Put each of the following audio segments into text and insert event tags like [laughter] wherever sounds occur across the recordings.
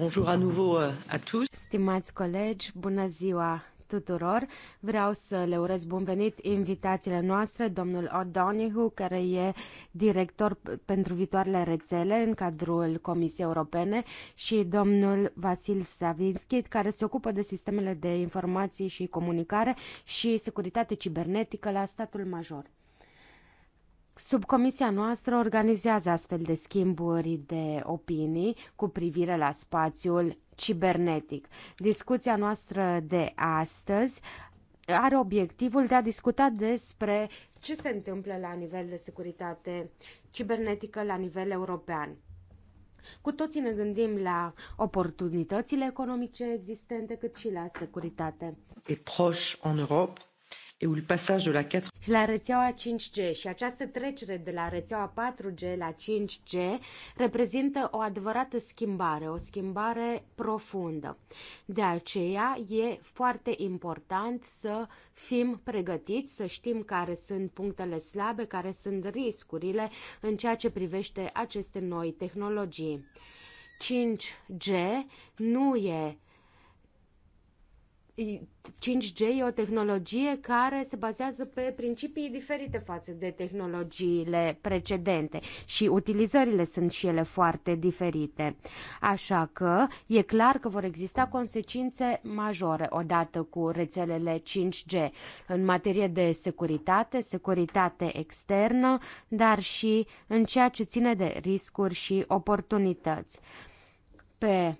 Bonjour à nouveau euh, à tous. Stimați colegi, bună ziua tuturor. Vreau să le urez bun venit invitațiile noastre, domnul O'Donoghue, care e director pentru viitoarele rețele în cadrul Comisiei Europene și domnul Vasil Savinski, care se ocupă de sistemele de informații și comunicare și securitate cibernetică la statul major. Subcomisia noastră organizează astfel de schimburi de opinii cu privire la spațiul cibernetic. Discuția noastră de astăzi are obiectivul de a discuta despre ce se întâmplă la nivel de securitate cibernetică la nivel european. Cu toții ne gândim la oportunitățile economice existente, cât și la securitate. Et proche en Europe, la rețeaua 5G și această trecere de la rețeaua 4G la 5G reprezintă o adevărată schimbare, o schimbare profundă. De aceea e foarte important să fim pregătiți, să știm care sunt punctele slabe, care sunt riscurile în ceea ce privește aceste noi tehnologii. 5G nu e 5G e o tehnologie care se bazează pe principii diferite față de tehnologiile precedente și utilizările sunt și ele foarte diferite. Așa că e clar că vor exista consecințe majore odată cu rețelele 5G în materie de securitate, securitate externă, dar și în ceea ce ține de riscuri și oportunități. Pe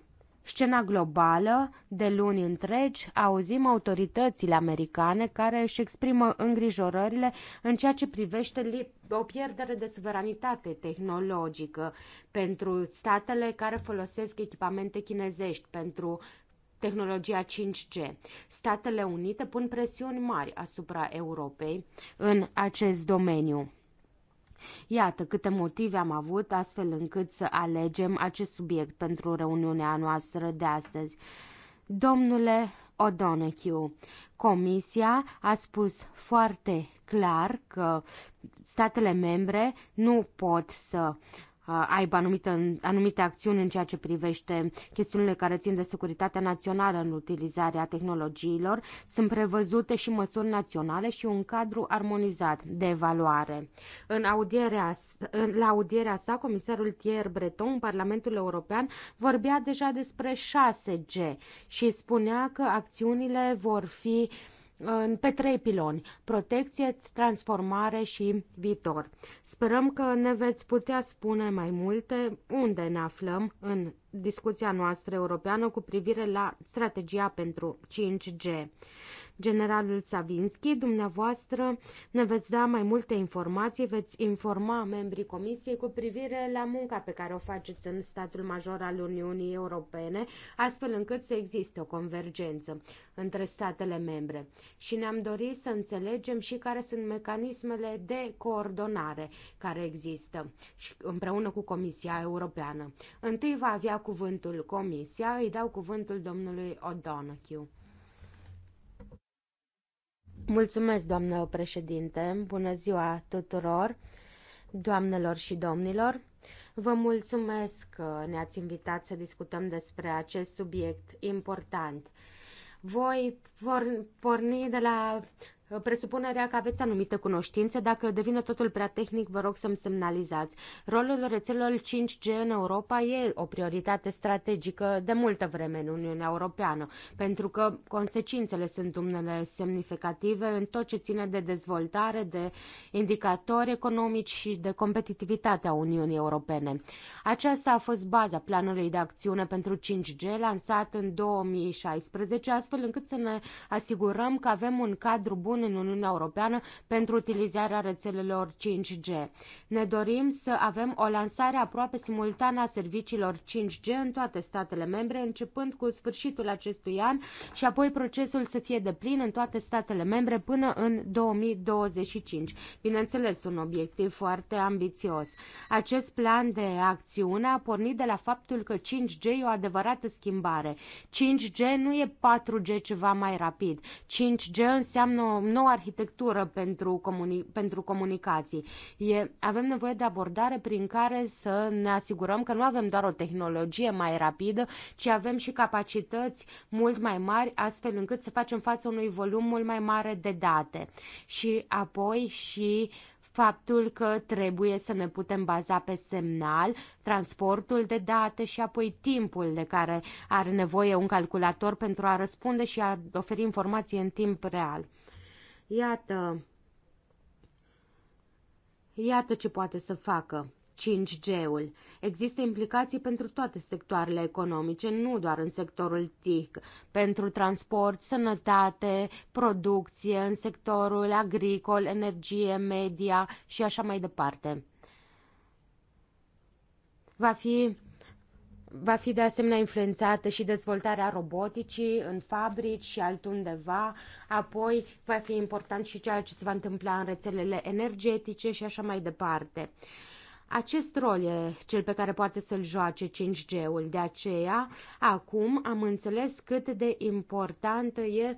Scena globală, de luni întregi, auzim autoritățile americane care își exprimă îngrijorările în ceea ce privește o pierdere de suveranitate tehnologică pentru statele care folosesc echipamente chinezești pentru tehnologia 5G. Statele Unite pun presiuni mari asupra Europei în acest domeniu. Iată câte motive am avut astfel încât să alegem acest subiect pentru reuniunea noastră de astăzi. Domnule O'Donoghue, Comisia a spus foarte clar că statele membre nu pot să Uh, aibă anumite, anumite acțiuni în ceea ce privește chestiunile care țin de securitatea națională în utilizarea tehnologiilor, sunt prevăzute și măsuri naționale și un cadru armonizat de evaluare. În audierea, la audierea sa, comisarul Thierry Breton în Parlamentul European vorbea deja despre 6G și spunea că acțiunile vor fi uh, pe trei piloni, protecție, transformare și viitor. Sperăm că ne veți putea spune mai multe unde ne aflăm în discuția noastră europeană cu privire la strategia pentru 5G generalul Savinski, dumneavoastră ne veți da mai multe informații, veți informa membrii Comisiei cu privire la munca pe care o faceți în statul major al Uniunii Europene, astfel încât să existe o convergență între statele membre. Și ne-am dorit să înțelegem și care sunt mecanismele de coordonare care există și împreună cu Comisia Europeană. Întâi va avea cuvântul Comisia, îi dau cuvântul domnului O'Donoghue. Mulțumesc, doamnă președinte. Bună ziua tuturor, doamnelor și domnilor. Vă mulțumesc că ne-ați invitat să discutăm despre acest subiect important. Voi porni de la presupunerea că aveți anumite cunoștințe. Dacă devine totul prea tehnic, vă rog să-mi semnalizați. Rolul rețelelor 5G în Europa e o prioritate strategică de multă vreme în Uniunea Europeană, pentru că consecințele sunt unele semnificative în tot ce ține de dezvoltare, de indicatori economici și de competitivitatea Uniunii Europene. Aceasta a fost baza planului de acțiune pentru 5G lansat în 2016, astfel încât să ne asigurăm că avem un cadru bun comun în Uniunea Europeană pentru utilizarea rețelelor 5G. Ne dorim să avem o lansare aproape simultană a serviciilor 5G în toate statele membre, începând cu sfârșitul acestui an și apoi procesul să fie deplin în toate statele membre până în 2025. Bineînțeles, un obiectiv foarte ambițios. Acest plan de acțiune a pornit de la faptul că 5G e o adevărată schimbare. 5G nu e 4G ceva mai rapid. 5G înseamnă o nouă arhitectură pentru, comuni- pentru comunicații. E, avem nevoie de abordare prin care să ne asigurăm că nu avem doar o tehnologie mai rapidă, ci avem și capacități mult mai mari, astfel încât să facem față unui volum mult mai mare de date. Și apoi și faptul că trebuie să ne putem baza pe semnal, transportul de date și apoi timpul de care are nevoie un calculator pentru a răspunde și a oferi informații în timp real. Iată, iată ce poate să facă 5G-ul. Există implicații pentru toate sectoarele economice, nu doar în sectorul TIC, pentru transport, sănătate, producție, în sectorul agricol, energie, media și așa mai departe. Va fi Va fi de asemenea influențată și dezvoltarea roboticii în fabrici și altundeva, apoi va fi important și ceea ce se va întâmpla în rețelele energetice și așa mai departe. Acest rol e cel pe care poate să-l joace 5G-ul, de aceea acum am înțeles cât de importantă e uh,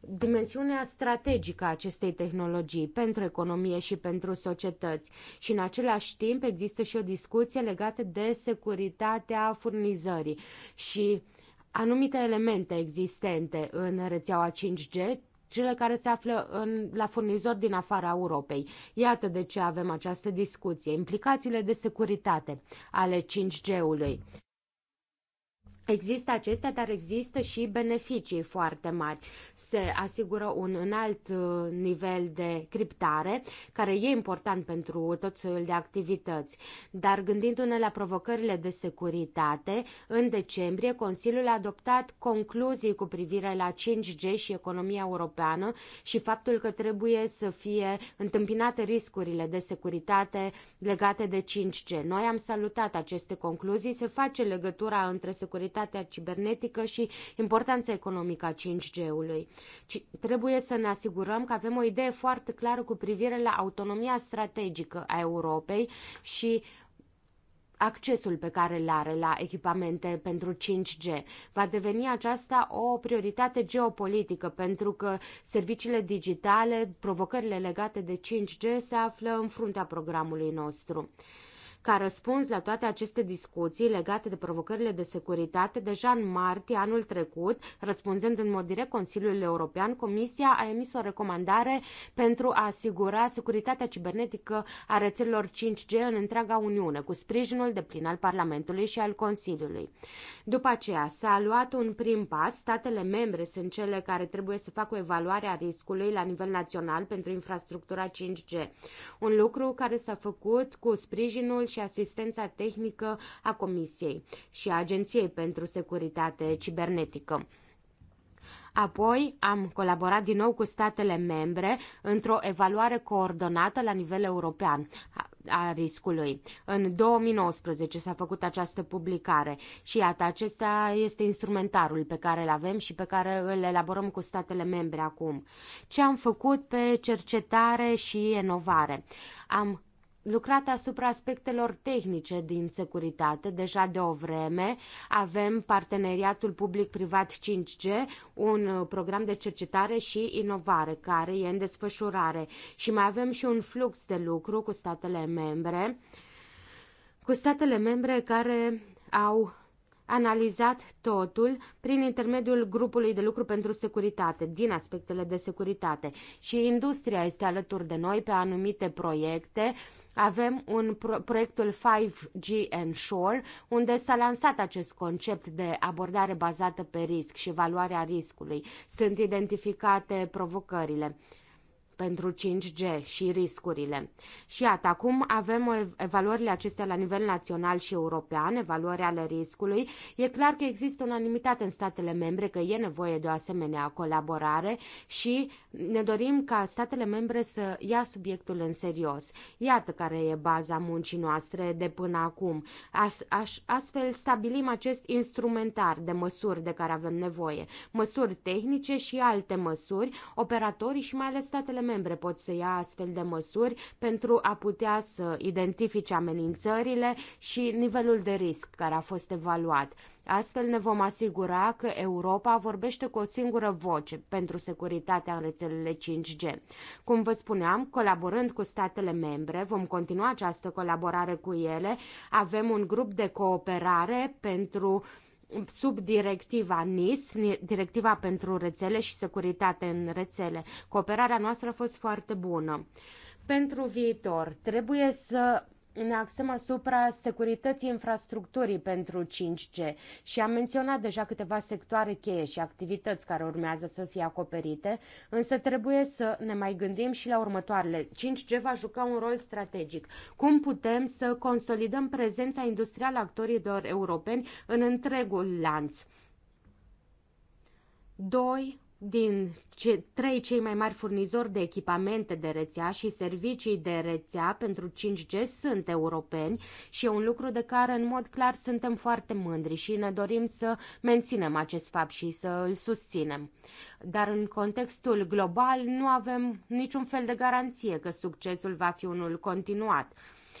dimensiunea strategică a acestei tehnologii pentru economie și pentru societăți și în același timp există și o discuție legată de securitatea furnizării și anumite elemente existente în rețeaua 5G cele care se află în, la furnizori din afara Europei. Iată de ce avem această discuție, implicațiile de securitate ale 5G-ului. Există acestea, dar există și beneficii foarte mari. Se asigură un înalt uh, nivel de criptare, care e important pentru tot soiul de activități. Dar gândindu-ne la provocările de securitate, în decembrie Consiliul a adoptat concluzii cu privire la 5G și economia europeană și faptul că trebuie să fie întâmpinate riscurile de securitate legate de 5G. Noi am salutat aceste concluzii, se face legătura între securitate securitatea cibernetică și importanța economică a 5G-ului. Trebuie să ne asigurăm că avem o idee foarte clară cu privire la autonomia strategică a Europei și accesul pe care îl are la echipamente pentru 5G. Va deveni aceasta o prioritate geopolitică pentru că serviciile digitale, provocările legate de 5G se află în fruntea programului nostru. Ca răspuns la toate aceste discuții legate de provocările de securitate, deja în martie anul trecut, răspunzând în mod direct Consiliului European, Comisia a emis o recomandare pentru a asigura securitatea cibernetică a rețelelor 5G în întreaga Uniune, cu sprijinul de plin al Parlamentului și al Consiliului. După aceea s-a luat un prim pas, statele membre sunt cele care trebuie să facă o evaluare a riscului la nivel național pentru infrastructura 5G, un lucru care s-a făcut cu sprijinul și și asistența tehnică a Comisiei și a Agenției pentru Securitate Cibernetică. Apoi am colaborat din nou cu statele membre într-o evaluare coordonată la nivel european a riscului. În 2019 s-a făcut această publicare și iată, acesta este instrumentarul pe care îl avem și pe care îl elaborăm cu statele membre acum. Ce am făcut pe cercetare și inovare? Am lucrat asupra aspectelor tehnice din securitate. Deja de o vreme avem parteneriatul public-privat 5G, un uh, program de cercetare și inovare care e în desfășurare și mai avem și un flux de lucru cu statele membre, cu statele membre care au analizat totul prin intermediul grupului de lucru pentru securitate, din aspectele de securitate. Și industria este alături de noi pe anumite proiecte avem un pro- proiectul 5G Shore, unde s-a lansat acest concept de abordare bazată pe risc și evaluarea riscului. Sunt identificate provocările pentru 5G și riscurile. Și iată, acum avem evaluările acestea la nivel național și european, evaluări ale riscului. E clar că există unanimitate în statele membre că e nevoie de o asemenea colaborare și ne dorim ca statele membre să ia subiectul în serios. Iată care e baza muncii noastre de până acum. Aș, aș, astfel stabilim acest instrumentar de măsuri de care avem nevoie, măsuri tehnice și alte măsuri, operatorii și mai ales statele membre pot să ia astfel de măsuri pentru a putea să identifice amenințările și nivelul de risc care a fost evaluat. Astfel ne vom asigura că Europa vorbește cu o singură voce pentru securitatea în rețelele 5G. Cum vă spuneam, colaborând cu statele membre, vom continua această colaborare cu ele. Avem un grup de cooperare pentru uh, sub directiva NIS, directiva pentru rețele și securitate în rețele. Cooperarea noastră a fost foarte bună. Pentru viitor, trebuie să ne axăm asupra securității infrastructurii pentru 5G și am menționat deja câteva sectoare cheie și activități care urmează să fie acoperite, însă trebuie să ne mai gândim și la următoarele. 5G va juca un rol strategic. Cum putem să consolidăm prezența industrială a actorilor europeni în întregul lanț? 2 din ce, trei cei mai mari furnizori de echipamente de rețea și servicii de rețea pentru 5G sunt europeni și e un lucru de care în mod clar suntem foarte mândri și ne dorim să menținem acest fapt și să îl susținem. Dar în contextul global nu avem niciun fel de garanție că succesul va fi unul continuat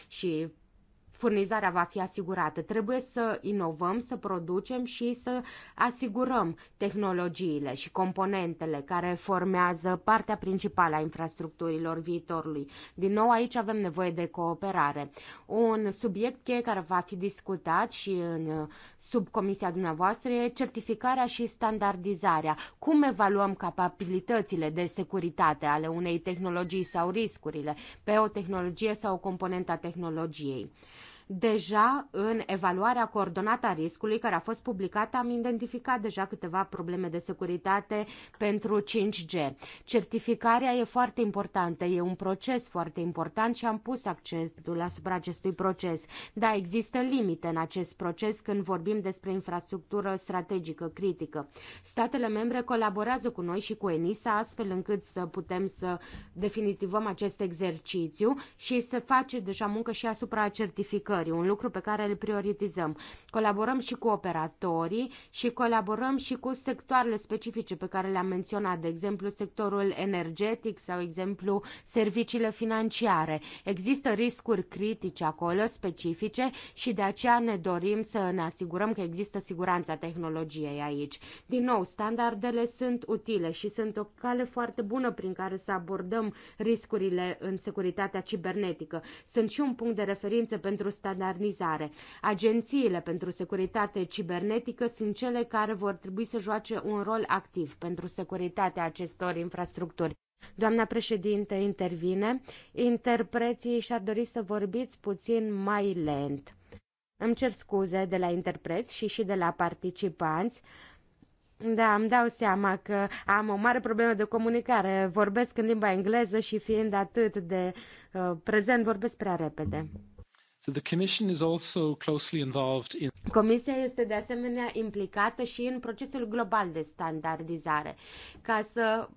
și furnizarea va fi asigurată. Trebuie să inovăm, să producem și să asigurăm tehnologiile și componentele care formează partea principală a infrastructurilor viitorului. Din nou, aici avem nevoie de cooperare. Un subiect cheie care va fi discutat și în uh, subcomisia dumneavoastră e certificarea și standardizarea. Cum evaluăm capabilitățile de securitate ale unei tehnologii sau riscurile pe o tehnologie sau o componentă a tehnologiei? Deja în evaluarea coordonată a riscului care a fost publicată am identificat deja câteva probleme de securitate pentru 5G. Certificarea e foarte importantă, e un proces foarte important și am pus accentul asupra acestui proces. Da, există limite în acest proces când vorbim despre infrastructură strategică critică. Statele membre colaborează cu noi și cu ENISA astfel încât să putem să definitivăm acest exercițiu și să face deja muncă și asupra certificării cercetării, un lucru pe care îl prioritizăm. Colaborăm și cu operatorii și colaborăm și cu sectoarele specifice pe care le-am menționat, de exemplu sectorul energetic sau exemplu serviciile financiare. Există riscuri critice acolo, specifice și de aceea ne dorim să ne asigurăm că există siguranța tehnologiei aici. Din nou, standardele sunt utile și sunt o cale foarte bună prin care să abordăm riscurile în securitatea cibernetică. Sunt și un punct de referință pentru standardele standardizare. Agențiile pentru securitate cibernetică sunt cele care vor trebui să joace un rol activ pentru securitatea acestor infrastructuri. Doamna președinte intervine. Interpreții și-ar dori să vorbiți puțin mai lent. Îmi cer scuze de la interpreți și și de la participanți. Da, îmi dau seama că am o mare problemă de comunicare. Vorbesc în limba engleză și fiind atât de uh, prezent, vorbesc prea repede. Comisia este de asemenea implicată și în procesul global de standardizare. Ca să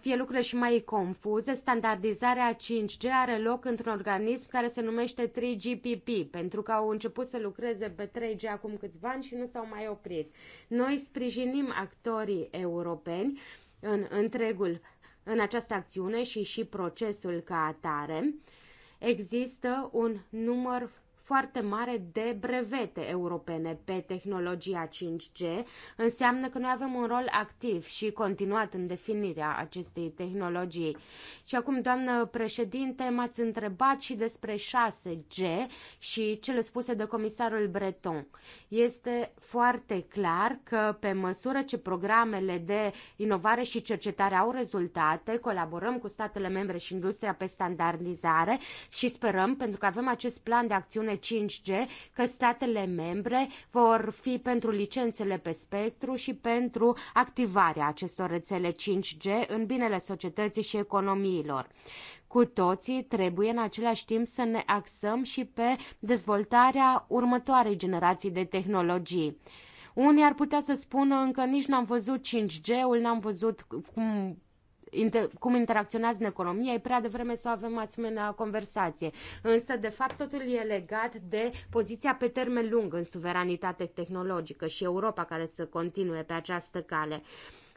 fie lucrurile și mai confuze, standardizarea 5G are loc într-un organism care se numește 3GPP, pentru că au început să lucreze pe 3G acum câțiva ani și nu s-au mai oprit. Noi sprijinim actorii europeni în întregul în această acțiune și și procesul ca atare există un număr foarte mare de brevete europene pe tehnologia 5G, înseamnă că noi avem un rol activ și continuat în definirea acestei tehnologii. Și acum, doamnă președinte, m-ați întrebat și despre 6G și cele spuse de comisarul Breton. Este foarte clar că pe măsură ce programele de inovare și cercetare au rezultate, colaborăm cu statele membre și industria pe standardizare și sperăm, pentru că avem acest plan de acțiune 5G că statele membre vor fi pentru licențele pe spectru și pentru activarea acestor rețele 5G în binele societății și economiilor. Cu toții trebuie în același timp să ne axăm și pe dezvoltarea următoarei generații de tehnologii. Unii ar putea să spună încă nici n-am văzut 5G-ul, n-am văzut cum inter, cum interacționează în economie, e prea devreme să avem asemenea conversație. Însă, de fapt, totul e legat de poziția pe termen lung în suveranitate tehnologică și Europa care să continue pe această cale.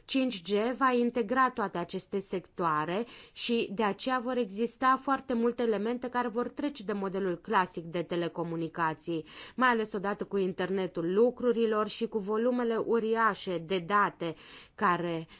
5G va integra toate aceste sectoare și de aceea vor exista foarte multe elemente care vor trece de modelul clasic de telecomunicații, mai ales odată cu internetul lucrurilor și cu volumele uriașe de date care uh,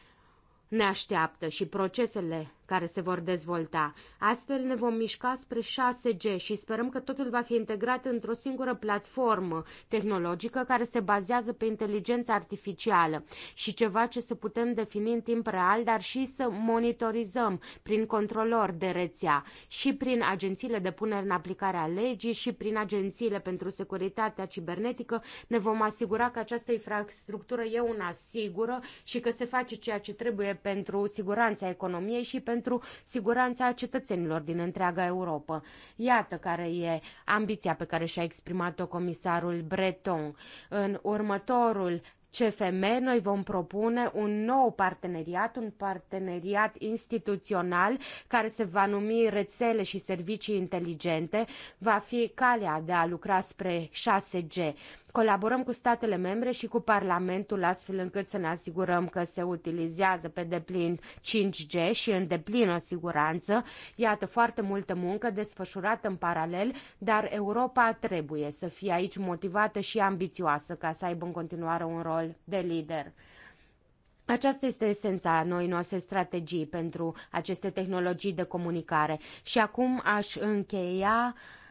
ne așteaptă și procesele care se vor dezvolta. Astfel ne vom mișca spre 6G și sperăm că totul va fi integrat într-o singură platformă tehnologică care se bazează pe inteligența artificială și ceva ce să putem defini în timp real, dar și să monitorizăm prin controlori de rețea și prin agențiile de punere în aplicare a legii și prin agențiile pentru securitatea cibernetică ne vom asigura că această infrastructură e una sigură și că se face ceea ce trebuie pentru siguranța economiei și pentru pentru siguranța cetățenilor din întreaga Europa. Iată care e ambiția pe care și-a exprimat-o comisarul Breton. În următorul CFM, noi vom propune un nou parteneriat, un parteneriat instituțional care se va numi rețele și servicii inteligente, va fi calea de a lucra spre 6G. Colaborăm cu statele membre și cu Parlamentul astfel încât să ne asigurăm că se utilizează pe deplin 5G și în deplină siguranță. Iată foarte multă muncă desfășurată în paralel, dar Europa trebuie să fie aici motivată și ambițioasă ca să aibă în continuare un rol de lider. Aceasta este esența noi noastre strategii pentru aceste tehnologii de comunicare. Și acum aș încheia uh,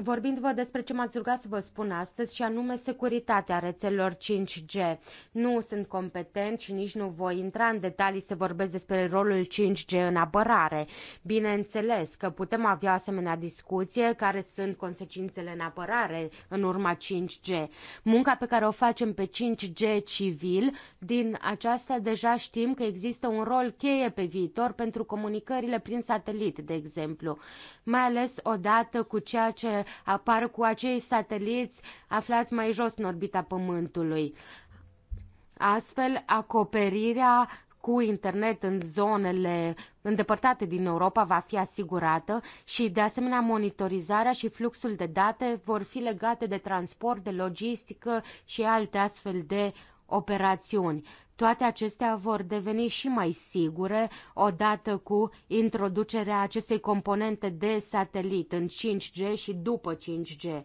vorbind-vă despre ce m-ați rugat să vă spun astăzi și anume securitatea rețelor 5G. Nu sunt competent și nici nu voi intra în detalii să vorbesc despre rolul 5G în apărare. Bineînțeles că putem avea asemenea discuție care sunt consecințele în apărare în urma 5G. Munca pe care o facem pe 5G civil, din aceasta deja știm că există un rol cheie pe viitor pentru comunicările prin satelit, de exemplu mai ales odată cu ceea ce apar cu acei sateliți aflați mai jos în orbita Pământului. Astfel, acoperirea cu internet în zonele îndepărtate din Europa va fi asigurată și, de asemenea, monitorizarea și fluxul de date vor fi legate de transport, de logistică și alte astfel de operațiuni. Toate acestea vor deveni și mai sigure odată cu introducerea acestei componente de satelit în 5G și după 5G.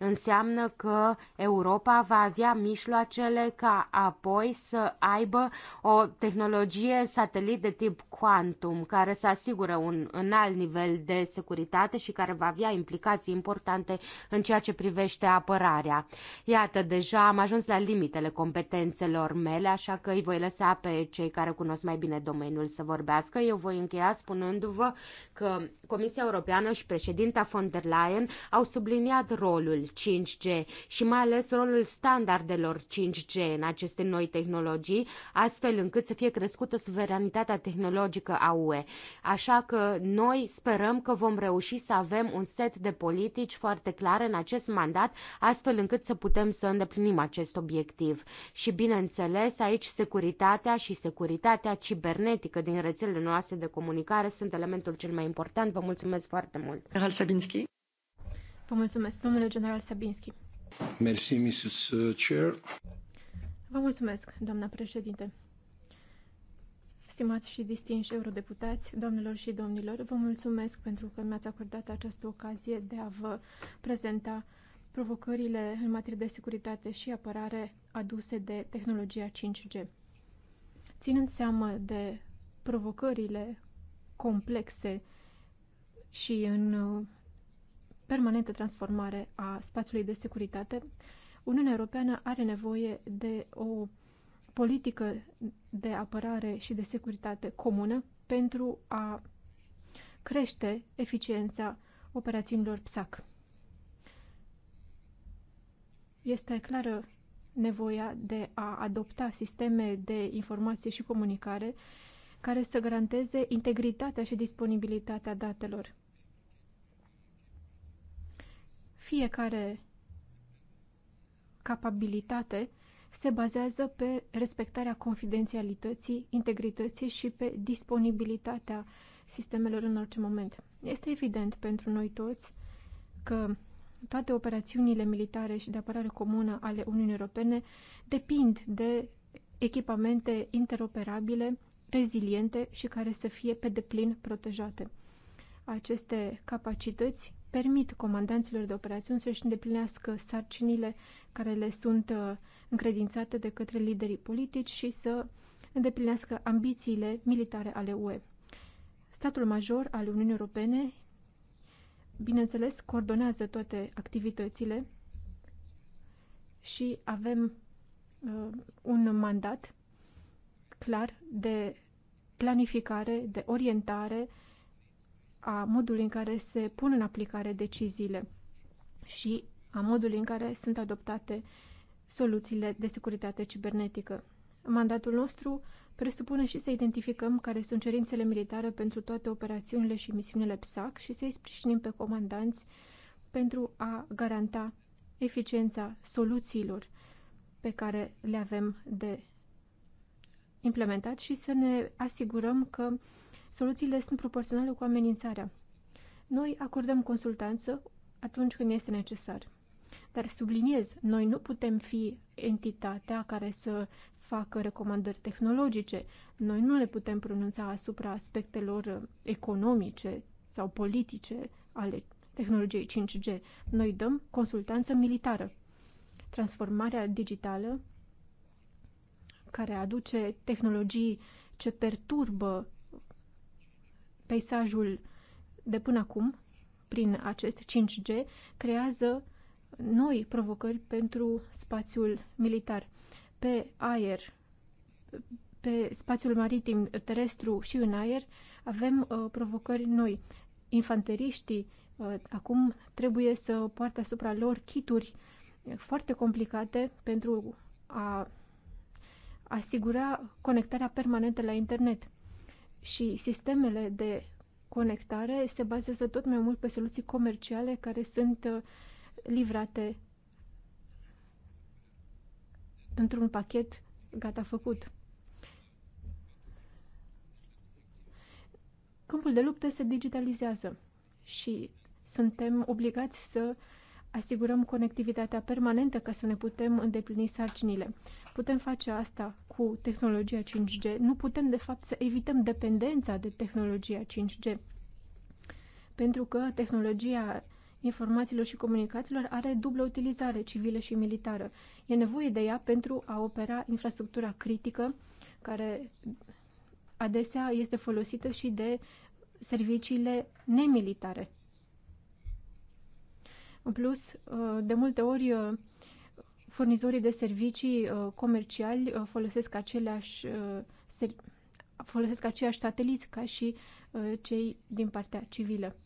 Înseamnă că Europa va avea mișloacele ca apoi să aibă o tehnologie satelit de tip quantum, care să asigură un înalt nivel de securitate și care va avea implicații importante în ceea ce privește apărarea. Iată, deja am ajuns la limitele competențelor mele, așa că îi voi lăsa pe cei care cunosc mai bine domeniul să vorbească. Eu voi încheia spunându-vă că Comisia Europeană și președinta von der Leyen au subliniat rolul 5G și mai ales rolul standardelor 5G în aceste noi tehnologii, astfel încât să fie crescută suveranitatea tehnologică a UE. Așa că noi sperăm că vom reuși să avem un set de politici foarte clare în acest mandat, astfel încât să putem să îndeplinim acest obiectiv. Și bineînțeles, aici securitatea și securitatea cibernetică din rețelele noastre de comunicare sunt elementul cel mai important. Vă mulțumesc foarte mult! General Sabinski. Vă mulțumesc, domnule general Sabinski. Merci, Mrs. Uh, Chair. Vă mulțumesc, doamna președinte. Stimați și distinși eurodeputați, doamnelor și domnilor, vă mulțumesc pentru că mi-ați acordat această ocazie de a vă prezenta provocările în materie de securitate și apărare aduse de tehnologia 5G. Ținând seamă de provocările complexe și în uh, permanentă transformare a spațiului de securitate, Uniunea Europeană are nevoie de o politică de apărare și de securitate comună pentru a crește eficiența operațiunilor PSAC. Este clară nevoia de a adopta sisteme de informație și comunicare care să garanteze integritatea și disponibilitatea datelor fiecare capabilitate se bazează pe respectarea confidențialității, integrității și pe disponibilitatea sistemelor în orice moment. Este evident pentru noi toți că toate operațiunile militare și de apărare comună ale Uniunii Europene depind de echipamente interoperabile, reziliente și care să fie pe deplin protejate. Aceste capacități permit comandanților de operațiuni să-și îndeplinească sarcinile care le sunt uh, încredințate de către liderii politici și să îndeplinească ambițiile militare ale UE. Statul major al Uniunii Europene, bineînțeles, coordonează toate activitățile și avem uh, un mandat clar de planificare, de orientare, a modului în care se pun în aplicare deciziile și a modului în care sunt adoptate soluțiile de securitate cibernetică. Mandatul nostru presupune și să identificăm care sunt cerințele militare pentru toate operațiunile și misiunile PSAC și să-i sprijinim pe comandanți pentru a garanta eficiența soluțiilor pe care le avem de implementat și să ne asigurăm că Soluțiile sunt proporționale cu amenințarea. Noi acordăm consultanță atunci când este necesar. Dar subliniez, noi nu putem fi entitatea care să facă recomandări tehnologice. Noi nu le putem pronunța asupra aspectelor economice sau politice ale tehnologiei 5G. Noi dăm consultanță militară. Transformarea digitală care aduce tehnologii ce perturbă peisajul de până acum, prin acest 5G, creează noi provocări pentru spațiul militar, pe aer, pe spațiul maritim, terestru și în aer, avem uh, provocări noi. Infanteriștii uh, acum trebuie să poartă asupra lor kituri uh, foarte complicate pentru a asigura conectarea permanentă la internet și sistemele de conectare se bazează tot mai mult pe soluții comerciale care sunt uh, livrate într-un pachet gata făcut. Câmpul de luptă se digitalizează și suntem obligați să asigurăm conectivitatea permanentă ca să ne putem îndeplini sarcinile. Putem face asta cu tehnologia 5G. Nu putem, de fapt, să evităm dependența de tehnologia 5G. Pentru că tehnologia informațiilor și comunicațiilor are dublă utilizare, civilă și militară. E nevoie de ea pentru a opera infrastructura critică, care adesea este folosită și de serviciile nemilitare. În plus, uh, de multe ori, uh, furnizorii de servicii uh, comerciali folosesc aceleași folosesc aceiași sateliți ca și cei din partea civilă.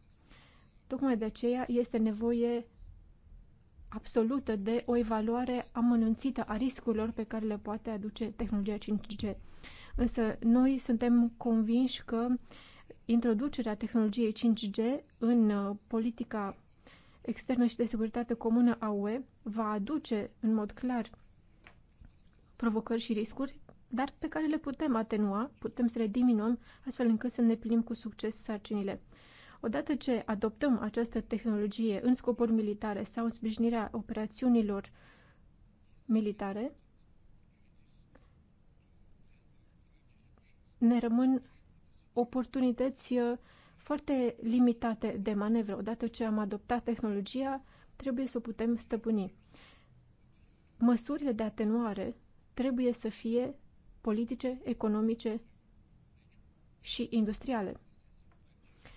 Tocmai de aceea este nevoie absolută de o evaluare amănunțită a riscurilor pe care le poate aduce tehnologia 5G. Însă noi suntem convinși că introducerea tehnologiei 5G în politica externă și de securitate comună a UE va aduce în mod clar provocări și riscuri, dar pe care le putem atenua, putem să le diminuăm, astfel încât să ne plinim cu succes sarcinile. Odată ce adoptăm această tehnologie în scopuri militare sau în sprijinirea operațiunilor militare, ne rămân oportunități uh, foarte limitate de manevre. Odată ce am adoptat tehnologia, trebuie să o putem stăpâni. Măsurile de atenuare trebuie să fie politice, economice și industriale.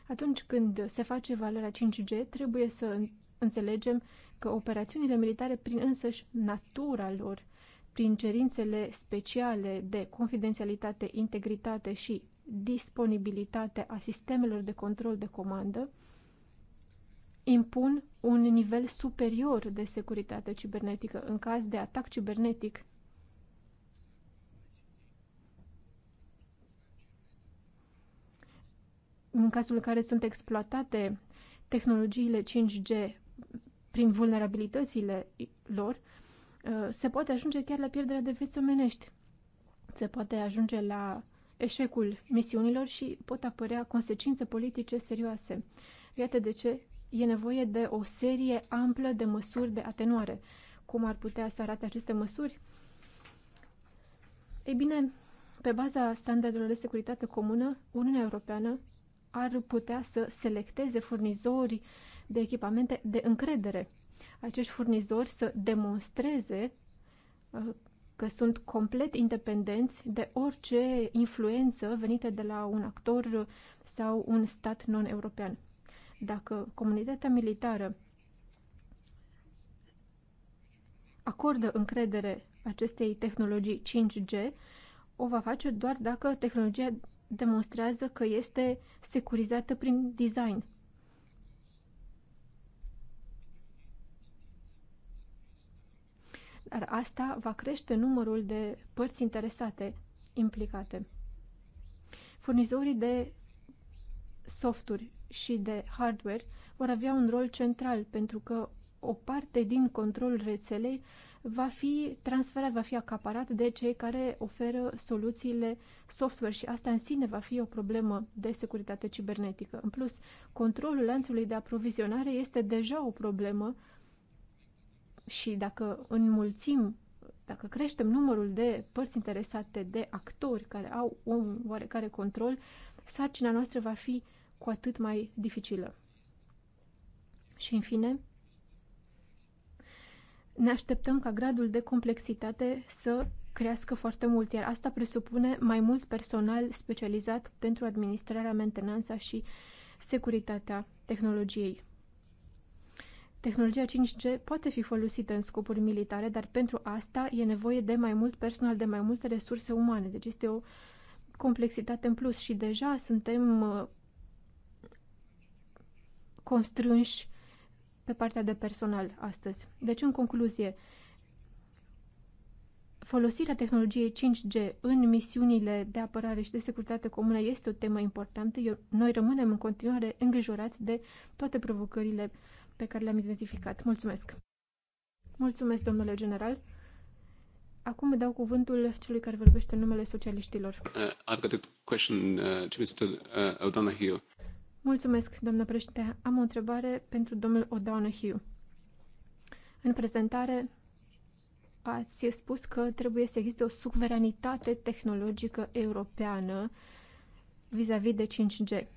Atunci când se face valoarea 5G, trebuie să înțelegem că operațiunile militare, prin însăși natura lor, prin cerințele speciale de confidențialitate, integritate și disponibilitate a sistemelor de control de comandă impun un nivel superior de securitate cibernetică în caz de atac cibernetic. În cazul în care sunt exploatate tehnologiile 5G prin vulnerabilitățile lor, uh, se poate ajunge chiar la pierderea de vieți omenești. Se poate ajunge la eșecul misiunilor și pot apărea consecințe politice serioase. Iată de ce e nevoie de o serie amplă de măsuri de atenuare. Cum ar putea să arate aceste măsuri? Ei bine, pe baza standardelor de securitate comună, Uniunea Europeană ar putea să selecteze furnizori de echipamente de încredere. Acești furnizori să demonstreze uh, că sunt complet independenți de orice influență venită de la un actor sau un stat non-european. Dacă comunitatea militară acordă încredere acestei tehnologii 5G, o va face doar dacă tehnologia demonstrează că este securizată prin design. iar asta va crește numărul de părți interesate implicate. Furnizorii de softuri și de hardware vor avea un rol central pentru că o parte din controlul rețelei va fi transferat, va fi acaparat de cei care oferă soluțiile software și asta în sine va fi o problemă de securitate cibernetică. În plus, controlul lanțului de aprovizionare este deja o problemă și dacă înmulțim, dacă creștem numărul de părți interesate, de actori care au un oarecare control, sarcina noastră va fi cu atât mai dificilă. Și, în fine, ne așteptăm ca gradul de complexitate să crească foarte mult, iar asta presupune mai mult personal specializat pentru administrarea, mentenanța și securitatea tehnologiei. Tehnologia 5G poate fi folosită în scopuri militare, dar pentru asta e nevoie de mai mult personal, de mai multe resurse umane. Deci este o complexitate în plus și deja suntem uh, constrânși pe partea de personal astăzi. Deci, în concluzie, folosirea tehnologiei 5G în misiunile de apărare și de securitate comună este o temă importantă. Eu, noi rămânem în continuare îngrijorați de toate provocările uh, pe care le-am identificat. Mulțumesc! Mulțumesc, domnule general! Acum îi dau cuvântul celui care vorbește în numele socialiștilor. Uh, I've got a question uh, to Mr. Uh, O'Donoghue. Mulțumesc, doamnă președinte. Am o întrebare pentru domnul O'Donoghue. În prezentare ați spus că trebuie să existe o suveranitate tehnologică europeană vis-a-vis -vis de 5G.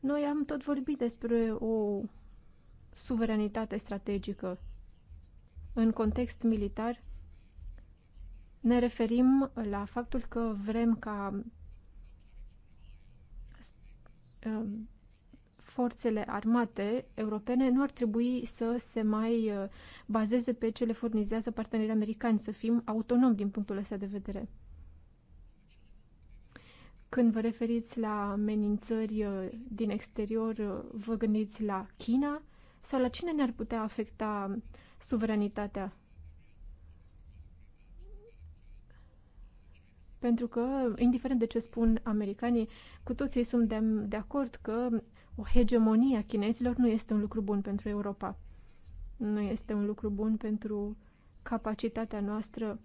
Noi am tot vorbit despre o suveranitate strategică. În context militar, ne referim la faptul că vrem ca um, forțele armate europene nu ar trebui să se mai uh, bazeze pe ce le furnizează partenerii americani, să fim autonomi din punctul ăsta de vedere. Când vă referiți la amenințări uh, din exterior, uh, vă gândiți la China sau la cine ne-ar putea afecta suveranitatea? Pentru că, indiferent de ce spun americanii, cu toții sunt de, de acord că o hegemonie a chinezilor nu este un lucru bun pentru Europa. Nu este un lucru bun pentru capacitatea noastră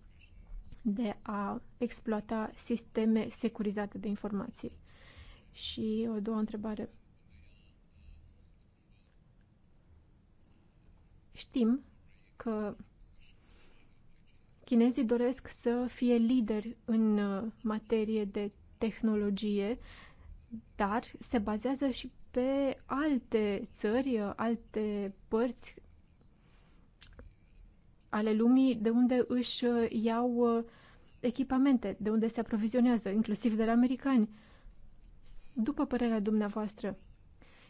de a exploata sisteme securizate de informații. Și o doua întrebare. Știm că chinezii doresc să fie lideri în uh, materie de tehnologie, dar se bazează și pe alte țări, uh, alte părți ale lumii de unde își uh, iau echipamente, de unde se aprovizionează, inclusiv de la americani. După părerea dumneavoastră,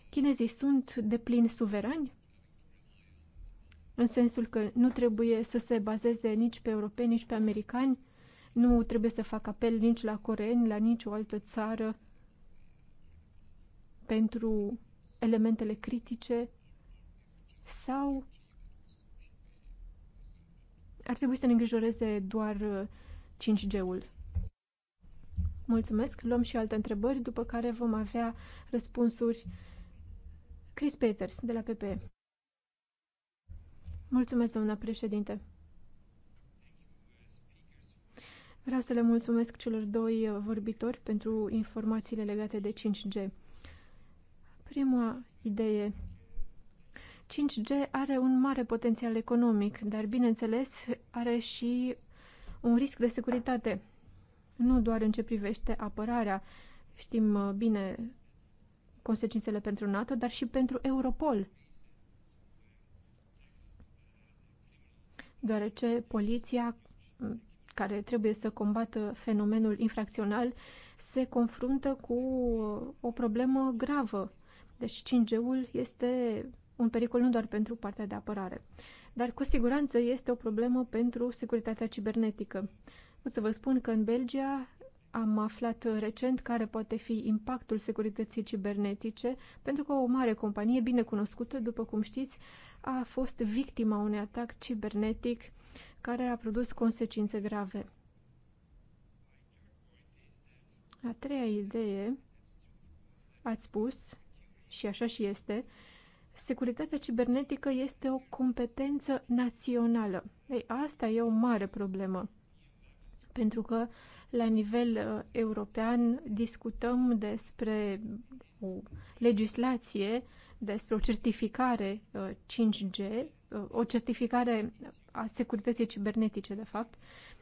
chinezii sunt de plin suverani? în sensul că nu trebuie să se bazeze nici pe europeni, nici pe americani, nu trebuie să facă apel nici la coreeni, la nicio altă țară pentru elementele critice sau ar trebui să ne îngrijoreze doar 5G-ul. Uh, Mulțumesc, luăm și alte întrebări, după care vom avea răspunsuri. Chris Peters, de la PPE. Mulțumesc, doamna președinte. Vreau să le mulțumesc celor doi vorbitori pentru informațiile legate de 5G. Prima idee. 5G are un mare potențial economic, dar bineînțeles are și un risc de securitate. Nu doar în ce privește apărarea, știm uh, bine consecințele pentru NATO, dar și pentru Europol. deoarece poliția care trebuie să combată fenomenul infracțional se confruntă cu o problemă gravă. Deci 5G-ul este un pericol nu doar pentru partea de apărare, dar cu siguranță este o problemă pentru securitatea cibernetică. O să vă spun că în Belgia am aflat recent care poate fi impactul securității cibernetice, pentru că o mare companie bine cunoscută, după cum știți, a fost victima unui atac cibernetic care a produs consecințe grave. A treia idee, ați spus, și așa și este, securitatea cibernetică este o competență națională. Ei, asta e o mare problemă, pentru că la nivel uh, european discutăm despre o legislație uh, despre o certificare 5G, uh, uh, o certificare a securității cibernetice, de fapt.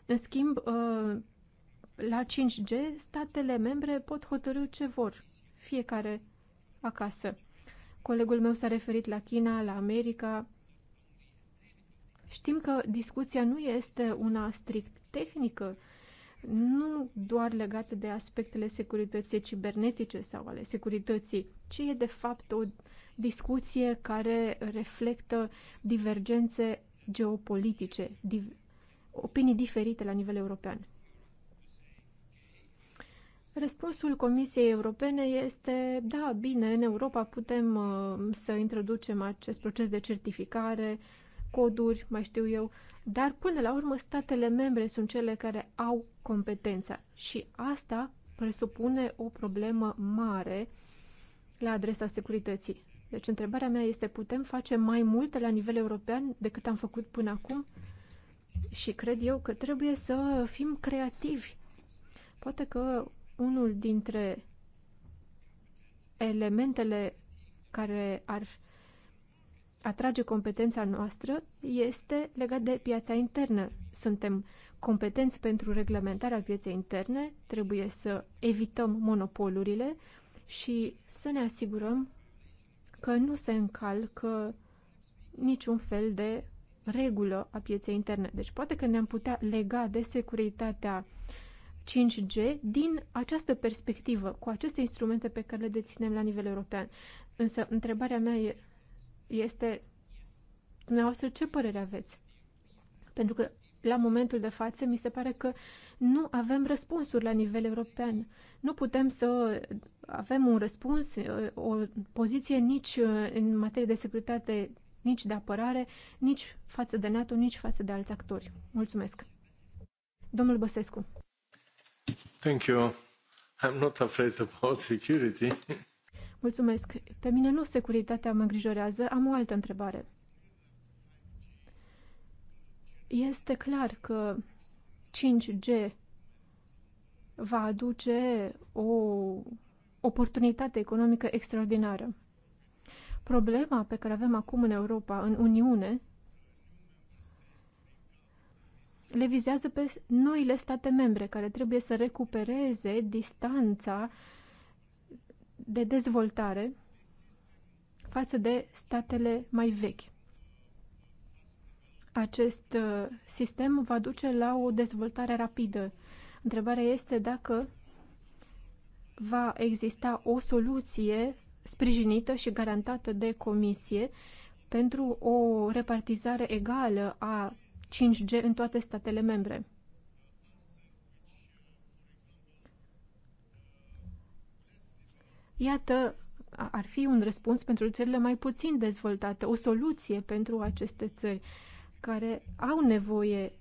În schimb, uh, la 5G, statele membre pot hotărâ ce vor, fiecare acasă. Colegul meu s-a referit la China, la America. Știm că discuția nu este una strict tehnică, nu doar legată de aspectele securității cibernetice sau ale securității, ci e de fapt o discuție care reflectă divergențe geopolitice, div- opinii diferite la nivel european. Răspunsul Comisiei Europene este, da, bine, în Europa putem uh, să introducem acest proces de certificare, coduri, mai știu eu, dar până la urmă statele membre sunt cele care au competența și asta presupune o problemă mare la adresa securității. Deci întrebarea mea este, putem face mai multe la nivel european decât am făcut până acum? Și cred eu că trebuie să fim creativi. Poate că unul dintre elementele care ar atrage competența noastră este legat de piața internă. Suntem competenți pentru reglementarea pieței interne, trebuie să evităm monopolurile și să ne asigurăm că nu se încalcă niciun fel de regulă a pieței interne. Deci poate că ne-am putea lega de securitatea 5G din această perspectivă, cu aceste instrumente pe care le deținem la nivel european. Însă întrebarea mea este, dumneavoastră, ce părere aveți? Pentru că la momentul de față mi se pare că nu avem răspunsuri la nivel european. Nu putem să avem un răspuns, o poziție nici uh, în materie de securitate, nici de apărare, nici față de NATO, nici față de alți actori. Mulțumesc. Domnul Băsescu. Thank you. I'm not afraid about security. [laughs] Mulțumesc. Pe mine nu securitatea mă îngrijorează, am o altă întrebare. Este clar că 5G va aduce o oportunitate economică extraordinară. Problema pe care avem acum în Europa, în Uniune, le vizează pe noile state membre care trebuie să recupereze distanța de dezvoltare față de statele mai vechi. Acest uh, sistem va duce la o dezvoltare rapidă. Întrebarea este dacă va exista o soluție sprijinită și garantată de comisie pentru o repartizare egală a 5G în toate statele membre. Iată, ar fi un răspuns pentru țările mai puțin dezvoltate, o soluție pentru aceste țări care au nevoie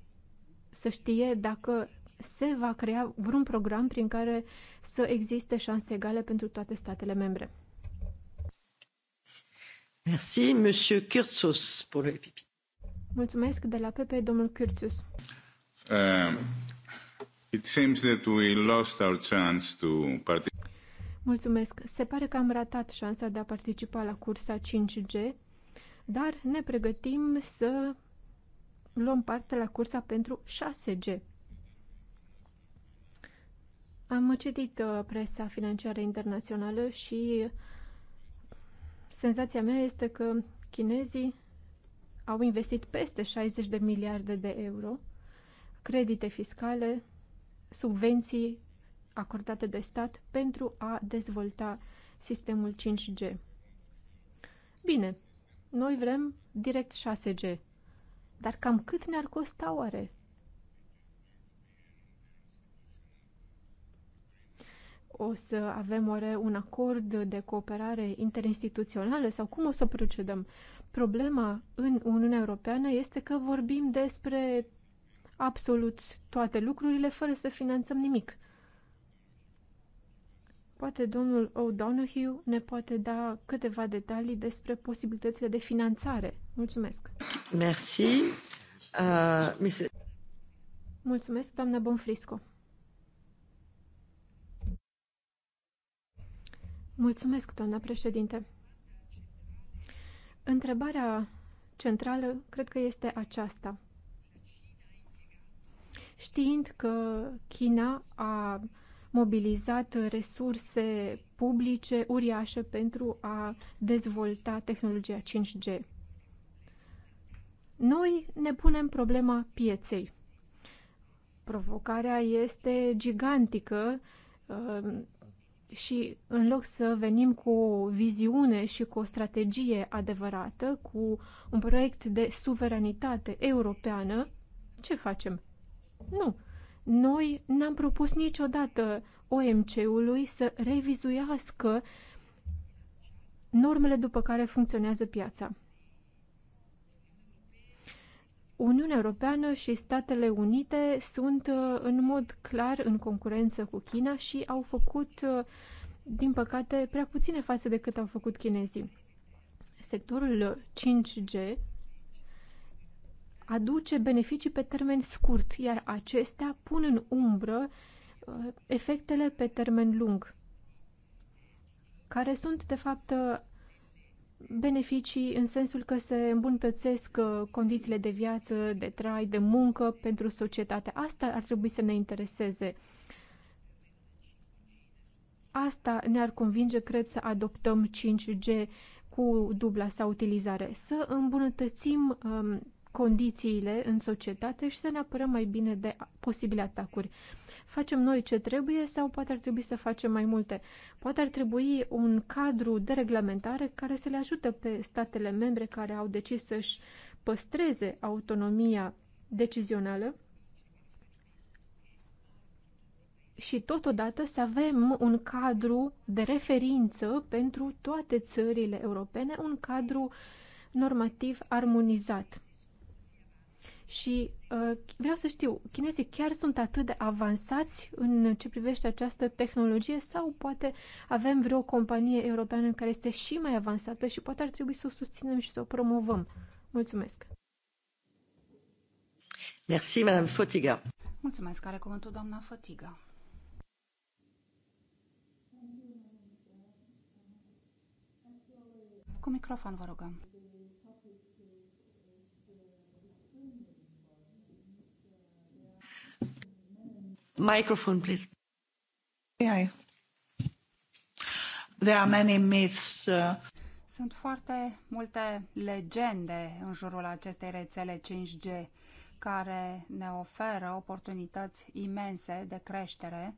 să știe dacă se va crea vreun program prin care să existe șanse egale pentru toate statele membre. Merci, Monsieur Kurzus, pour le PP. Mulțumesc de la PP, domnul Kurzus. Uh, um, it seems that we lost our chance to participate. Mulțumesc. Se pare că am ratat șansa de a participa la cursa 5G, dar ne pregătim să luăm parte la cursa pentru 6G. Am citit uh, presa financiară internațională și senzația mea este că chinezii au investit peste 60 de miliarde de euro, credite fiscale, subvenții acordate de stat pentru a dezvolta sistemul 5G. Bine, noi vrem direct 6G, dar cam cât ne-ar costa oare? O să avem oare un acord de cooperare interinstituțională sau cum o să procedăm? Problema în Uniunea Europeană este că vorbim despre absolut toate lucrurile fără să finanțăm nimic. Poate domnul O'Donoghue ne poate da câteva detalii despre posibilitățile de finanțare. Mulțumesc! Merci. Uh, Mulțumesc, doamna Bonfrisco. Mulțumesc, doamna președinte. Întrebarea centrală cred că este aceasta. Știind că China a mobilizat resurse publice uriașe pentru a dezvolta tehnologia 5G. Noi ne punem problema pieței. Provocarea este gigantică um, și în loc să venim cu o viziune și cu o strategie adevărată, cu un proiect de suveranitate europeană, ce facem? Nu. Noi n-am propus niciodată OMC-ului să revizuiască normele după care funcționează piața. Uniunea Europeană și Statele Unite sunt uh, în mod clar în concurență cu China și au făcut, uh, din păcate, prea puține față de cât au făcut chinezii. Sectorul 5G aduce beneficii pe termen scurt, iar acestea pun în umbră uh, efectele pe termen lung, care sunt, de fapt, beneficii în sensul că se îmbunătățesc uh, condițiile de viață, de trai, de muncă pentru societate. Asta ar trebui să ne intereseze. Asta ne-ar convinge, cred, să adoptăm 5G cu dubla sa utilizare, să îmbunătățim um, condițiile în societate și să ne apărăm mai bine de posibile atacuri. Facem noi ce trebuie sau poate ar trebui să facem mai multe? Poate ar trebui un cadru de reglementare care să le ajute pe statele membre care au decis să-și păstreze autonomia decizională și totodată să avem un cadru de referință pentru toate țările europene, un cadru normativ armonizat. Și uh, vreau să știu, chinezii chiar sunt atât de avansați în ce privește această tehnologie sau poate avem vreo companie europeană care este și mai avansată și poate ar trebui să o susținem și să o promovăm? Mulțumesc! Merci, Madame Fotiga. Mulțumesc. Are cuvântul doamna Fotiga. Cu microfon, vă rugăm. Microphone, please. There are many myths. Uh, Sunt foarte multe legende în jurul acestei rețele 5G care ne oferă oportunități imense de creștere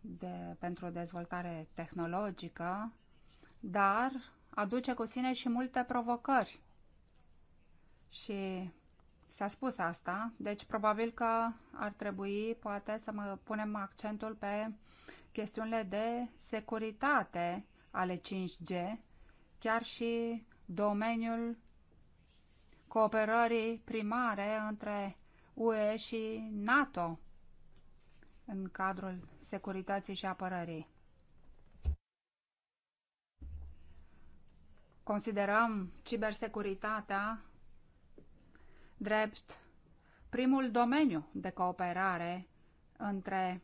de, pentru dezvoltare tehnologică, dar aduce cu sine și multe provocări. Și S-a spus asta, deci probabil că ar trebui poate să mă punem accentul pe chestiunile de securitate ale 5G, chiar și domeniul cooperării primare între UE și NATO în cadrul securității și apărării. Considerăm cibersecuritatea drept primul domeniu de cooperare între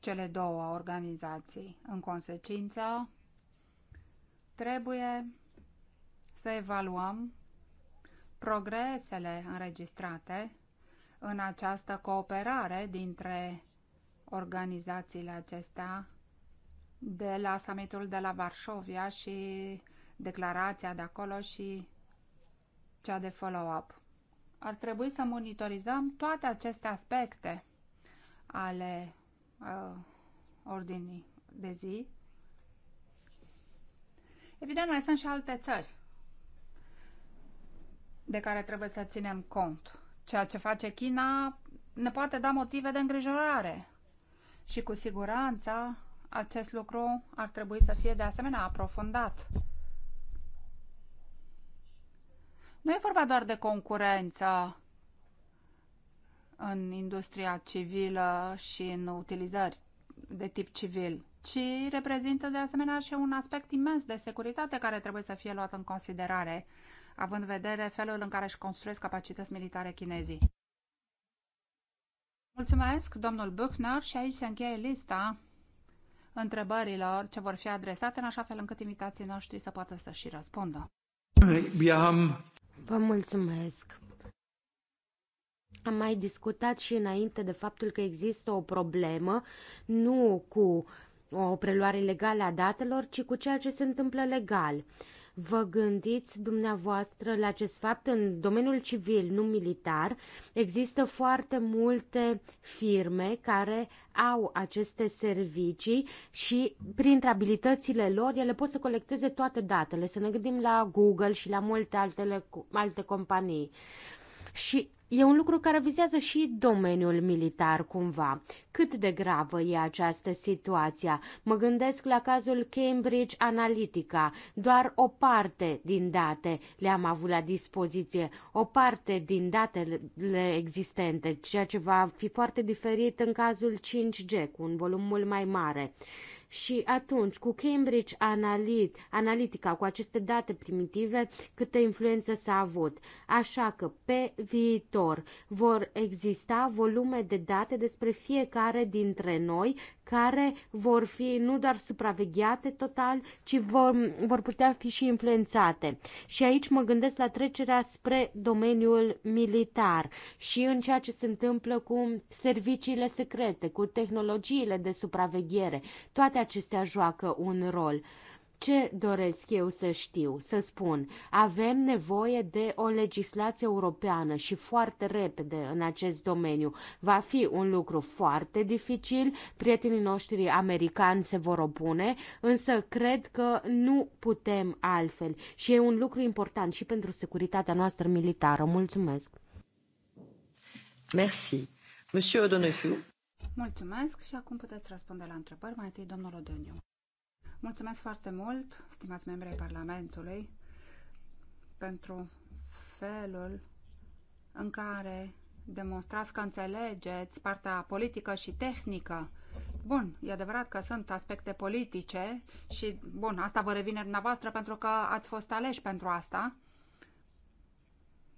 cele două organizații. În consecință, trebuie să evaluăm progresele înregistrate în această cooperare dintre organizațiile acestea de la summitul de la Varșovia și declarația de acolo și cea de follow-up. Ar trebui să monitorizăm toate aceste aspecte ale uh, ordinii de zi. Evident, mai sunt și alte țări de care trebuie să ținem cont. Ceea ce face China ne poate da motive de îngrijorare și cu siguranță acest lucru ar trebui să fie de asemenea aprofundat Nu e vorba doar de concurență în industria civilă și în utilizări de tip civil, ci reprezintă de asemenea și un aspect imens de securitate care trebuie să fie luat în considerare, având în vedere felul în care își construiesc capacități militare chinezii. Mulțumesc, domnul Buchner, și aici se încheie lista întrebărilor ce vor fi adresate în așa fel încât invitații noștri să poată să și răspundă. Wir Vă mulțumesc. Am mai discutat și înainte de faptul că există o problemă, nu cu o preluare legală a datelor, ci cu ceea ce se întâmplă legal. Vă gândiți dumneavoastră la acest fapt în domeniul civil, nu militar? Există foarte multe firme care au aceste servicii și printre abilitățile lor ele pot să colecteze toate datele. Să ne gândim la Google și la multe altele, alte companii. Și E un lucru care vizează și domeniul militar cumva. Cât de gravă e această situație? Mă gândesc la cazul Cambridge Analytica. Doar o parte din date le-am avut la dispoziție, o parte din datele existente, ceea ce va fi foarte diferit în cazul 5G, cu un volum mult mai mare. Și atunci, cu Cambridge Analyt, Analytica, cu aceste date primitive, câtă influență s-a avut. Așa că, pe viitor, vor exista volume de date despre fiecare dintre noi care vor fi nu doar supravegheate total, ci vor, vor putea fi și influențate. Și aici mă gândesc la trecerea spre domeniul militar și în ceea ce se întâmplă cu serviciile secrete, cu tehnologiile de supraveghere. Toate acestea joacă un rol. Ce doresc eu să știu? Să spun, avem nevoie de o legislație europeană și foarte repede în acest domeniu. Va fi un lucru foarte dificil, prietenii noștri americani se vor opune, însă cred că nu putem altfel și e un lucru important și pentru securitatea noastră militară. Mulțumesc! Merci. Monsieur Mulțumesc și acum puteți răspunde la întrebări. Mai întâi, domnul Odoniu. Mulțumesc foarte mult, stimați membri ai Parlamentului, pentru felul în care demonstrați că înțelegeți partea politică și tehnică. Bun, e adevărat că sunt aspecte politice și, bun, asta vă revine dumneavoastră pentru că ați fost aleși pentru asta.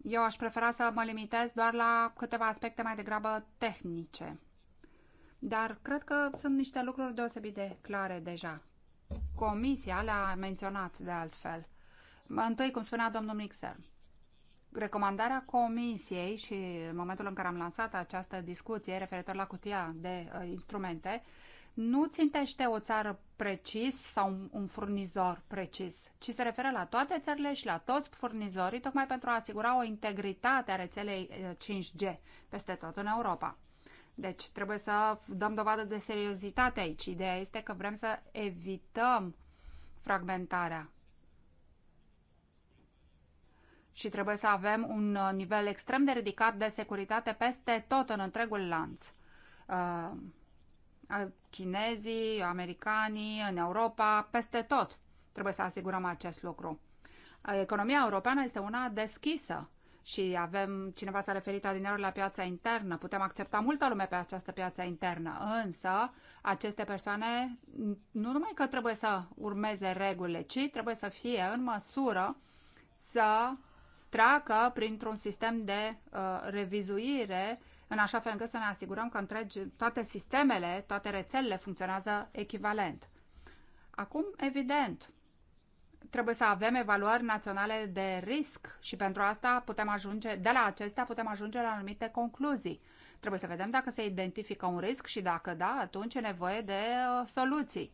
Eu aș prefera să mă limitez doar la câteva aspecte mai degrabă tehnice. Dar cred că sunt niște lucruri deosebit de clare deja. Comisia le-a menționat de altfel. Întâi, cum spunea domnul Mixer, recomandarea Comisiei și în momentul în care am lansat această discuție referitor la cutia de uh, instrumente, nu țintește o țară precis sau un, un furnizor precis, ci se referă la toate țările și la toți furnizorii, tocmai pentru a asigura o integritate a rețelei 5G uh, peste tot în Europa. Deci trebuie să dăm dovadă de seriozitate aici. Ideea este că vrem să evităm fragmentarea. Și trebuie să avem un uh, nivel extrem de ridicat de securitate peste tot în întregul lanț. Uh, chinezii, americanii, în Europa, peste tot trebuie să asigurăm acest lucru. Economia europeană este una deschisă și avem, cineva s-a referit adineori la piața internă, putem accepta multă lume pe această piață internă, însă aceste persoane nu numai că trebuie să urmeze regulile, ci trebuie să fie în măsură să treacă printr-un sistem de uh, revizuire în așa fel încât să ne asigurăm că întregi, toate sistemele, toate rețelele funcționează echivalent. Acum, evident, trebuie să avem evaluări naționale de risc și pentru asta putem ajunge, de la acestea putem ajunge la anumite concluzii. Trebuie să vedem dacă se identifică un risc și dacă da, atunci e nevoie de uh, soluții.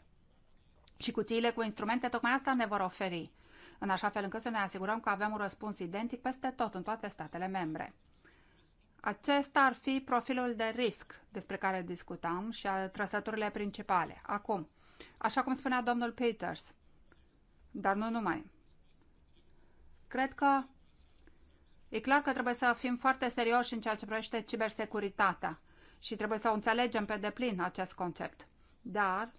Și cutiile cu instrumente tocmai asta ne vor oferi, în așa fel încât să ne asigurăm că avem un răspuns identic peste tot, în toate statele membre. Acesta ar fi profilul de risc despre care discutam și a trăsăturile principale. Acum, așa cum spunea domnul Peters, dar nu numai. Cred că e clar că trebuie să fim foarte serioși în ceea ce privește cibersecuritatea și trebuie să o înțelegem pe deplin acest concept. Dar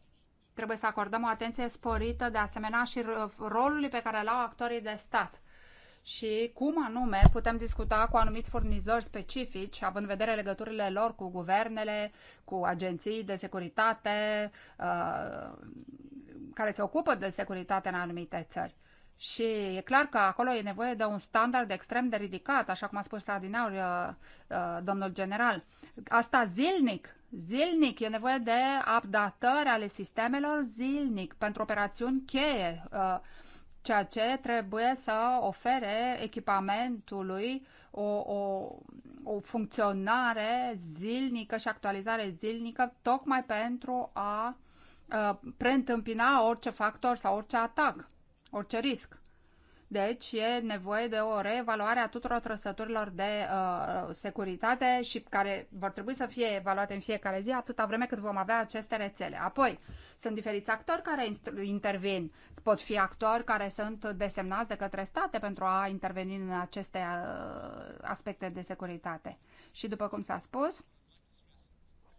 trebuie să acordăm o atenție sporită de asemenea și rolului pe care îl au actorii de stat și cum anume putem discuta cu anumiți furnizori specifici, având în vedere legăturile lor cu guvernele, cu agenții de securitate, uh, care se ocupă de securitate în anumite țări. Și e clar că acolo e nevoie de un standard extrem de ridicat, așa cum a spus Adinaur, uh, uh, domnul general. Asta zilnic, zilnic, e nevoie de updatări ale sistemelor zilnic pentru operațiuni cheie, uh, ceea ce trebuie să ofere echipamentului o, o, o funcționare zilnică și actualizare zilnică, tocmai pentru a Uh, preîntâmpina orice factor sau orice atac, orice risc. Deci e nevoie de o reevaluare a tuturor trăsăturilor de uh, securitate și care vor trebui să fie evaluate în fiecare zi atâta vreme cât vom avea aceste rețele. Apoi, sunt diferiți actori care intervin. Pot fi actori care sunt desemnați de către state pentru a interveni în aceste uh, aspecte de securitate. Și după cum s-a spus,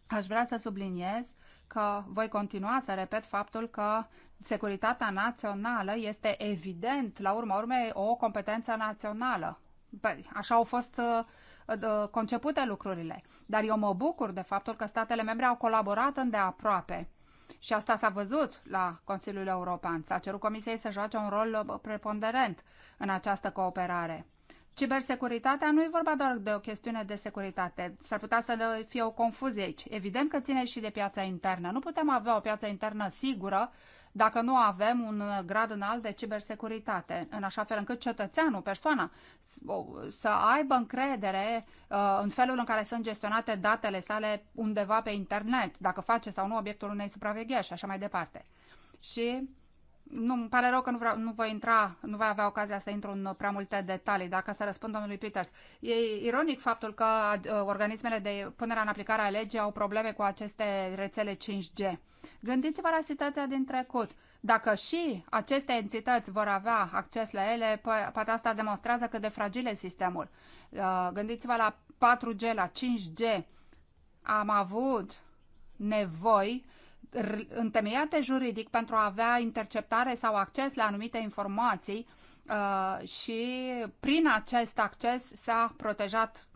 aș vrea să subliniez uh, că voi continua să repet faptul că securitatea națională este evident, la urma urmei, o competență națională. Păi, așa au fost uh, uh, concepute lucrurile. Dar eu mă bucur de faptul că statele membre au colaborat îndeaproape. Și asta s-a văzut la Consiliul European. S-a cerut Comisiei să joace un rol uh, preponderent în această cooperare. Cibersecuritatea nu e vorba doar de o chestiune de securitate. S-ar putea să fie o confuzie aici. Evident că ține și de piața internă. Nu putem avea o piață internă sigură dacă nu avem un grad înalt de cibersecuritate, în așa fel încât cetățeanul, persoana, să aibă încredere uh, în felul în care sunt gestionate datele sale undeva pe internet, dacă face sau nu obiectul unei supravegheri și așa mai departe. Și nu, îmi pare rău că nu, vreau, nu voi intra, nu voi avea ocazia să intru în prea multe detalii, dacă să răspund domnului Peters. E ironic faptul că uh, organismele de punere în aplicare a legii au probleme cu aceste rețele 5G. Gândiți-vă la situația din trecut. Dacă și aceste entități vor avea acces la ele, poate asta demonstrează cât de fragile sistemul. Uh, gândiți-vă la 4G, la 5G. Am avut nevoi întemeiate juridic pentru a avea interceptare sau acces la anumite informații uh, și prin acest acces s-a protejat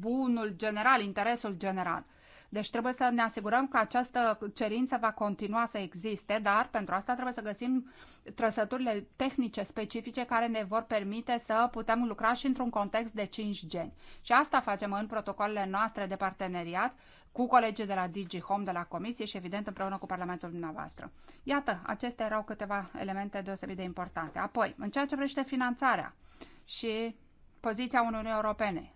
bunul general, interesul general. Deci trebuie să ne asigurăm că această cerință va continua să existe, dar pentru asta trebuie să găsim trăsăturile tehnice specifice care ne vor permite să putem lucra și într-un context de 5 geni. Și asta facem în protocolele noastre de parteneriat cu colegii de la Digi Home, de la Comisie și, evident, împreună cu Parlamentul dumneavoastră. Iată, acestea erau câteva elemente deosebit de importante. Apoi, în ceea ce privește finanțarea și poziția Uniunii Europene,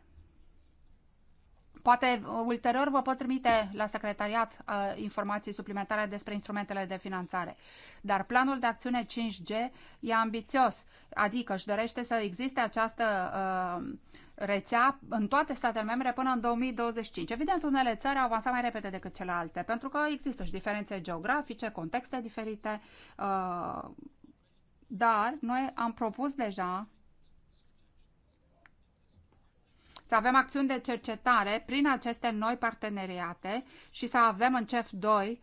Poate uh, ulterior vă pot trimite la secretariat uh, informații suplimentare despre instrumentele de finanțare. Dar planul de acțiune 5G e ambițios, adică își dorește să existe această uh, rețea în toate statele membre până în 2025. Evident, unele țări au avansat mai repede decât celelalte, pentru că există și diferențe geografice, contexte diferite, uh, dar noi am propus deja să avem acțiuni de cercetare prin aceste noi parteneriate și să avem în CEF2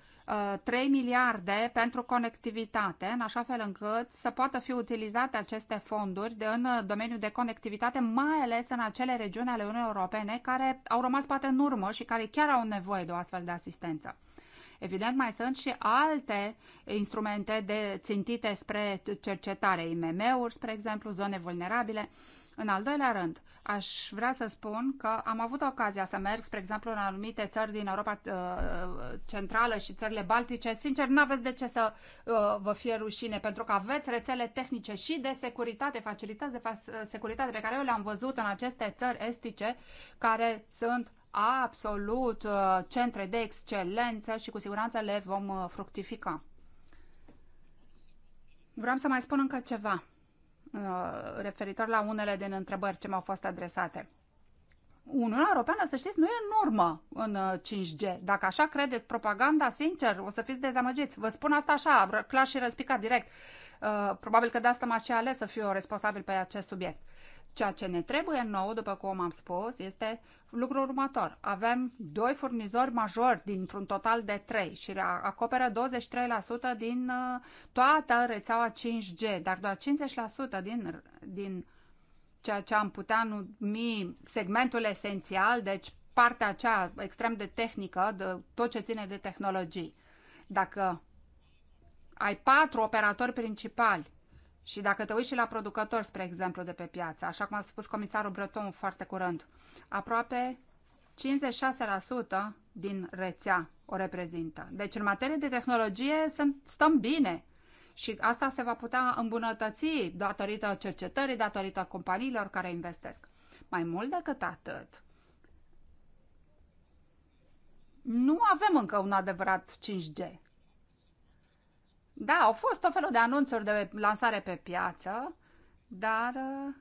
3 uh, miliarde pentru conectivitate, în așa fel încât să poată fi utilizate aceste fonduri de, în uh, domeniul de conectivitate, mai ales în acele regiuni ale Uniunii Europene care au rămas poate în urmă și care chiar au nevoie de o astfel de asistență. Evident, mai sunt și alte instrumente de țintite spre cercetare, IMM-uri, spre exemplu, zone vulnerabile. În al doilea rând, aș vrea să spun că am avut ocazia să merg, spre exemplu, în anumite țări din Europa uh, Centrală și țările Baltice. Sincer, nu aveți de ce să uh, vă fie rușine, pentru că aveți rețele tehnice și de securitate, facilități de fa- securitate pe care eu le-am văzut în aceste țări estice, care sunt absolut uh, centre de excelență și cu siguranță le vom uh, fructifica. Vreau să mai spun încă ceva. Uh, referitor la unele din întrebări ce mi-au fost adresate. Uniunea Europeană, să știți, nu e în urmă în 5G. Uh, Dacă așa credeți propaganda, sincer, o să fiți dezamăgiți. Vă spun asta așa, clar și răspicat, direct. Uh, probabil că de asta m-aș și ales să fiu responsabil pe acest subiect. Ceea ce ne trebuie nou după cum am spus, este lucrul următor. Avem doi furnizori majori dintr-un total de trei și acoperă 23% din uh, toată rețeaua 5G, dar doar 50% din, din ceea ce am putea numi segmentul esențial, deci partea aceea extrem de tehnică, de tot ce ține de tehnologii. Dacă ai patru operatori principali și dacă te uiți și la producători, spre exemplu, de pe piață, așa cum a spus comisarul Breton foarte curând, aproape 56% din rețea o reprezintă. Deci, în materie de tehnologie, sunt, stăm bine. Și asta se va putea îmbunătăți datorită cercetării, datorită companiilor care investesc. Mai mult decât atât, nu avem încă un adevărat 5G. Da, au fost tot felul de anunțuri de lansare pe piață, dar uh,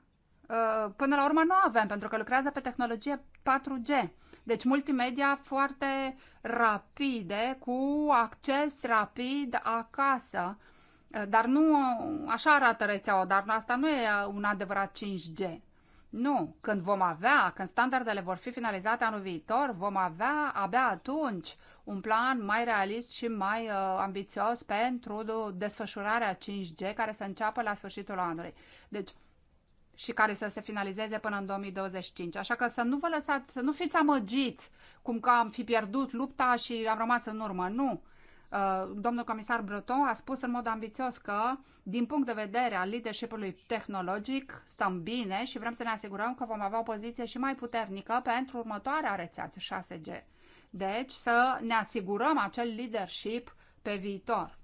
uh, până la urmă nu avem, pentru că lucrează pe tehnologie 4G. Deci multimedia foarte rapide, cu acces rapid acasă. Uh, dar nu, așa arată rețeaua, dar asta nu e un adevărat 5G. Nu, când vom avea, când standardele vor fi finalizate anul viitor, vom avea abia atunci un plan mai realist și mai uh, ambițios pentru desfășurarea 5G care să înceapă la sfârșitul anului. Deci, și care să se finalizeze până în 2025. Așa că să nu vă lăsați, să nu fiți amăgiți cum că am fi pierdut lupta și am rămas în urmă. Nu! Uh, domnul comisar Breton a spus în mod ambițios că, din punct de vedere al leadership-ului tehnologic, stăm bine și vrem să ne asigurăm că vom avea o poziție și mai puternică pentru următoarea rețea 6G. Deci să ne asigurăm acel leadership pe viitor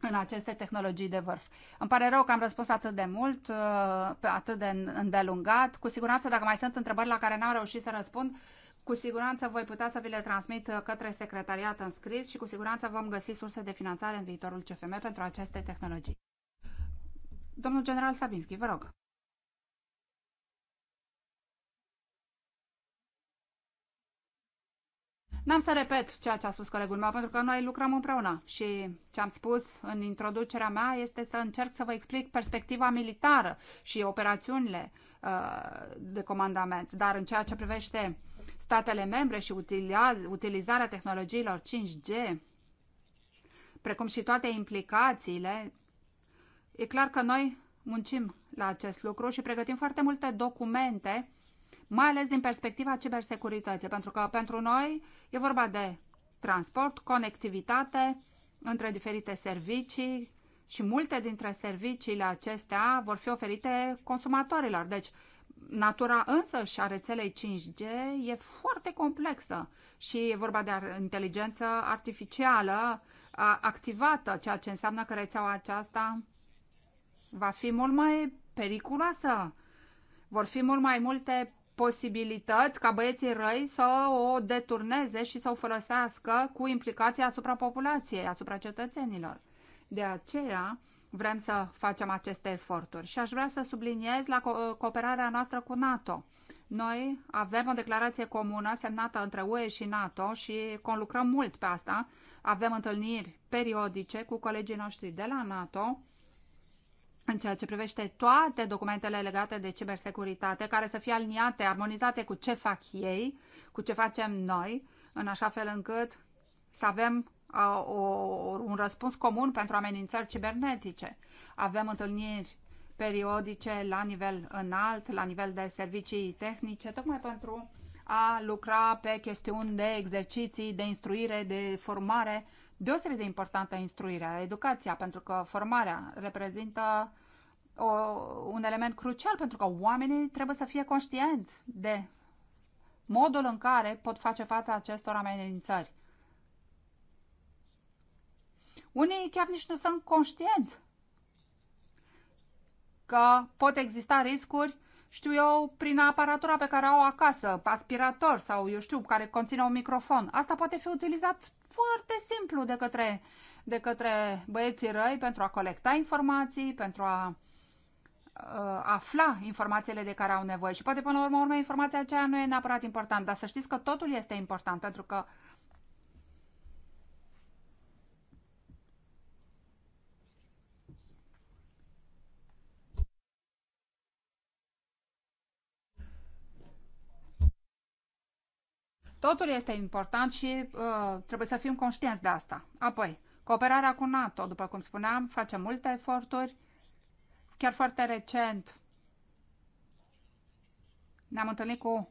în aceste tehnologii de vârf. Îmi pare rău că am răspuns atât de mult, uh, atât de îndelungat. Cu siguranță, dacă mai sunt întrebări la care n-am reușit să răspund, cu siguranță voi putea să vi le transmit uh, către secretariat în scris și cu siguranță vom găsi surse de finanțare în viitorul CFM pentru aceste tehnologii. Domnul general Sabinski, vă rog. N-am să repet ceea ce a spus colegul meu, pentru că noi lucrăm împreună și ce am spus în introducerea mea este să încerc să vă explic perspectiva militară și operațiunile uh, de comandament, dar în ceea ce privește statele membre și utilizarea tehnologiilor 5G, precum și toate implicațiile, e clar că noi muncim la acest lucru și pregătim foarte multe documente, mai ales din perspectiva cibersecurității, pentru că pentru noi e vorba de transport, conectivitate între diferite servicii și multe dintre serviciile acestea vor fi oferite consumatorilor. Deci natura însă și a rețelei 5G e foarte complexă și e vorba de inteligență artificială activată, ceea ce înseamnă că rețeaua aceasta va fi mult mai periculoasă. Vor fi mult mai multe posibilități ca băieții răi să o deturneze și să o folosească cu implicații asupra populației, asupra cetățenilor. De aceea, vrem să facem aceste eforturi. Și aș vrea să subliniez la co- cooperarea noastră cu NATO. Noi avem o declarație comună semnată între UE și NATO și conlucrăm mult pe asta. Avem întâlniri periodice cu colegii noștri de la NATO în ceea ce privește toate documentele legate de cibersecuritate, care să fie aliniate, armonizate cu ce fac ei, cu ce facem noi, în așa fel încât să avem o, un răspuns comun pentru amenințări cibernetice. Avem întâlniri periodice la nivel înalt, la nivel de servicii tehnice, tocmai pentru a lucra pe chestiuni de exerciții, de instruire, de formare. Deosebit de importantă instruirea, educația, pentru că formarea reprezintă o, un element crucial, pentru că oamenii trebuie să fie conștienți de modul în care pot face față acestor amenințări. Unii chiar nici nu sunt conștienți că pot exista riscuri, știu eu, prin aparatura pe care au acasă, aspirator sau, eu știu, care conține un microfon. Asta poate fi utilizat foarte simplu de către, de către băieții răi pentru a colecta informații, pentru a uh, afla informațiile de care au nevoie. Și poate, până la urmă, informația aceea nu e neapărat important, dar să știți că totul este important, pentru că uh, Totul este important și uh, trebuie să fim conștienți de asta. Apoi, cooperarea cu NATO, după cum spuneam, face multe eforturi. Chiar foarte recent ne-am întâlnit cu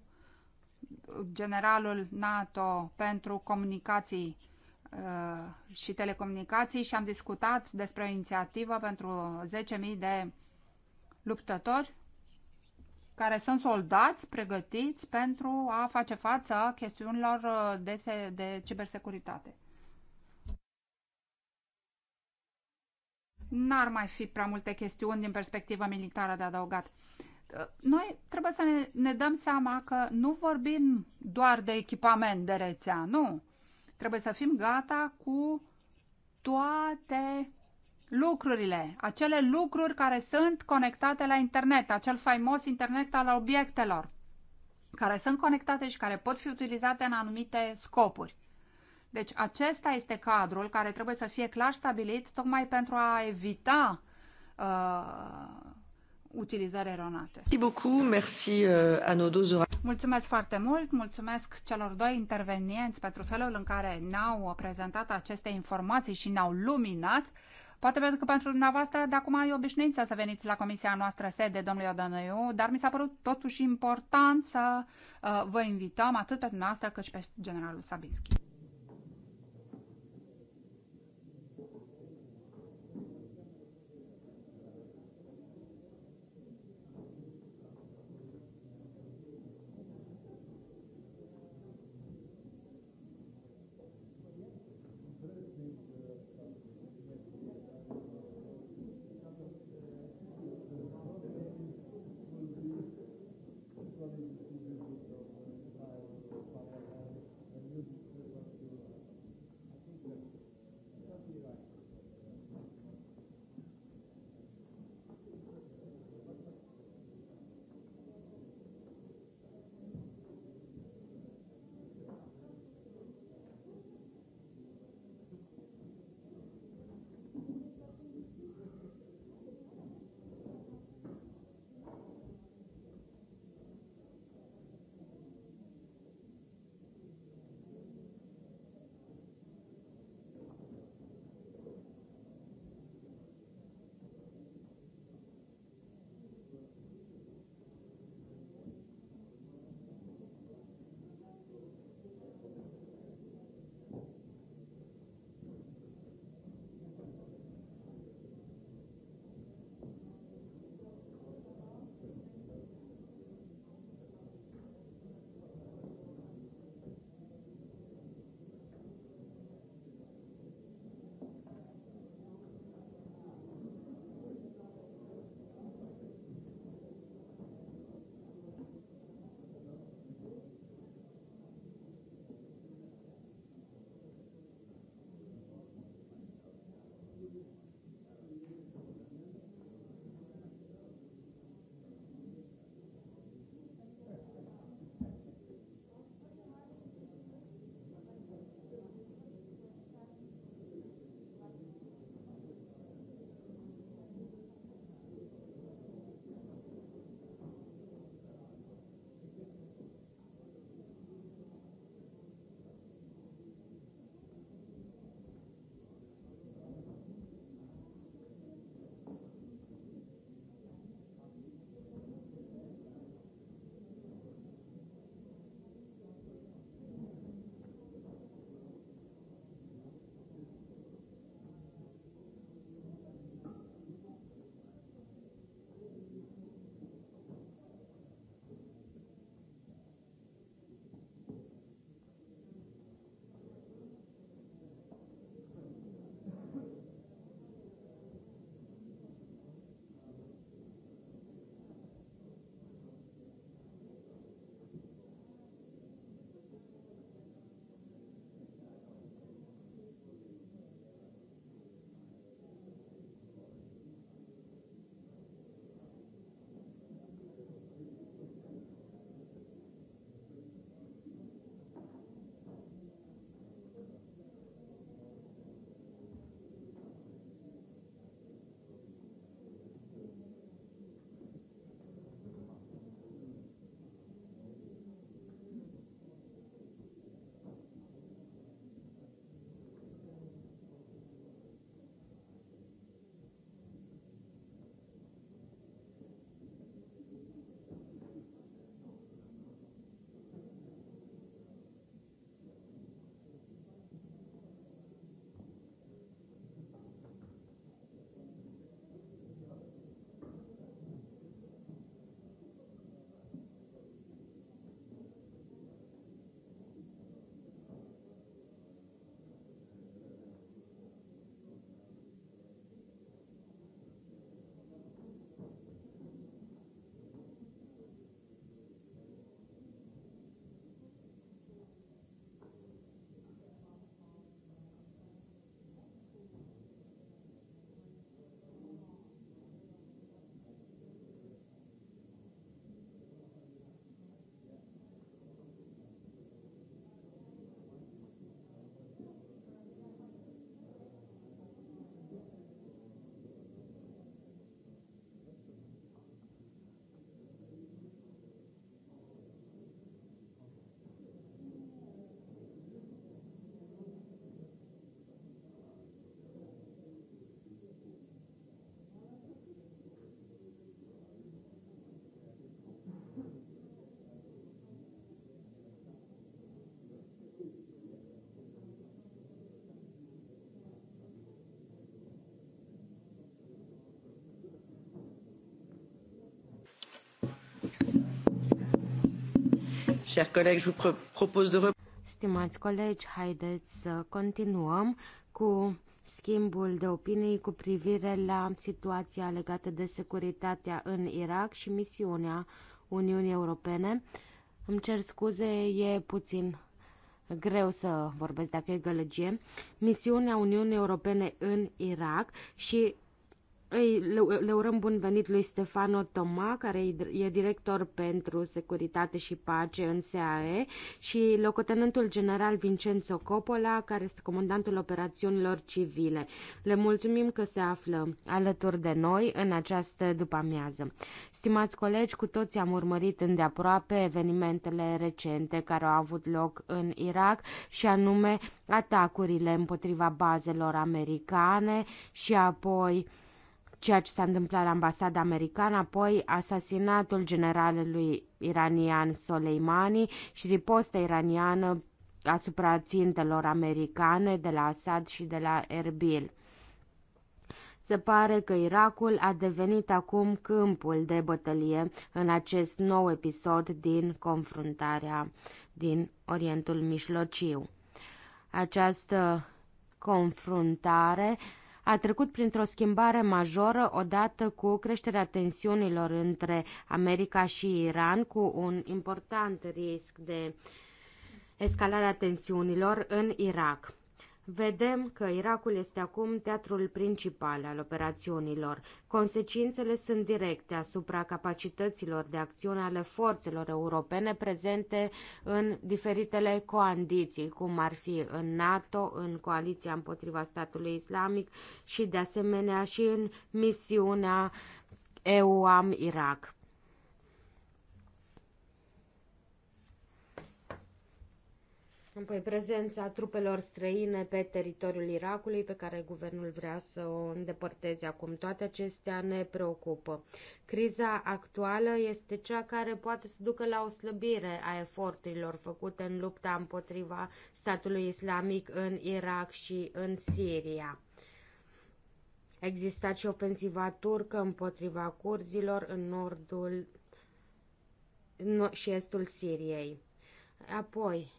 generalul NATO pentru comunicații uh, și telecomunicații și am discutat despre o inițiativă pentru 10.000 de luptători care sunt soldați pregătiți pentru a face față chestiunilor uh, de, de cibersecuritate. N-ar mai fi prea multe chestiuni din perspectiva militară de adăugat. Uh, noi trebuie să ne, ne dăm seama că nu vorbim doar de echipament de rețea, nu. Trebuie să fim gata cu toate lucrurile, acele lucruri care sunt conectate la internet, acel faimos internet al obiectelor, care sunt conectate și care pot fi utilizate în anumite scopuri. Deci acesta este cadrul care trebuie să fie clar stabilit tocmai pentru a evita uh, utilizări eronate. Uh, mulțumesc foarte mult, mulțumesc celor doi intervenienți pentru felul în care ne-au prezentat aceste informații și ne-au luminat. Poate pentru că pentru dumneavoastră de acum e obișnuință să veniți la comisia noastră sede, domnul Odănăiu, dar mi s-a părut totuși important să uh, vă invităm atât pe dumneavoastră cât și pe generalul Sabinski. chers collègues, je vous propose de... Stimați colegi, haideți să continuăm cu schimbul de opinii cu privire la situația legată de securitatea în Irak și misiunea Uniunii Europene. Îmi cer scuze, e puțin greu să vorbesc dacă e gălăgie, misiunea Uniunii Europene în Irak și îi, le, le urăm bun venit lui Stefano Toma, care e director pentru securitate și pace în SAE, și locotenentul general Vincenzo Coppola, care este comandantul operațiunilor civile. Le mulțumim că se află alături de noi în această după-amiază. Stimați colegi, cu toții am urmărit îndeaproape evenimentele recente care au avut loc în Irak și anume atacurile împotriva bazelor americane și apoi ceea ce s-a întâmplat la ambasada americană, apoi asasinatul generalului iranian Soleimani și riposta iraniană asupra țintelor americane de la Assad și de la Erbil. Se pare că Irakul a devenit acum câmpul de bătălie în acest nou episod din confruntarea din Orientul Mișlociu. Această confruntare uh, a trecut printr-o schimbare majoră odată cu creșterea tensiunilor între America și Iran, cu un important risc de escalarea tensiunilor în Irak. Vedem că Irakul este acum teatrul principal al operațiunilor. Consecințele sunt directe asupra capacităților de acțiune ale forțelor europene prezente în diferitele coaliții, cum ar fi în NATO, în coaliția împotriva statului islamic și de asemenea și în misiunea EUAM Irak. Apoi prezența trupelor străine pe teritoriul Irakului, pe care guvernul vrea să o îndepărteze acum. Toate acestea ne preocupă. Criza actuală este cea care poate să ducă la o slăbire a eforturilor făcute în lupta împotriva statului islamic în Irak și în Siria. Exista și ofensiva turcă împotriva curzilor în nordul și estul Siriei. Apoi,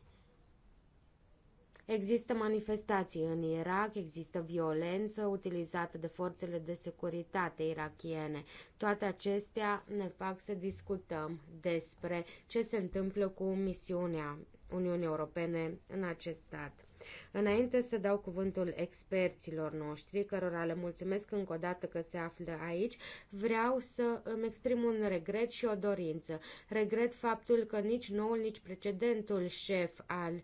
Există manifestații în Irak, există violență utilizată de forțele de securitate irakiene. Toate acestea ne fac să discutăm despre ce se întâmplă cu misiunea Uniunii Europene în acest stat. Înainte să dau cuvântul experților noștri, cărora le mulțumesc încă o dată că se află aici, vreau să îmi exprim un regret și o dorință. Regret faptul că nici noul, nici precedentul șef al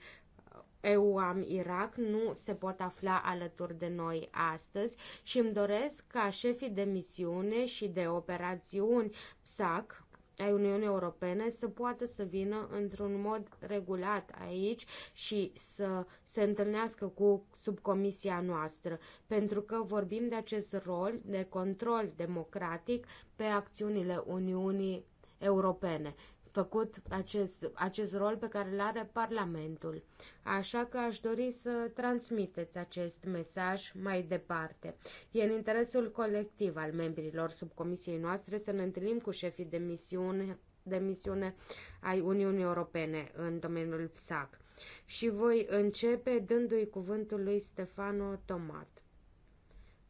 EUAM-Irak nu se pot afla alături de noi astăzi și îmi doresc ca șefii de misiune și de operațiuni PSAC ai Uniunii Europene să poată să vină într-un mod regulat aici și să se întâlnească cu subcomisia noastră, pentru că vorbim de acest rol de control democratic pe acțiunile Uniunii Europene făcut acest, acest rol pe care îl are Parlamentul. Așa că aș dori să transmiteți acest mesaj mai departe. E în interesul colectiv al membrilor subcomisiei noastre să ne întâlnim cu șefii de misiune, de misiune ai Uniunii Europene în domeniul PSAC. Și voi începe dându-i cuvântul lui Stefano Tomat.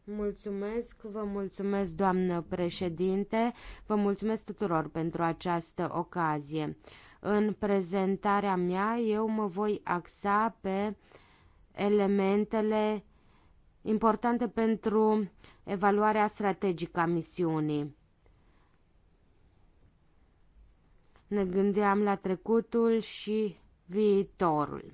Mulțumesc, vă mulțumesc, doamnă președinte, vă mulțumesc tuturor pentru această ocazie. În prezentarea mea eu mă voi axa pe elementele importante pentru evaluarea strategică a misiunii. Ne gândeam la trecutul și viitorul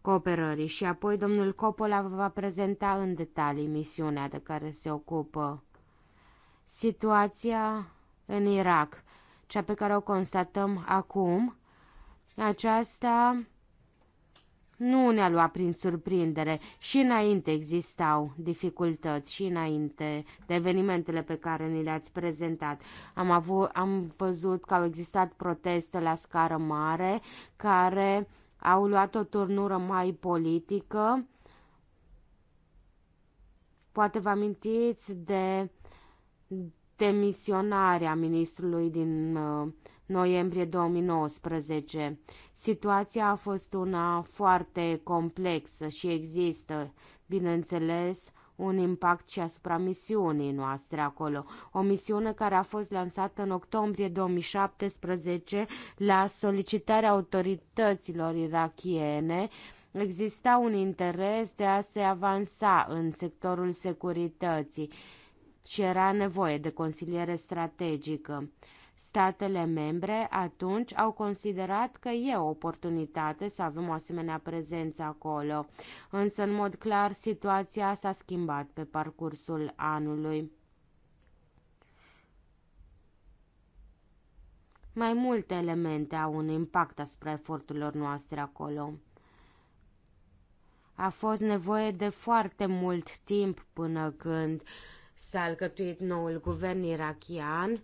cooperării și apoi domnul Coppola va prezenta în detalii misiunea de care se ocupă. Situația în Irak, cea pe care o constatăm acum, aceasta nu ne-a luat prin surprindere. Și înainte existau dificultăți, și înainte de evenimentele pe care ni le-ați prezentat. Am, avut, am văzut că au existat proteste la scară mare care au luat o turnură mai politică. Poate vă amintiți de demisionarea ministrului din uh, noiembrie 2019. Situația a fost una foarte complexă și există, bineînțeles, un impact și asupra misiunii noastre acolo. O misiune care a fost lansată în octombrie 2017 la solicitarea autorităților irachiene exista un interes de a se avansa în sectorul securității și era nevoie de consiliere strategică. Statele membre atunci au considerat că e o oportunitate să avem o asemenea prezență acolo, însă în mod clar situația s-a schimbat pe parcursul anului. Mai multe elemente au un impact asupra eforturilor noastre acolo. A fost nevoie de foarte mult timp până când s-a alcătuit noul guvern irachian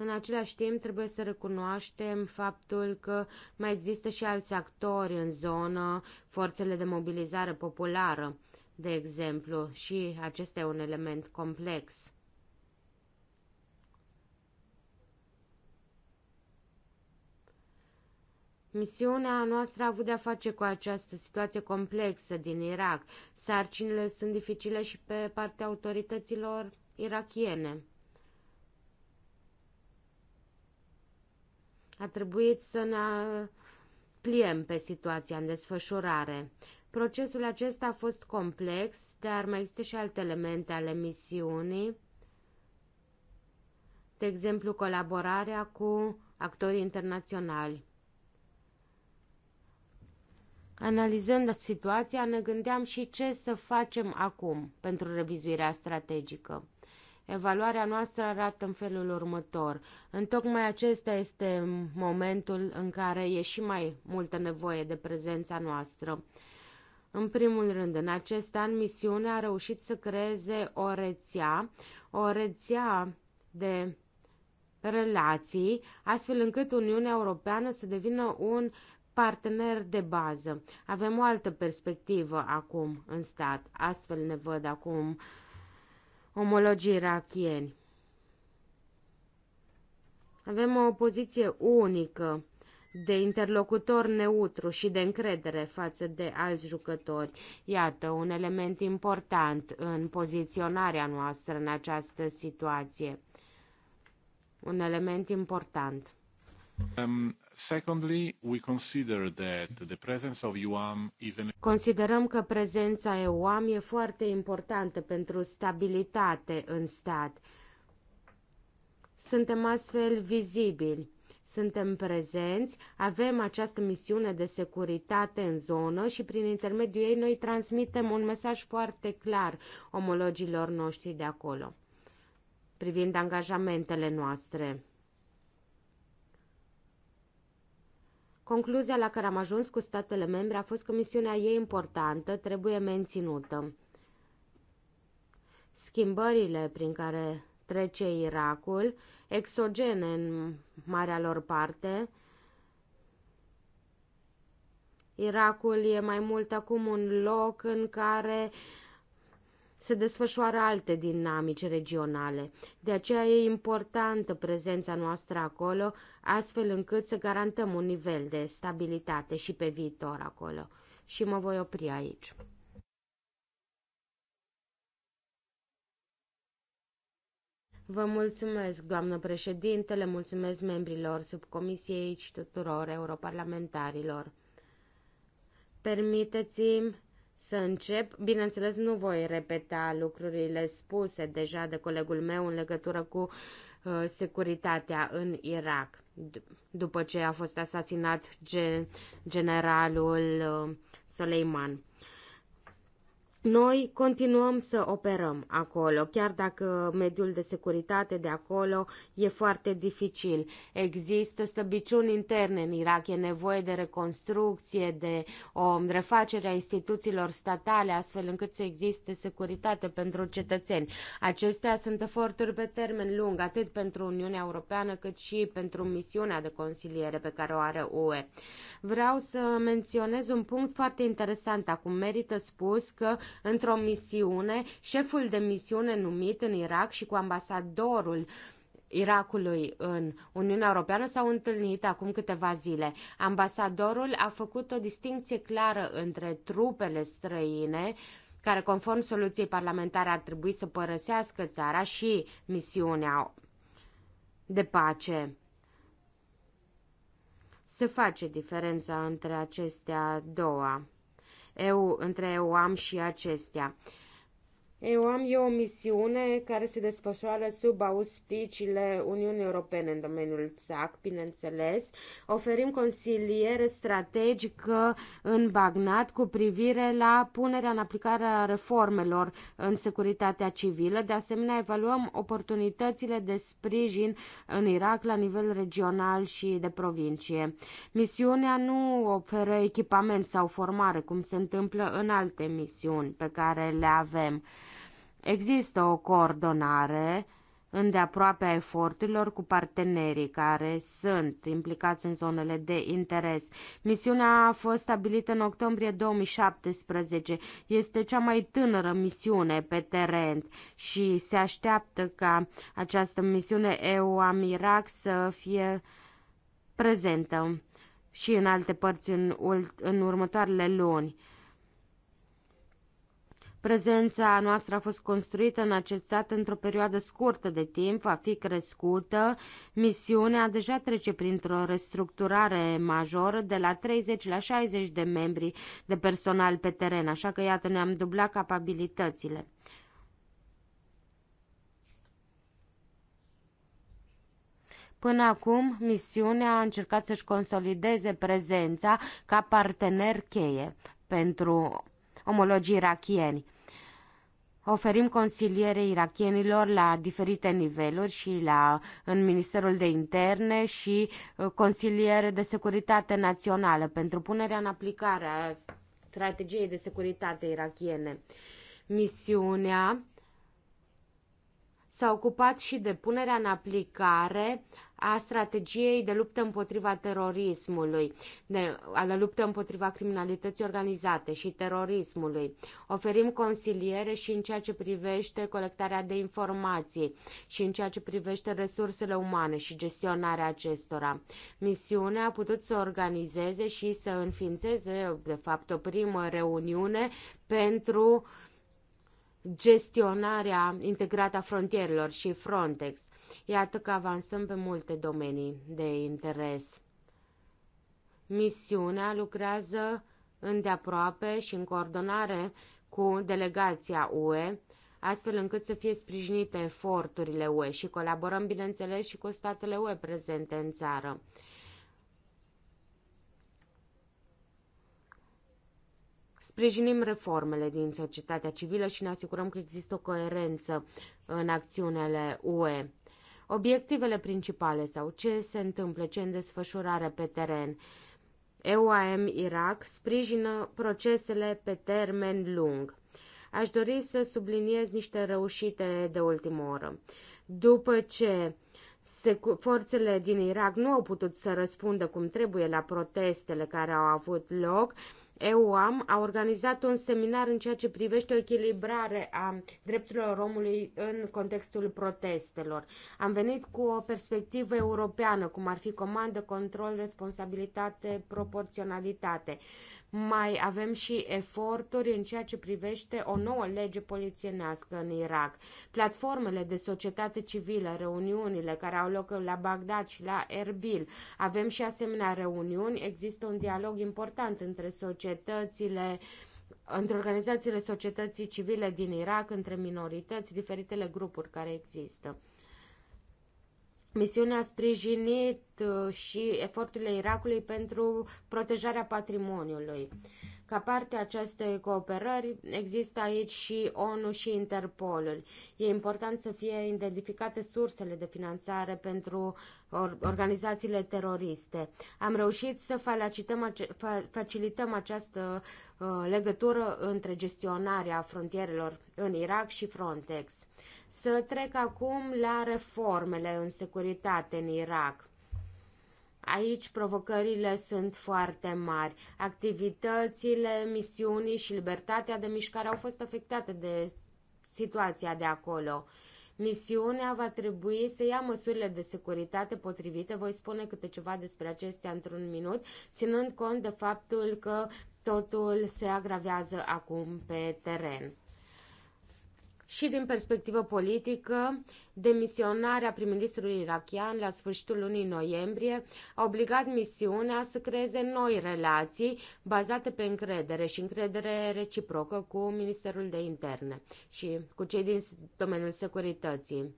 În același timp, trebuie să recunoaștem faptul că mai există și alți actori în zonă, forțele de mobilizare populară, de exemplu, și acesta e un element complex. Misiunea noastră a avut de-a face cu această situație complexă din Irak. Sarcinile sunt dificile și pe partea autorităților irakiene. A trebuit să ne uh, pliem pe situația în desfășurare. Procesul acesta a fost complex, dar mai există și alte elemente ale misiunii, de exemplu colaborarea cu actorii internaționali. Analizând situația, ne gândeam și ce să facem acum pentru revizuirea strategică. Evaluarea noastră arată în felul următor. Întocmai acesta este momentul în care e și mai multă nevoie de prezența noastră. În primul rând, în acest an, misiunea a reușit să creeze o rețea, o rețea de relații, astfel încât Uniunea Europeană să devină un partener de bază. Avem o altă perspectivă acum în stat, astfel ne văd acum uh, omologii irachieni. Avem o poziție unică de interlocutor neutru și de încredere față de alți jucători. Iată, un element important în poziționarea noastră în această situație. Un element important. Considerăm că prezența EUAM e foarte importantă pentru stabilitate în stat. Suntem astfel vizibili suntem prezenți, avem această misiune de securitate în zonă și prin intermediul ei noi transmitem un mesaj foarte clar omologilor noștri de acolo privind angajamentele noastre. Concluzia la care am ajuns cu statele membre a fost că misiunea ei importantă trebuie menținută. Schimbările prin care trece Irakul, exogene în marea lor parte, Irakul e mai mult acum un loc în care uh, se desfășoară alte dinamici regionale. De aceea e importantă prezența noastră acolo, astfel încât să garantăm un nivel de stabilitate și pe viitor acolo. Și mă voi opri aici. Vă mulțumesc, doamnă le mulțumesc membrilor subcomisiei și tuturor europarlamentarilor. Permiteți-mi să încep. Bineînțeles, nu voi repeta lucrurile spuse deja de colegul meu în legătură cu uh, securitatea în Irak, după ce a fost asasinat gen- generalul uh, Soleiman. Noi continuăm să operăm acolo, chiar dacă mediul de securitate de acolo e foarte dificil. Există slăbiciuni interne în Irak, e nevoie de reconstrucție, de o refacere a instituțiilor statale, astfel încât să existe securitate pentru cetățeni. Acestea sunt eforturi pe termen lung, atât pentru Uniunea Europeană, cât și pentru misiunea de consiliere pe care o are UE. Vreau să menționez un punct foarte interesant. Acum merită spus că într-o misiune, șeful de misiune numit în Irak și cu ambasadorul Irakului în Uniunea Europeană s-au întâlnit acum câteva zile. Ambasadorul a făcut o distinție clară între trupele străine care conform soluției parlamentare ar trebui să părăsească țara și misiunea de pace. Se face diferența între acestea două. Eu, între eu am și acestea. Eu am eu o misiune care se desfășoară sub auspiciile Uniunii Europene în domeniul PSAC, bineînțeles. Oferim consiliere strategică în Bagnat cu privire la punerea în aplicare a reformelor în securitatea civilă. De asemenea, evaluăm oportunitățile de sprijin în Irak la nivel regional și de provincie. Misiunea nu oferă echipament sau formare, cum se întâmplă în alte misiuni pe care le avem. Există o coordonare îndeaproape a eforturilor cu partenerii care sunt implicați în zonele de interes. Misiunea a fost stabilită în octombrie 2017. Este cea mai tânără misiune pe teren și se așteaptă ca această misiune EU Amirac să fie prezentă și în alte părți în, în următoarele luni. Prezența noastră a fost construită în acest sat într-o perioadă scurtă de timp, va fi crescută. Misiunea deja trece printr-o restructurare majoră de la 30 la 60 de membri de personal pe teren, așa că iată ne-am dublat capabilitățile. Până acum, misiunea a încercat să-și consolideze prezența ca partener cheie pentru omologii irachieni. Oferim consiliere irachienilor la diferite niveluri și la, în Ministerul de Interne și uh, consiliere de securitate națională pentru punerea în aplicare a strategiei de securitate irachiene. Misiunea s-a ocupat și de punerea în aplicare a strategiei de luptă împotriva terorismului, de, a la luptă împotriva criminalității organizate și terorismului. Oferim consiliere și în ceea ce privește colectarea de informații și în ceea ce privește resursele umane și gestionarea acestora. Misiunea a putut să organizeze și să înființeze, de fapt, o primă reuniune pentru uh, gestionarea integrată a frontierelor și Frontex. Iată că avansăm pe multe domenii de interes. Misiunea lucrează îndeaproape și în coordonare cu delegația UE, astfel încât să fie sprijinite eforturile UE și colaborăm, bineînțeles, și cu statele UE prezente în țară. Sprijinim reformele din societatea civilă și ne asigurăm că există o coerență în acțiunile UE. Obiectivele principale sau ce se întâmplă, ce în desfășurare pe teren. EUAM Irak sprijină procesele pe termen lung. Aș dori să subliniez niște reușite de ultimă oră. După ce forțele din Irak nu au putut să răspundă cum trebuie la protestele care au avut loc, EUAM a organizat un seminar în ceea ce privește o echilibrare a drepturilor omului în contextul protestelor. Am venit cu o perspectivă europeană, cum ar fi comandă, control, responsabilitate, proporționalitate. Uh, mai avem și eforturi în ceea ce privește o nouă lege polițienească în Irak. Platformele de societate civilă, reuniunile care au loc la Bagdad și la Erbil. Avem și asemenea reuniuni, există un dialog important între societățile între organizațiile societății civile din Irak, între minorități, diferitele grupuri care există. Misiunea a sprijinit uh, și eforturile Irakului pentru protejarea patrimoniului. Ca parte a acestei cooperări există aici și ONU și Interpolul. E important să fie identificate sursele de finanțare pentru organizațiile teroriste. Am reușit să facilităm această uh, legătură între gestionarea frontierelor în Irak și Frontex. Să trec acum la reformele în securitate în Irak. Aici provocările sunt foarte mari. Activitățile, misiunii și libertatea de mișcare au fost afectate de situația de acolo. Misiunea va trebui să ia măsurile de securitate potrivite. Voi spune câte ceva despre acestea într-un minut, ținând cont de faptul că totul se agravează acum pe teren. Și din perspectivă politică, demisionarea prim-ministrului irachian la sfârșitul lunii noiembrie a obligat misiunea să creeze noi relații bazate pe încredere și încredere reciprocă cu Ministerul de Interne și cu cei din domeniul securității.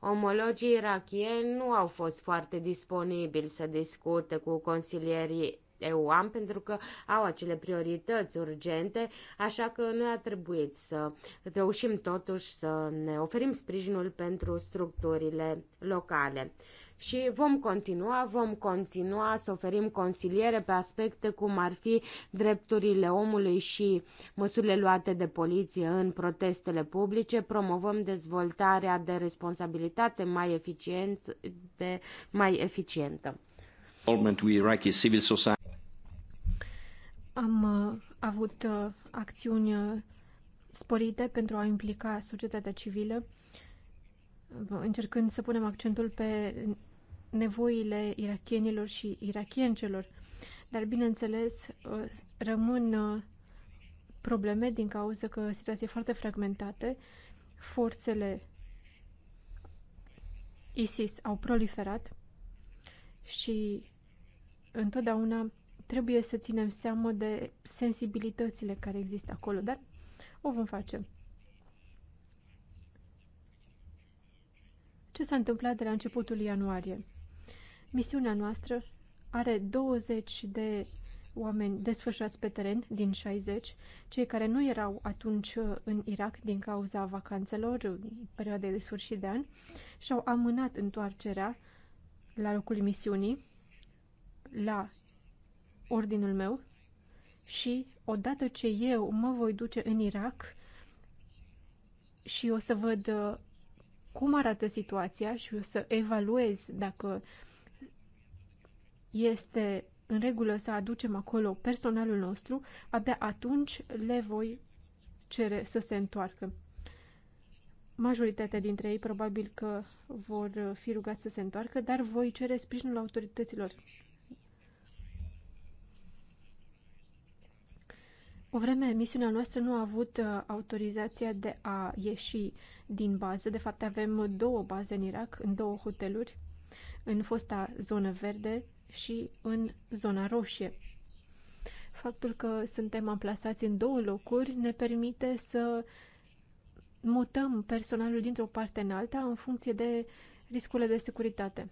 Omologii irachieni nu au fost foarte disponibili să discute cu consilierii EUAM pentru că au acele priorități urgente, așa că noi a trebuit să reușim totuși să ne oferim sprijinul pentru structurile locale și vom continua, vom continua să oferim consiliere pe aspecte cum ar fi drepturile omului și măsurile luate de poliție în protestele publice, promovăm dezvoltarea de responsabilitate mai, eficient, de, mai eficientă. Am uh, avut uh, acțiuni uh, sporite pentru a implica societatea civilă, încercând să punem accentul pe nevoile irachienilor și irachiencelor. Dar, bineînțeles, rămân probleme din cauza că situația e foarte fragmentată, forțele ISIS au proliferat și întotdeauna trebuie să ținem seama de sensibilitățile care există acolo, dar o vom face. Ce s-a întâmplat de la începutul ianuarie? Misiunea noastră are 20 de oameni desfășurați pe teren din 60, cei care nu erau atunci uh, în Irak din cauza vacanțelor, perioade de sfârșit de an, și-au amânat întoarcerea la locul misiunii la ordinul meu și odată ce eu mă voi duce în Irak și o să văd uh, cum arată situația și o să evaluez dacă este în regulă să aducem acolo personalul nostru, abia atunci le voi cere să se întoarcă. Majoritatea dintre ei probabil că vor uh, fi rugați să se întoarcă, dar voi cere sprijinul autorităților O vreme, misiunea noastră nu a avut uh, autorizația de a ieși din bază. De fapt, avem două baze în Irak, în două hoteluri, în fosta zonă verde și în zona roșie. Faptul că suntem amplasați în două locuri ne permite să mutăm personalul dintr-o parte în alta în funcție de riscurile de securitate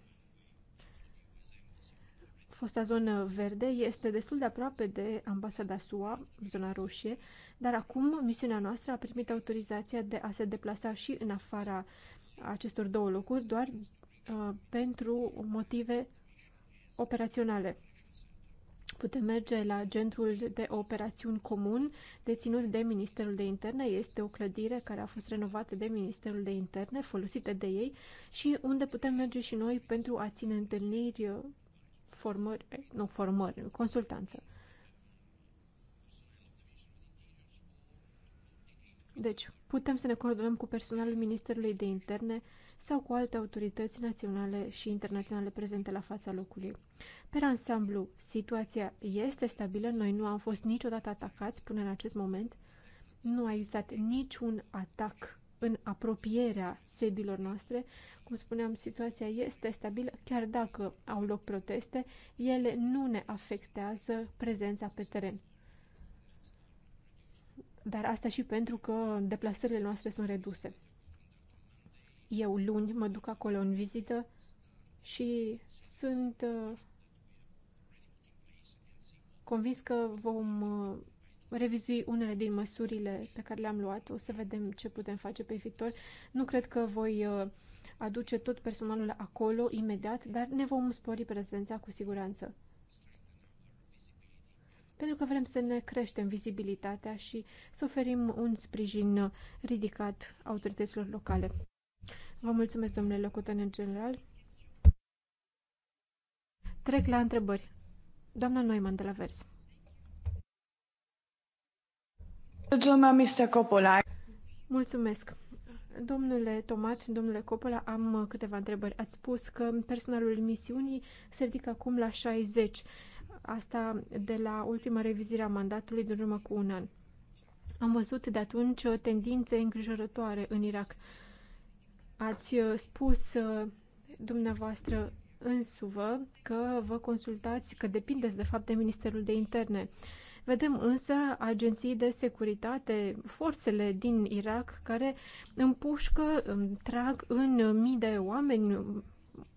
fosta zonă verde este destul de aproape de ambasada SUA, zona roșie, dar acum misiunea noastră a primit autorizația de a se deplasa și în afara acestor două locuri, doar uh, pentru motive operaționale. Putem merge la centrul de operațiuni comun deținut de Ministerul de Interne. Este o clădire care a fost renovată de Ministerul de Interne, folosită de ei și unde putem merge și noi pentru a ține întâlniri uh, formări, eh, nu formări, consultanță. Deci, putem să ne coordonăm cu personalul Ministerului de Interne sau cu alte autorități naționale și internaționale prezente la fața locului. Pe ansamblu, situația este stabilă, noi nu am fost niciodată atacați până în acest moment, nu a existat niciun atac în apropierea sediilor noastre, cum spuneam, situația este stabilă, chiar dacă au loc proteste, ele nu ne afectează prezența pe teren. Dar asta și pentru că deplasările noastre sunt reduse. Eu luni mă duc acolo în vizită și sunt uh, convins că vom uh, revizui unele din măsurile pe care le-am luat. O să vedem ce putem face pe viitor. Nu cred că voi uh, aduce tot personalul acolo imediat, dar ne vom spori prezența cu siguranță. Pentru că vrem să ne creștem vizibilitatea și să oferim un sprijin ridicat autorităților locale. Vă mulțumesc, domnule în general. Trec la întrebări. Doamna Neumann de la Vers. Mulțumesc. Domnule Tomat, domnule Copăla, am câteva întrebări. Ați spus că personalul misiunii se ridică acum la 60. Asta de la ultima revizire a mandatului din urmă cu un an. Am văzut de atunci tendințe îngrijorătoare în Irak. Ați uh, spus uh, dumneavoastră însuvă că vă consultați, că depindeți de fapt de Ministerul de Interne. Uh, Vedem însă agenții de securitate, forțele din Irak care împușcă, trag în mii de oameni,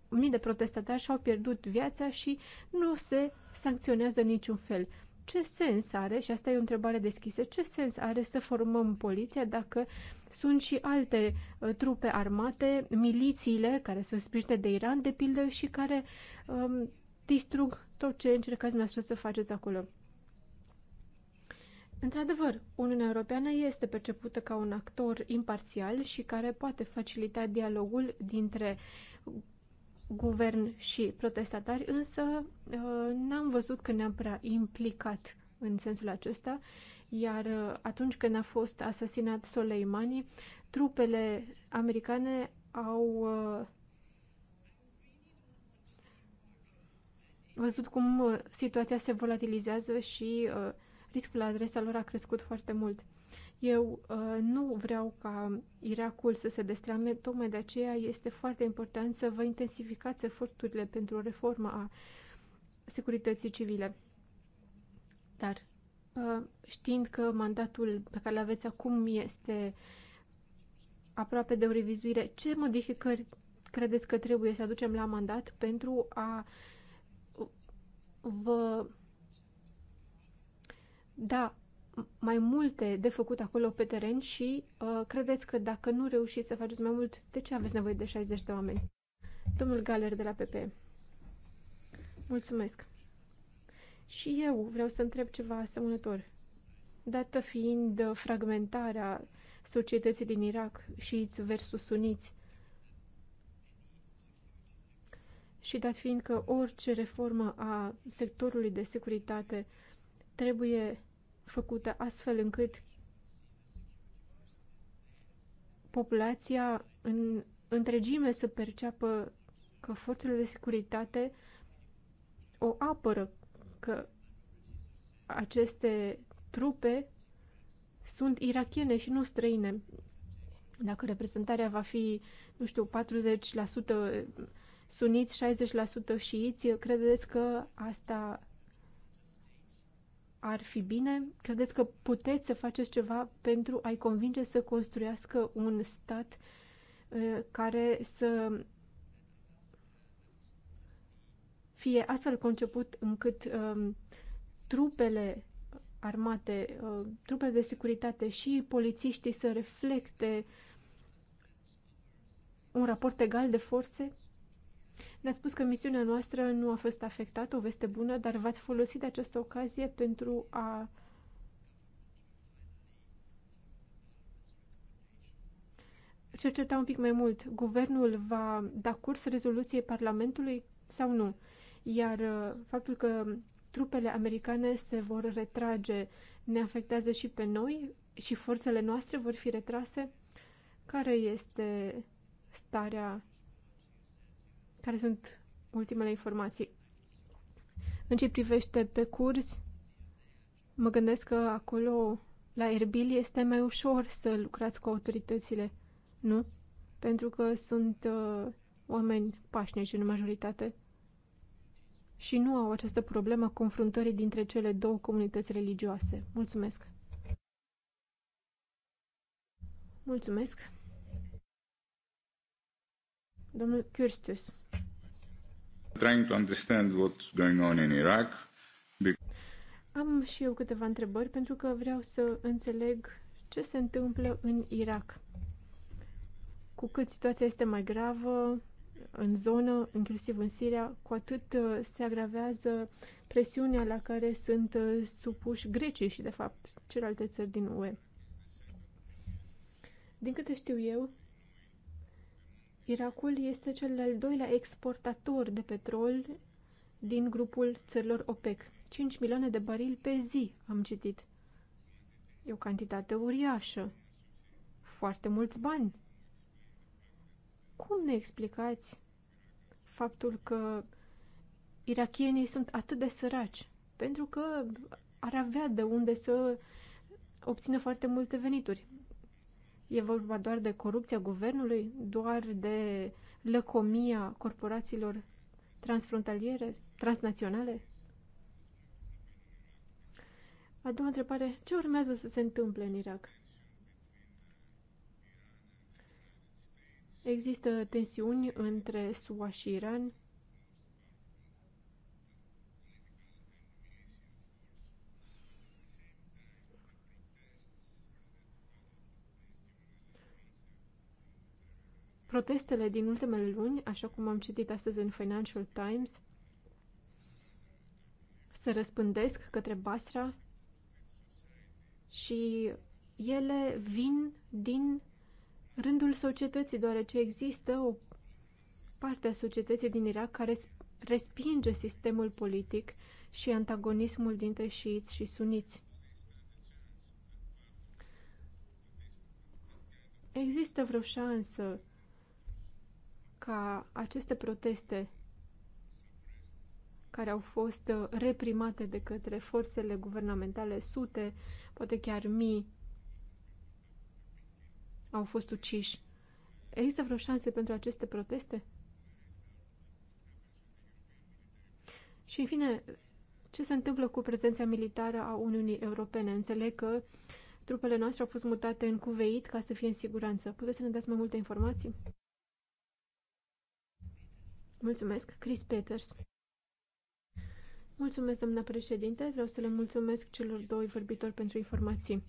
mii de protestatari și-au pierdut viața și nu se sancționează niciun fel. Ce sens are, și asta e o întrebare deschisă, ce sens are să formăm poliția dacă sunt și alte uh, trupe armate, milițiile care sunt sprijinite de Iran, de pildă, și care um, distrug tot ce încercați dumneavoastră să faceți acolo. Într-adevăr, Uniunea Europeană este percepută ca un actor imparțial și care poate facilita dialogul dintre guvern și protestatari, însă uh, n-am văzut că ne-am prea implicat în sensul acesta, iar uh, atunci când a fost asasinat Soleimani, trupele americane au uh, văzut cum situația se volatilizează și uh, riscul la adresa lor a crescut foarte mult. Eu uh, nu vreau ca Irakul să se destrame, tocmai de aceea este foarte important să vă intensificați eforturile pentru reforma a securității civile. Dar uh, știind că mandatul pe care îl aveți acum este aproape de o revizuire, ce modificări credeți că trebuie să aducem la mandat pentru a vă da mai multe de făcut acolo pe teren și uh, credeți că dacă nu reușiți să faceți mai mult, de ce aveți nevoie de 60 de oameni? Domnul Galer de la PP. Mulțumesc. Și eu vreau să întreb ceva asemănător. Dată fiind fragmentarea societății din Irak, șiiți versus suniți, și dat fiind că orice reformă a sectorului de securitate trebuie făcută astfel încât populația în întregime să perceapă că forțele de securitate o apără, că aceste trupe sunt irachiene și nu străine. Dacă reprezentarea va fi, nu știu, 40% suniți, 60% șiiți, credeți că asta ar fi bine? Credeți că puteți să faceți ceva pentru a-i convinge să construiască un stat uh, care să fie astfel conceput încât um, trupele armate, uh, trupele de securitate și polițiștii să reflecte un raport egal de forțe? Ne-a spus că misiunea noastră nu a fost afectată, o veste bună, dar v-ați folosit de această ocazie pentru a cerceta un pic mai mult. Guvernul va da curs rezoluției Parlamentului sau nu? Iar uh, faptul că trupele americane se vor retrage ne afectează și pe noi și forțele noastre vor fi retrase? Care este starea care sunt ultimele informații? În ce privește pe curs, mă gândesc că acolo, la Erbil, este mai ușor să lucrați cu autoritățile, nu? Pentru că sunt uh, oameni pașnici în majoritate și nu au această problemă confruntării dintre cele două comunități religioase. Mulțumesc! Mulțumesc! Domnul Trying to understand what's going on in Iraq. Am și eu câteva întrebări pentru că vreau să înțeleg ce se întâmplă în Irak. Cu cât situația este mai gravă în zonă, inclusiv în Siria, cu atât uh, se agravează presiunea la care sunt uh, supuși grecii și, de fapt, celelalte țări din UE. Din câte știu eu, Irakul este cel de-al doilea exportator de petrol din grupul țărilor OPEC. 5 milioane de barili pe zi, am citit. E o cantitate uriașă. Foarte mulți bani. Cum ne explicați faptul că irachienii sunt atât de săraci? Pentru că ar avea de unde să obțină foarte multe venituri. E vorba doar de corupția guvernului? Doar de lăcomia corporațiilor transfrontaliere, transnaționale? A doua întrebare, ce urmează să se întâmple în Irak? Există tensiuni între SUA și Iran, Protestele din ultimele luni, așa cum am citit astăzi în Financial Times, se răspândesc către Basra și ele vin din rândul societății, deoarece există o parte a societății din Irak care respinge sistemul politic și antagonismul dintre șiiți și suniți. Există vreo șansă ca aceste proteste care au fost uh, reprimate de către forțele guvernamentale, sute, poate chiar mii, au fost uciși. Există vreo șanse pentru aceste proteste? Și, în fine, ce se întâmplă cu prezența militară a Uniunii Europene? Înțeleg că trupele noastre au fost mutate în Cuveit ca să fie în siguranță. Puteți să ne dați mai multe informații? Mulțumesc, Chris Peters. Mulțumesc, doamna președinte. Vreau să le mulțumesc celor doi vorbitori pentru informații.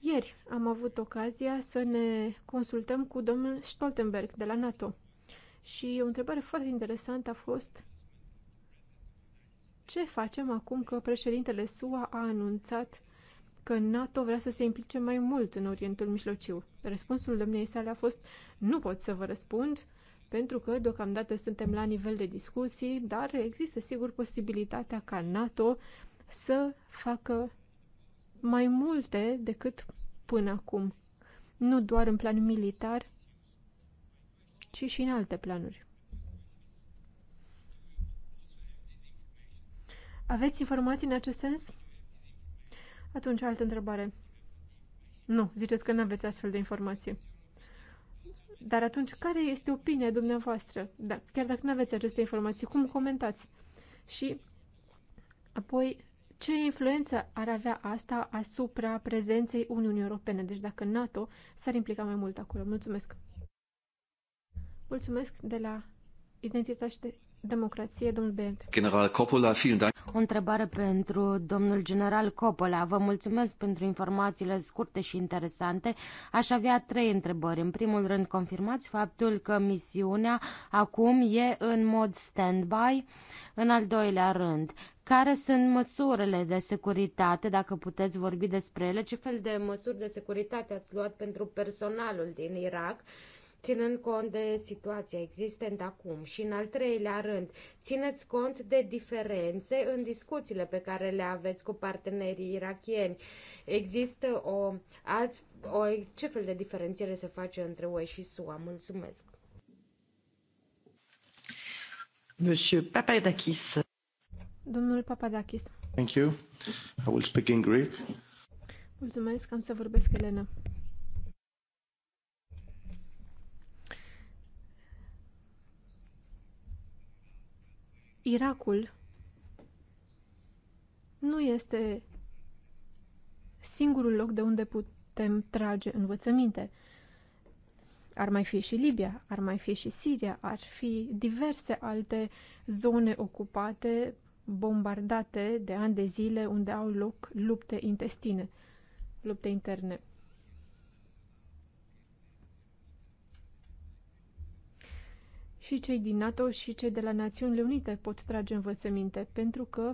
Ieri am avut ocazia să ne consultăm cu domnul Stoltenberg de la NATO. Și o întrebare foarte interesantă a fost ce facem acum că președintele SUA a anunțat că NATO vrea să se implice mai mult în Orientul Mijlociu? Răspunsul domniei sale a fost nu pot să vă răspund, pentru că deocamdată suntem la nivel de discuții, dar există sigur posibilitatea ca NATO să facă mai multe decât până acum, nu doar în plan militar, ci și în alte planuri. Aveți informații în acest sens? Atunci, altă întrebare. Nu, ziceți că nu aveți astfel de informații. Dar atunci, care este opinia dumneavoastră? Da, chiar dacă nu aveți aceste informații, cum comentați? Și apoi, ce influență ar avea asta asupra prezenței Uniunii Europene? Deci dacă NATO s-ar implica mai mult acolo. Mulțumesc! Mulțumesc de la Identitate, Democrație, domnul Bent. General Coppola, vielen Dank. O întrebare pentru domnul general Coppola. Vă mulțumesc pentru informațiile scurte și interesante. Aș avea trei întrebări. În primul rând, confirmați faptul că misiunea acum e în mod stand-by? În al doilea rând, care sunt măsurile de securitate, dacă puteți vorbi despre ele? Ce fel de măsuri de securitate ați luat pentru personalul din Irak? ținând cont de situația existentă acum. Și în al treilea rând, țineți cont de diferențe în discuțiile pe care le aveți cu partenerii irachieni. Există o, alți, o ce fel de diferențiere se face între UE și SUA? Mulțumesc! Monsieur Papadakis. Domnul Papadakis. Thank you. I will speak in Greek. Mulțumesc, am să vorbesc elena. Irakul nu este singurul loc de unde putem trage învățăminte. Ar mai fi și Libia, ar mai fi și Siria, ar fi diverse alte zone ocupate, bombardate de ani de zile, unde au loc lupte intestine, lupte interne. și cei din NATO și cei de la Națiunile Unite pot trage învățăminte, pentru că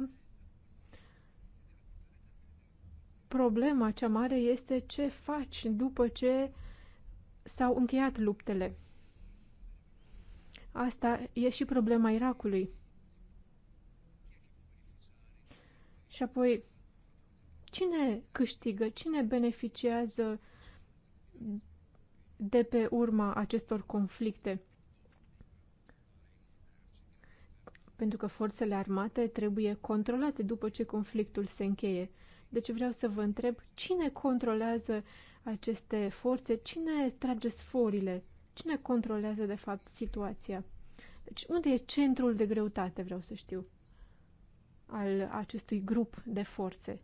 problema cea mare este ce faci după ce s-au încheiat luptele. Asta e și problema Irakului. Și apoi, cine câștigă, cine beneficiază de pe urma acestor conflicte? pentru că forțele armate trebuie controlate după ce conflictul se încheie. Deci vreau să vă întreb cine controlează aceste forțe, cine trage sforile, cine controlează de fapt situația. Deci unde e centrul de greutate, vreau să știu, al acestui grup de forțe.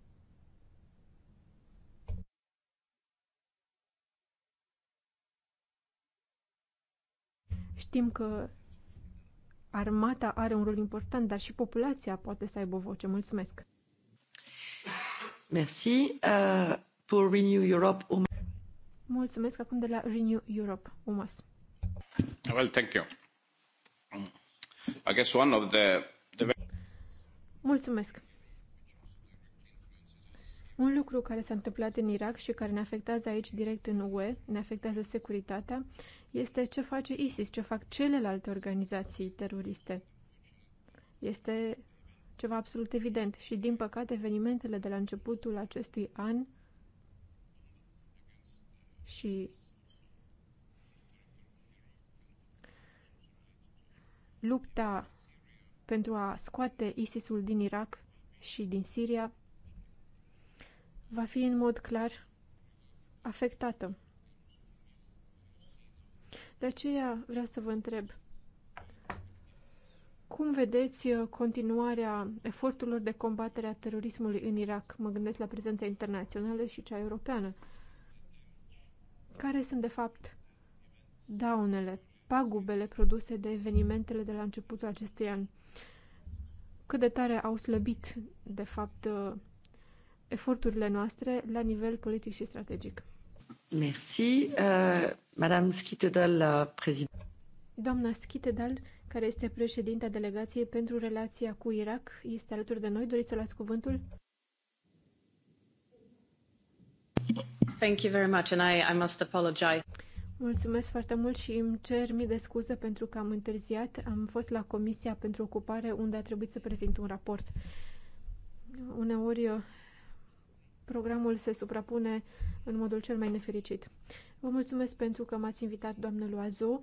Știm că armata are un rol important, dar și populația poate să aibă o voce. Mulțumesc! Merci. Uh, pour Renew Europe, um... Mulțumesc acum de la Renew Europe, UMAS. Well, thank you. Um, I guess one of the... the... Mulțumesc. Un lucru care s-a întâmplat în Irak și care ne afectează aici direct în UE, ne afectează securitatea, este ce face ISIS, ce fac celelalte organizații teroriste. Este ceva absolut evident și, din păcate, evenimentele de la începutul acestui an și lupta pentru a scoate ISIS-ul din Irak și din Siria va fi în mod clar afectată. De aceea vreau să vă întreb, cum vedeți uh, continuarea eforturilor de combatere a terorismului în Irak? Mă gândesc la prezența internațională și cea europeană. Care sunt, de fapt, daunele, pagubele produse de evenimentele de la începutul acestui an? Cât de tare au slăbit, de fapt, uh, eforturile noastre la nivel politic și strategic. Merci. Uh, Madame Schittedal, Schitedal, președinte. Doamna Schittedal, care este președinta delegației pentru relația cu Irak, este alături de noi. Doriți să luați cuvântul? Thank you very much and I, I must apologize. Mulțumesc foarte mult și îmi cer mii de scuze pentru că am întârziat. Am fost la Comisia pentru Ocupare unde a trebuit să prezint un raport. Uneori programul se suprapune în modul cel mai nefericit. Vă mulțumesc pentru că m-ați invitat, doamnă Loazo.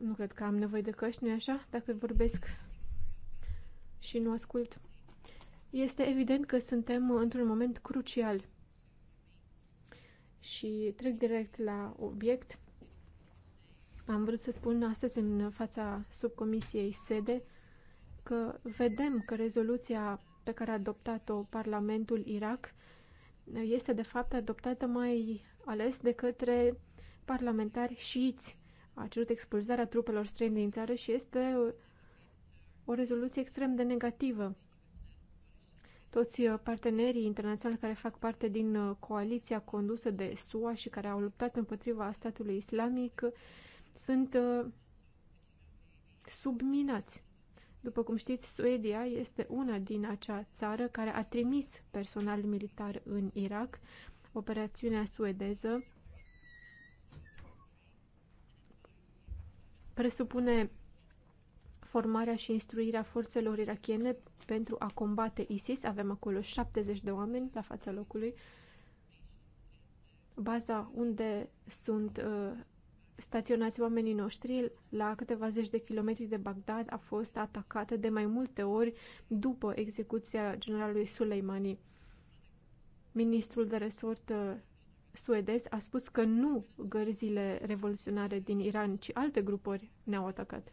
Nu cred că am nevoie de căști, nu-i așa? Dacă vorbesc și nu ascult. Este evident că suntem într-un moment crucial. Și trec direct la obiect. Am vrut să spun astăzi în fața subcomisiei sede că vedem că rezoluția pe care a adoptat-o Parlamentul Irak este de fapt adoptată mai ales de către parlamentari șiiți. A cerut expulzarea trupelor străine din țară și este o rezoluție extrem de negativă. Toți partenerii internaționali care fac parte din coaliția condusă de SUA și care au luptat împotriva statului islamic sunt subminați. După cum știți, Suedia este una din acea țară care a trimis personal militar în Irak. Operațiunea suedeză presupune formarea și instruirea forțelor irachiene pentru a combate ISIS. Avem acolo 70 de oameni la fața locului. Baza unde sunt uh, staționați oamenii noștri la câteva zeci de kilometri de Bagdad a fost atacată de mai multe ori după execuția generalului Suleimani. Ministrul de resort uh, suedez a spus că nu gărzile revoluționare din Iran, ci alte grupuri ne-au atacat.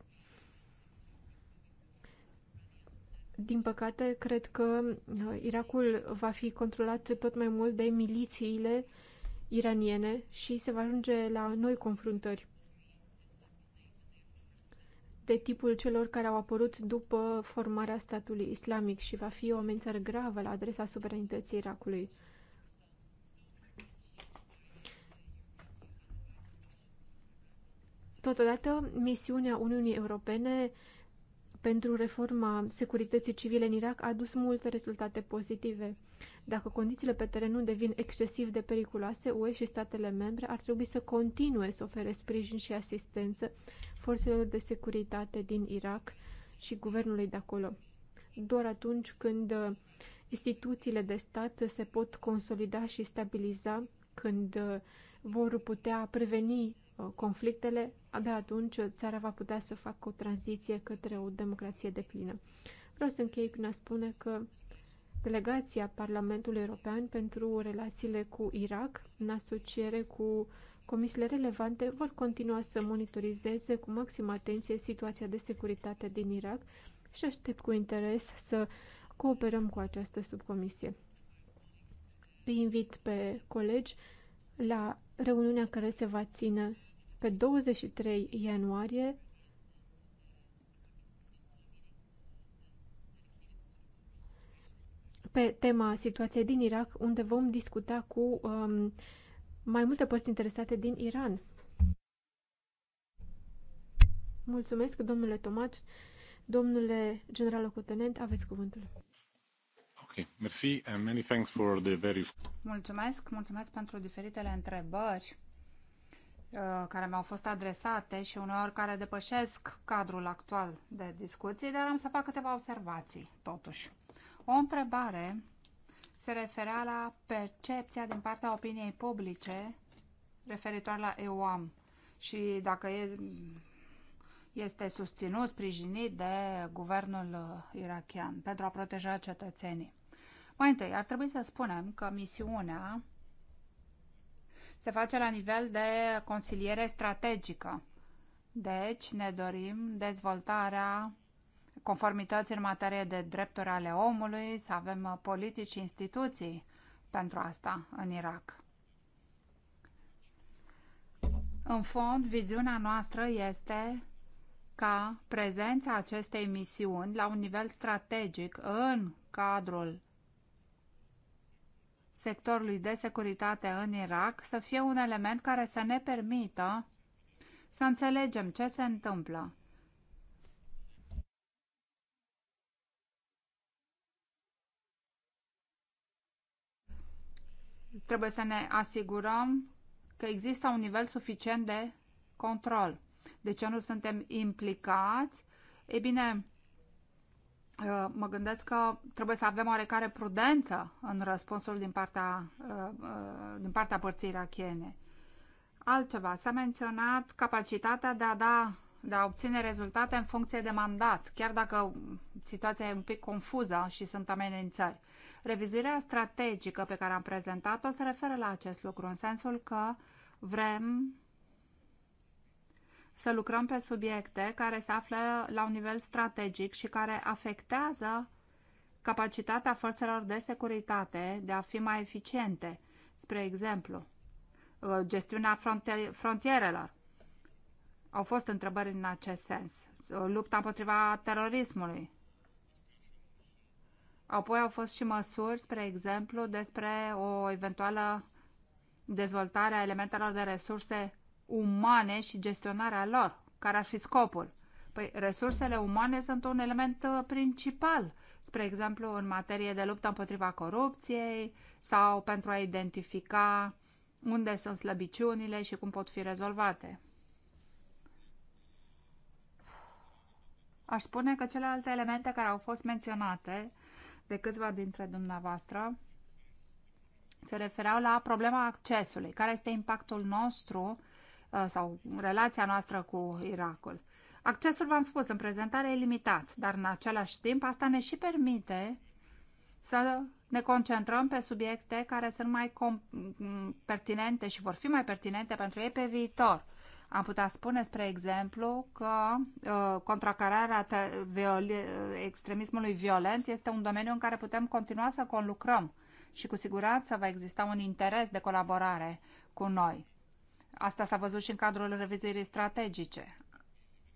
Din păcate, cred că uh, Irakul va fi controlat tot mai mult de milițiile uh, iraniene și se va ajunge la noi confruntări de tipul celor care au apărut după formarea statului islamic și va fi o amenințare gravă la adresa suveranității Irakului. Totodată, misiunea Uniunii Europene pentru reforma securității civile în Irak a adus multe rezultate pozitive. Dacă condițiile pe teren nu devin excesiv de periculoase, UE și statele membre ar trebui să continue să ofere sprijin și asistență forțelor de securitate din Irak și guvernului de acolo. Doar atunci când uh, instituțiile de stat se pot consolida și stabiliza, când uh, vor putea preveni uh, conflictele, abia atunci țara va putea să facă o tranziție către o democrație de plină. Vreau să închei prin a spune că delegația Parlamentului European pentru relațiile cu Irak, în asociere cu comisiile relevante, vor continua să monitorizeze cu maximă atenție situația de securitate din Irak și aștept cu interes să cooperăm cu această subcomisie. Îi invit pe colegi la reuniunea care se va ține pe 23 ianuarie pe tema situației din Irak, unde vom discuta cu um, mai multe părți interesate din Iran. Mulțumesc, domnule Tomac, Domnule general locotenent, aveți cuvântul. Okay. Merci and many thanks for the very... Mulțumesc, mulțumesc pentru diferitele întrebări uh, care mi-au fost adresate și uneori care depășesc cadrul actual de discuții, dar am să fac câteva observații, totuși. O întrebare se referea la percepția din partea opiniei publice referitor la EUAM și dacă e, este susținut, sprijinit de guvernul uh, irachian pentru a proteja cetățenii. Mai întâi, ar trebui să spunem că misiunea se face la nivel de consiliere strategică. Deci, ne dorim dezvoltarea conformități în materie de drepturi ale omului, să avem uh, politici și instituții pentru asta în Irak. În fond, viziunea noastră este ca prezența acestei misiuni la un nivel strategic în cadrul sectorului de securitate în Irak să fie un element care să ne permită să înțelegem ce se întâmplă Trebuie să ne asigurăm că există un nivel suficient de control. De ce nu suntem implicați? Ei bine, uh, mă gândesc că trebuie să avem oarecare prudență în răspunsul din partea, uh, uh, din partea părții irachiene. Altceva, s-a menționat capacitatea de a da de a obține rezultate în funcție de mandat, chiar dacă situația e un pic confuză și sunt amenințări. Revizuirea strategică pe care am prezentat-o se referă la acest lucru, în sensul că vrem să lucrăm pe subiecte care se află la un nivel strategic și care afectează capacitatea forțelor de securitate de a fi mai eficiente, spre exemplu, gestiunea frontierelor, au fost întrebări în acest sens. Lupta împotriva terorismului. Apoi au fost și măsuri, spre exemplu, despre o eventuală dezvoltare a elementelor de resurse umane și gestionarea lor. Care ar fi scopul? Păi, resursele umane sunt un element uh, principal, spre exemplu, în materie de luptă împotriva corupției sau pentru a identifica unde sunt slăbiciunile și cum pot fi rezolvate. Aș spune că celelalte elemente care au fost menționate de câțiva dintre dumneavoastră se refereau la problema accesului, care este impactul nostru uh, sau relația noastră cu Irakul. Accesul, v-am spus, în prezentare e limitat, dar în același timp asta ne și permite să ne concentrăm pe subiecte care sunt mai pertinente și vor fi mai pertinente pentru ei pe viitor. Am putea spune, spre exemplu, că uh, contracararea viol extremismului violent este un domeniu în care putem continua să conlucrăm și cu siguranță va exista un interes de colaborare cu noi. Asta s-a văzut și în cadrul revizuirii strategice.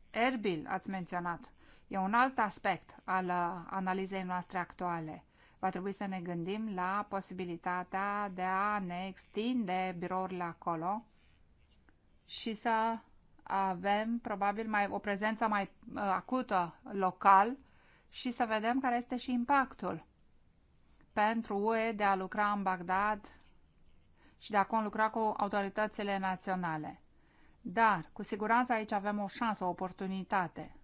Erbil, ați menționat, e un alt aspect al uh, analizei noastre actuale. Va trebui să ne gândim la posibilitatea de a ne extinde birourile acolo, și să avem probabil mai, o prezență mai uh, acută local și să vedem care este și impactul pentru UE de a lucra în Bagdad și de a lucra cu autoritățile naționale. Dar, cu siguranță, aici avem o șansă, o oportunitate.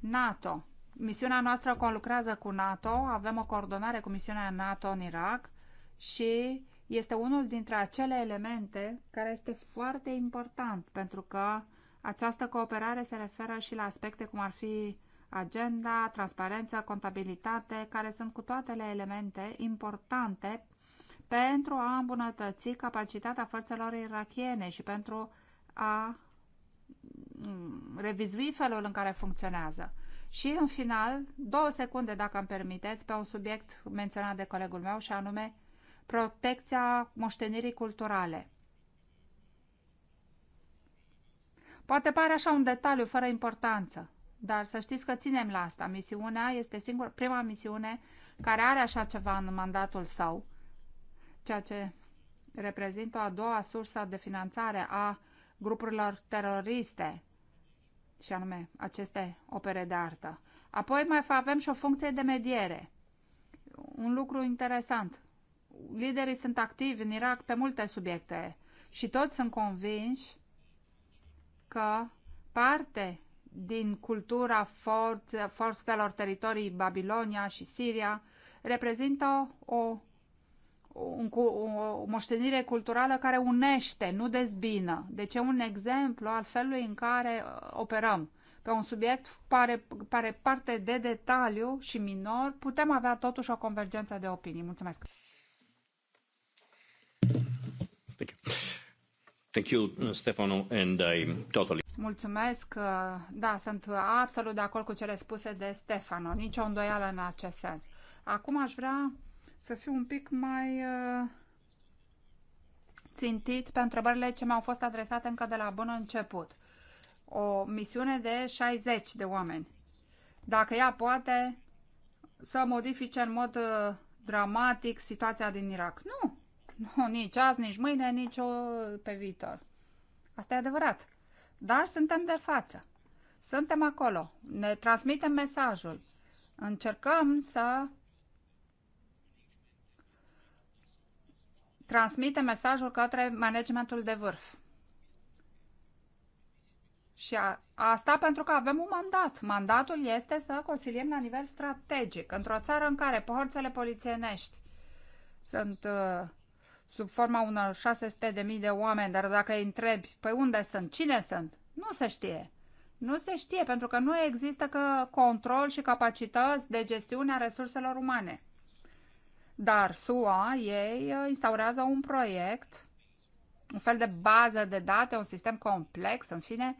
NATO. Misiunea noastră conlucrează cu NATO, avem o coordonare cu misiunea NATO în Irak și este unul dintre acele elemente care este foarte important pentru că această cooperare se referă și la aspecte cum ar fi agenda, transparență, contabilitate, care sunt cu toatele elemente importante pentru a îmbunătăți capacitatea forțelor irachiene și pentru a mm, revizui felul în care funcționează. Și în final, două secunde, dacă îmi permiteți, pe un subiect menționat de colegul meu și anume protecția moștenirii culturale. Poate pare așa un detaliu fără importanță, dar să știți că ținem la asta. Misiunea este singur, prima misiune care are așa ceva în mandatul său, ceea ce reprezintă a doua sursă de finanțare a grupurilor teroriste, și anume aceste opere de artă. Apoi mai avem și o funcție de mediere. Un lucru interesant liderii sunt activi în Irak pe multe subiecte și toți sunt convinși că parte din cultura forțelor teritorii Babilonia și Siria reprezintă o, o, o moștenire culturală care unește, nu dezbină. Deci e un exemplu al felului în care uh, operăm. Pe un subiect pare, pare parte de detaliu și minor, putem avea totuși o convergență de opinii. Mulțumesc! Thank you. Thank you, Stefano, and totally... Mulțumesc. Da, sunt absolut de acord cu cele spuse de Stefano. Nici o îndoială în acest sens. Acum aș vrea să fiu un pic mai uh, țintit pe întrebările ce mi-au fost adresate încă de la bun început. O misiune de 60 de oameni. Dacă ea poate să modifice în mod uh, dramatic situația din Irak. Nu! Nu, nici azi, nici mâine, nici o... pe viitor. Asta e adevărat. Dar suntem de față. Suntem acolo. Ne transmitem mesajul. Încercăm să transmite mesajul către managementul de vârf. Și a, asta pentru că avem un mandat. Mandatul este să consiliem la nivel strategic, într-o țară în care porțele polițienești sunt uh, sub forma unor 600 de mii de oameni, dar dacă îi întrebi, păi unde sunt, cine sunt, nu se știe. Nu se știe, pentru că nu există că control și capacități de gestiune a resurselor umane. Dar SUA, ei ă, instaurează un proiect, un fel de bază de date, un sistem complex, în fine,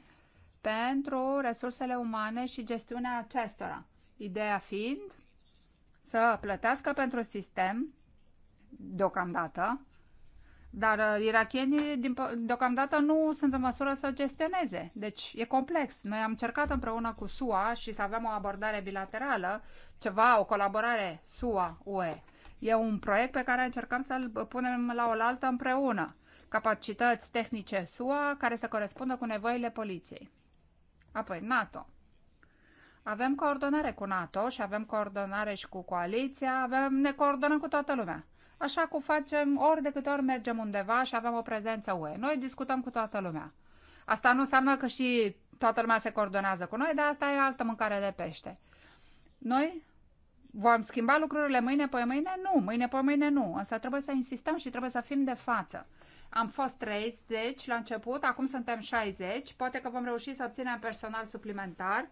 pentru resursele umane și gestiunea acestora. Ideea fiind să plătească pentru sistem deocamdată dar uh, irachienii din, deocamdată nu sunt în măsură să gestioneze. Deci e complex. Noi am încercat împreună cu SUA și să avem o abordare bilaterală, ceva, o colaborare SUA-UE. E un proiect pe care încercăm să-l uh, punem la oaltă împreună. Capacități tehnice SUA care să corespundă cu nevoile poliției. Apoi NATO. Avem coordonare cu NATO și avem coordonare și cu coaliția, avem, ne coordonăm cu toată lumea așa cum facem ori de câte ori mergem undeva și avem o prezență UE. Noi discutăm cu toată lumea. Asta nu înseamnă că și toată lumea se coordonează cu noi, dar asta e altă mâncare de pește. Noi vom schimba lucrurile mâine pe mâine? Nu, mâine pe mâine nu, însă trebuie să insistăm și trebuie să fim de față. Am fost 30 deci, la început, acum suntem 60, poate că vom reuși să obținem personal suplimentar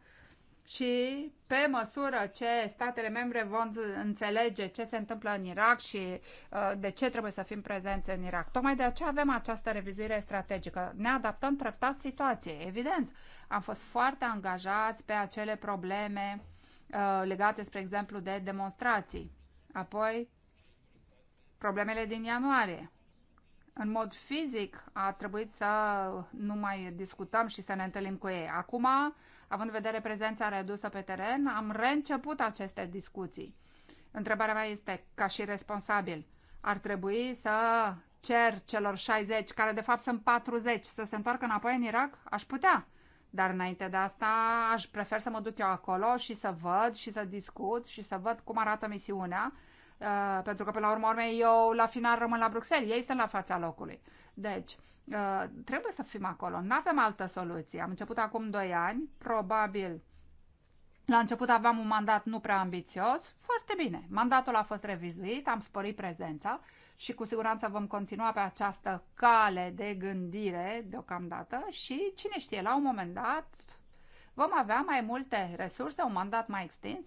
și pe măsură ce statele membre vor înțelege ce se întâmplă în Irak și uh, de ce trebuie să fim prezenți în Irak. Tocmai de aceea avem această revizuire strategică. Ne adaptăm treptat situației, evident. Am fost foarte angajați pe acele probleme uh, legate, spre exemplu, de demonstrații. Apoi, problemele din ianuarie în mod fizic a trebuit să nu mai discutăm și să ne întâlnim cu ei. Acum, având în vedere prezența redusă pe teren, am reînceput aceste discuții. Întrebarea mea este, ca și responsabil, ar trebui să cer celor 60, care de fapt sunt 40, să se întoarcă înapoi în Irak? Aș putea. Dar înainte de asta aș prefer să mă duc eu acolo și să văd și să discut și să văd cum arată misiunea Uh, pentru că, până la urmă, eu la final rămân la Bruxelles, ei sunt la fața locului. Deci, uh, trebuie să fim acolo. Nu avem altă soluție. Am început acum 2 ani, probabil la început aveam un mandat nu prea ambițios, foarte bine. Mandatul a fost revizuit, am sporit prezența și cu siguranță vom continua pe această cale de gândire deocamdată și cine știe, la un moment dat vom avea mai multe resurse, un mandat mai extins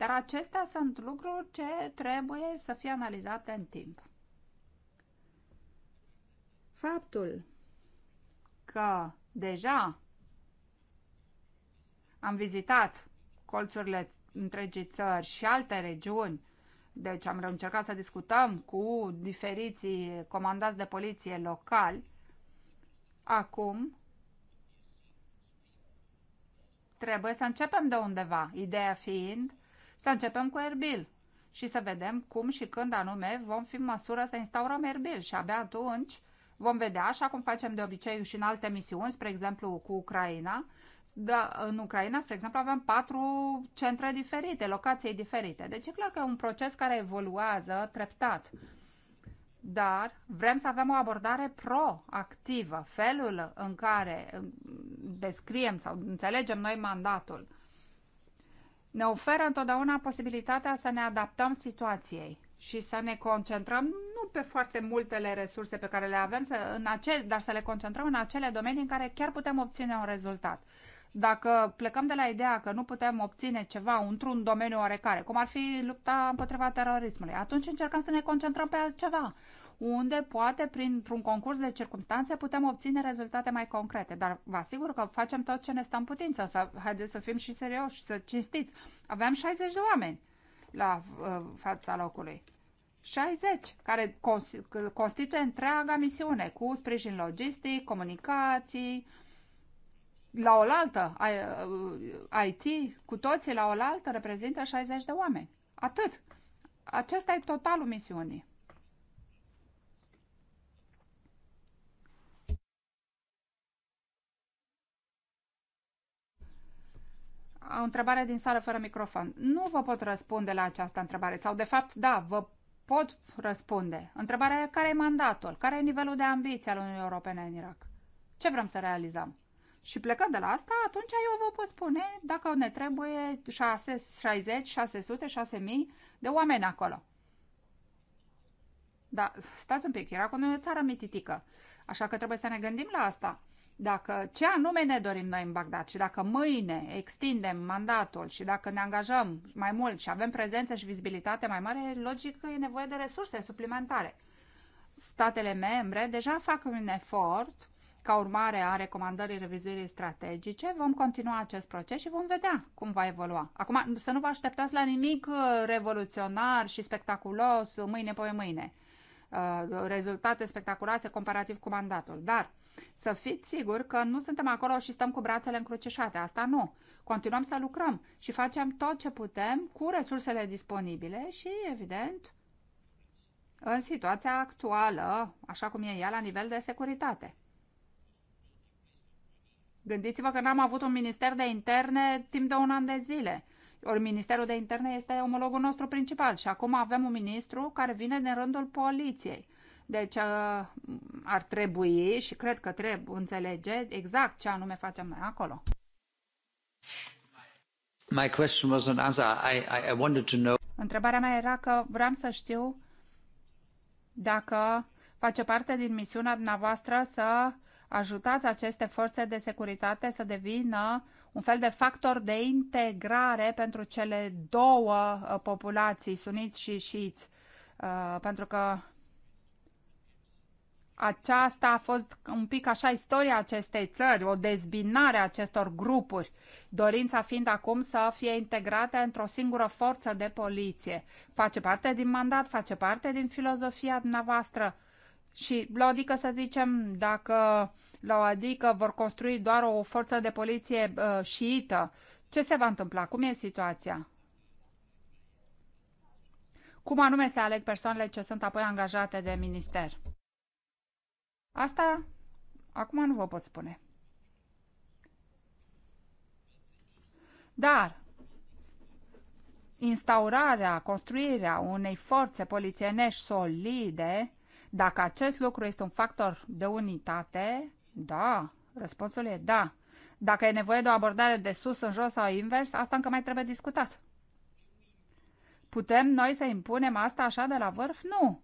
dar acestea sunt lucruri ce trebuie să fie analizate în timp. Faptul că deja am vizitat colțurile întregii țări și alte regiuni, deci am încercat să discutăm cu diferiții comandați de poliție locali, acum trebuie să începem de undeva, ideea fiind să începem cu Erbil și să vedem cum și când anume vom fi în măsură să instaurăm Erbil și abia atunci vom vedea, așa cum facem de obicei și în alte misiuni, spre exemplu cu Ucraina, da, în Ucraina, spre exemplu, avem patru centre diferite, locații diferite. Deci e clar că e un proces care evoluează treptat. Dar vrem să avem o abordare proactivă, felul în care mm, descriem sau înțelegem noi mandatul ne oferă întotdeauna posibilitatea să ne adaptăm situației și să ne concentrăm nu pe foarte multele resurse pe care le avem, să, în acel, dar să le concentrăm în acele domenii în care chiar putem obține un rezultat. Dacă plecăm de la ideea că nu putem obține ceva într-un domeniu oarecare, cum ar fi lupta împotriva terorismului, atunci încercăm să ne concentrăm pe altceva unde poate printr-un concurs de circunstanțe putem obține rezultate mai concrete. Dar vă asigur că facem tot ce ne stă în putință. Să, haideți să fim și serioși, și să cinstiți. Aveam 60 de oameni la uh, fața locului. 60, care constituie întreaga misiune, cu sprijin logistic, comunicații, la oaltă, IT, uh, cu toții la oaltă, reprezintă 60 de oameni. Atât. Acesta e totalul misiunii. O întrebare din sală fără microfon. Nu vă pot răspunde la această întrebare. Sau, de fapt, da, vă pot răspunde. Întrebarea e care e mandatul? Care e nivelul de ambiție al Uniunii Europene în Irak? Ce vrem să realizăm? Și plecând de la asta, atunci eu vă pot spune dacă ne trebuie 6, 60, 600, 6000 de oameni acolo. Da, stați un pic, Irakul nu e o țară mititică, așa că trebuie să ne gândim la asta. Dacă ce anume ne dorim noi în Bagdad și dacă mâine extindem mandatul și dacă ne angajăm mai mult și avem prezență și vizibilitate mai mare, logic că e nevoie de resurse suplimentare. Statele membre deja fac un efort ca urmare a recomandării revizuirii strategice, vom continua acest proces și vom vedea cum va evolua. Acum, să nu vă așteptați la nimic uh, revoluționar și spectaculos mâine pe mâine. Uh, rezultate spectaculoase comparativ cu mandatul. Dar să fiți siguri că nu suntem acolo și stăm cu brațele încrucișate. Asta nu. Continuăm să lucrăm și facem tot ce putem cu resursele disponibile și, evident, în situația actuală, așa cum e ea la nivel de securitate. Gândiți-vă că n-am avut un minister de interne timp de un an de zile. Ori Ministerul de Interne este omologul nostru principal și acum avem un ministru care vine din rândul poliției. Deci uh, ar trebui și cred că trebuie înțelege exact ce anume facem noi acolo. My question was an answer. I, I, I wanted to know... Întrebarea mea era că vreau să știu dacă face parte din misiunea dumneavoastră să ajutați aceste forțe de securitate să devină un fel de factor de integrare pentru cele două uh, populații, suniți și șiți. Uh, pentru că aceasta a fost un pic așa istoria acestei țări, o dezbinare a acestor grupuri, dorința fiind acum să fie integrate într-o singură forță de poliție. Face parte din mandat, face parte din filozofia dumneavoastră. Și la o adică, să zicem, dacă la o adică vor construi doar o forță de poliție uh, șiită, ce se va întâmpla? Cum e situația? Cum anume se aleg persoanele ce sunt apoi angajate de minister? Asta acum nu vă pot spune. Dar instaurarea, construirea unei forțe polițienești solide, dacă acest lucru este un factor de unitate, da, răspunsul e da. Dacă e nevoie de o abordare de sus în jos sau invers, asta încă mai trebuie discutat. Putem noi să impunem asta așa de la vârf? Nu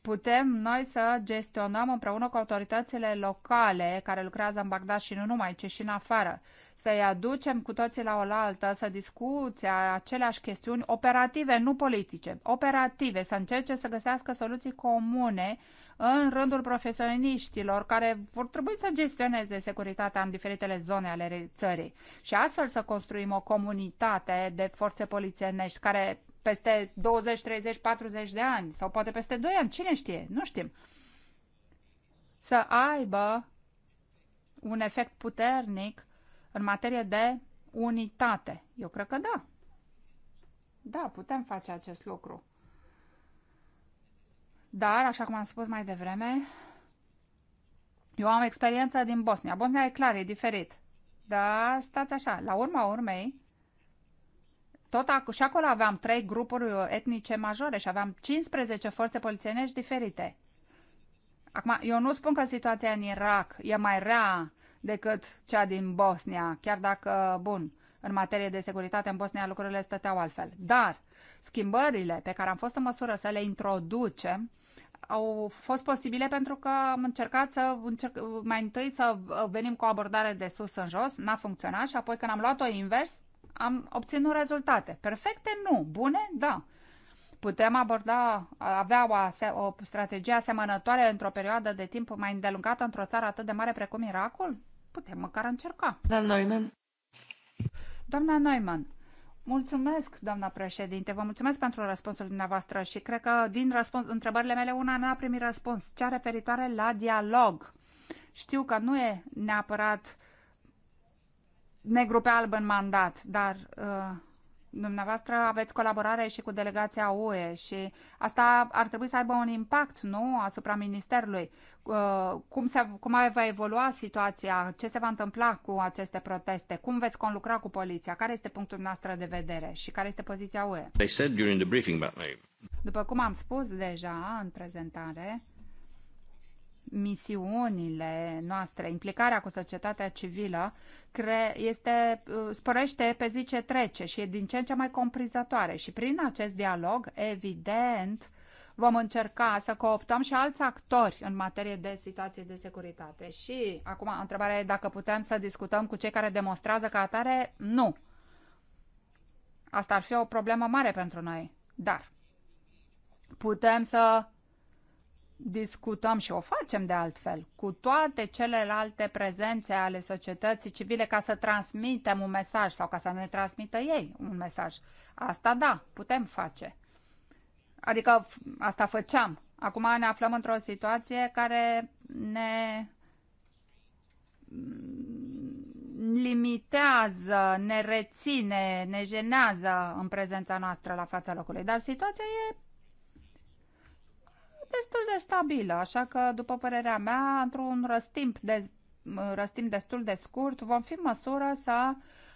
putem noi să gestionăm împreună cu autoritățile locale care lucrează în Bagdad și nu numai, ci și în afară. Să-i aducem cu toții la oaltă, să discuți aceleași chestiuni operative, nu politice, operative, să încerce să găsească soluții comune în rândul profesioniștilor care vor trebui să gestioneze securitatea în diferitele zone ale țării și astfel să construim o comunitate de forțe polițienești care peste 20, 30, 40 de ani sau poate peste 2 ani, cine știe, nu știm, să aibă un efect puternic în materie de unitate. Eu cred că da. Da, putem face acest lucru. Dar, așa cum am spus mai devreme, eu am experiența din Bosnia. Bosnia e clar, e diferit. Dar stați așa, la urma urmei, tot ac- și acolo aveam trei grupuri uh, etnice majore și aveam 15 forțe polițienești diferite. Acum, eu nu spun că situația în Irak e mai rea decât cea din Bosnia, chiar dacă, bun, în materie de securitate în Bosnia lucrurile stăteau altfel. Dar schimbările pe care am fost în măsură să le introducem au fost posibile pentru că am încercat să încerc, mai întâi să uh, venim cu o abordare de sus în jos, n-a funcționat și apoi când am luat-o invers, am obținut rezultate. Perfecte? Nu. Bune? Da. Putem aborda, avea o, o strategie asemănătoare într-o perioadă de timp mai îndelungată într-o țară atât de mare precum Irakul? Putem măcar încerca. Doamna Neumann. Doamna Neumann, Mulțumesc, doamna președinte. Vă mulțumesc pentru răspunsul dumneavoastră și cred că din răspuns, întrebările mele una n-a primit răspuns, cea referitoare la dialog. Știu că nu e neapărat negru pe alb în mandat, dar uh, dumneavoastră aveți colaborare și cu delegația UE și asta ar trebui să aibă un impact, nu, asupra Ministerului. Uh, cum, se, cum va evolua situația? Ce se va întâmpla cu aceste proteste? Cum veți conlucra cu poliția? Care este punctul noastră de vedere și care este poziția UE? După cum am spus deja în prezentare, misiunile noastre, implicarea cu societatea civilă, cre- este, uh, sporește pe zi ce trece și e din ce în ce mai comprizătoare. Și prin acest dialog, evident, vom încerca să cooptăm și alți actori în materie de situație de securitate. Și acum, întrebarea e dacă putem să discutăm cu cei care demonstrează ca atare? Nu. Asta ar fi o problemă mare pentru noi. Dar putem să discutăm și o facem de altfel cu toate celelalte prezențe ale societății civile ca să transmitem un mesaj sau ca să ne transmită ei un mesaj. Asta da, putem face. Adică asta făceam. Acum ne aflăm într-o situație care ne mm, limitează, ne reține, ne jenează în prezența noastră la fața locului. Dar situația e destul de stabilă, așa că, după părerea mea, într-un răstimp, de, răstimp destul de scurt, vom fi în măsură să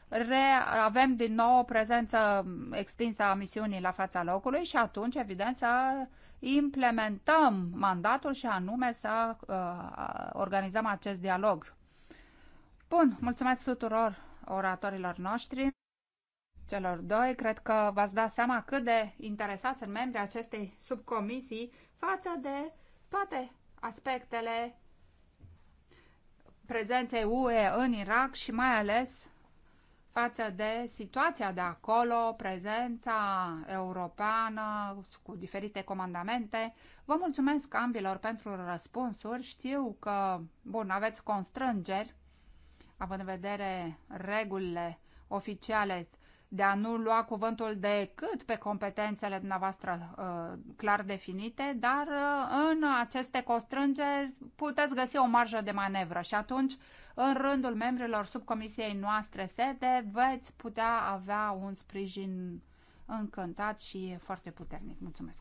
re- avem din nou o prezență extinsă a misiunii la fața locului și atunci, evident, să implementăm mandatul și anume să uh, organizăm acest dialog. Bun, mulțumesc tuturor oratorilor noștri celor doi. Cred că v-ați dat seama cât de interesați sunt membrii acestei subcomisii față de toate aspectele prezenței UE în Irak și mai ales față de situația de acolo, prezența europeană cu diferite comandamente. Vă mulțumesc ambilor pentru răspunsuri. Știu că, bun, aveți constrângeri, având în vedere regulile oficiale de a nu lua cuvântul decât pe competențele dumneavoastră uh, clar definite, dar uh, în aceste constrângeri puteți găsi o marjă de manevră și atunci, în rândul membrilor subcomisiei noastre sede, veți putea avea un sprijin încântat și foarte puternic. Mulțumesc!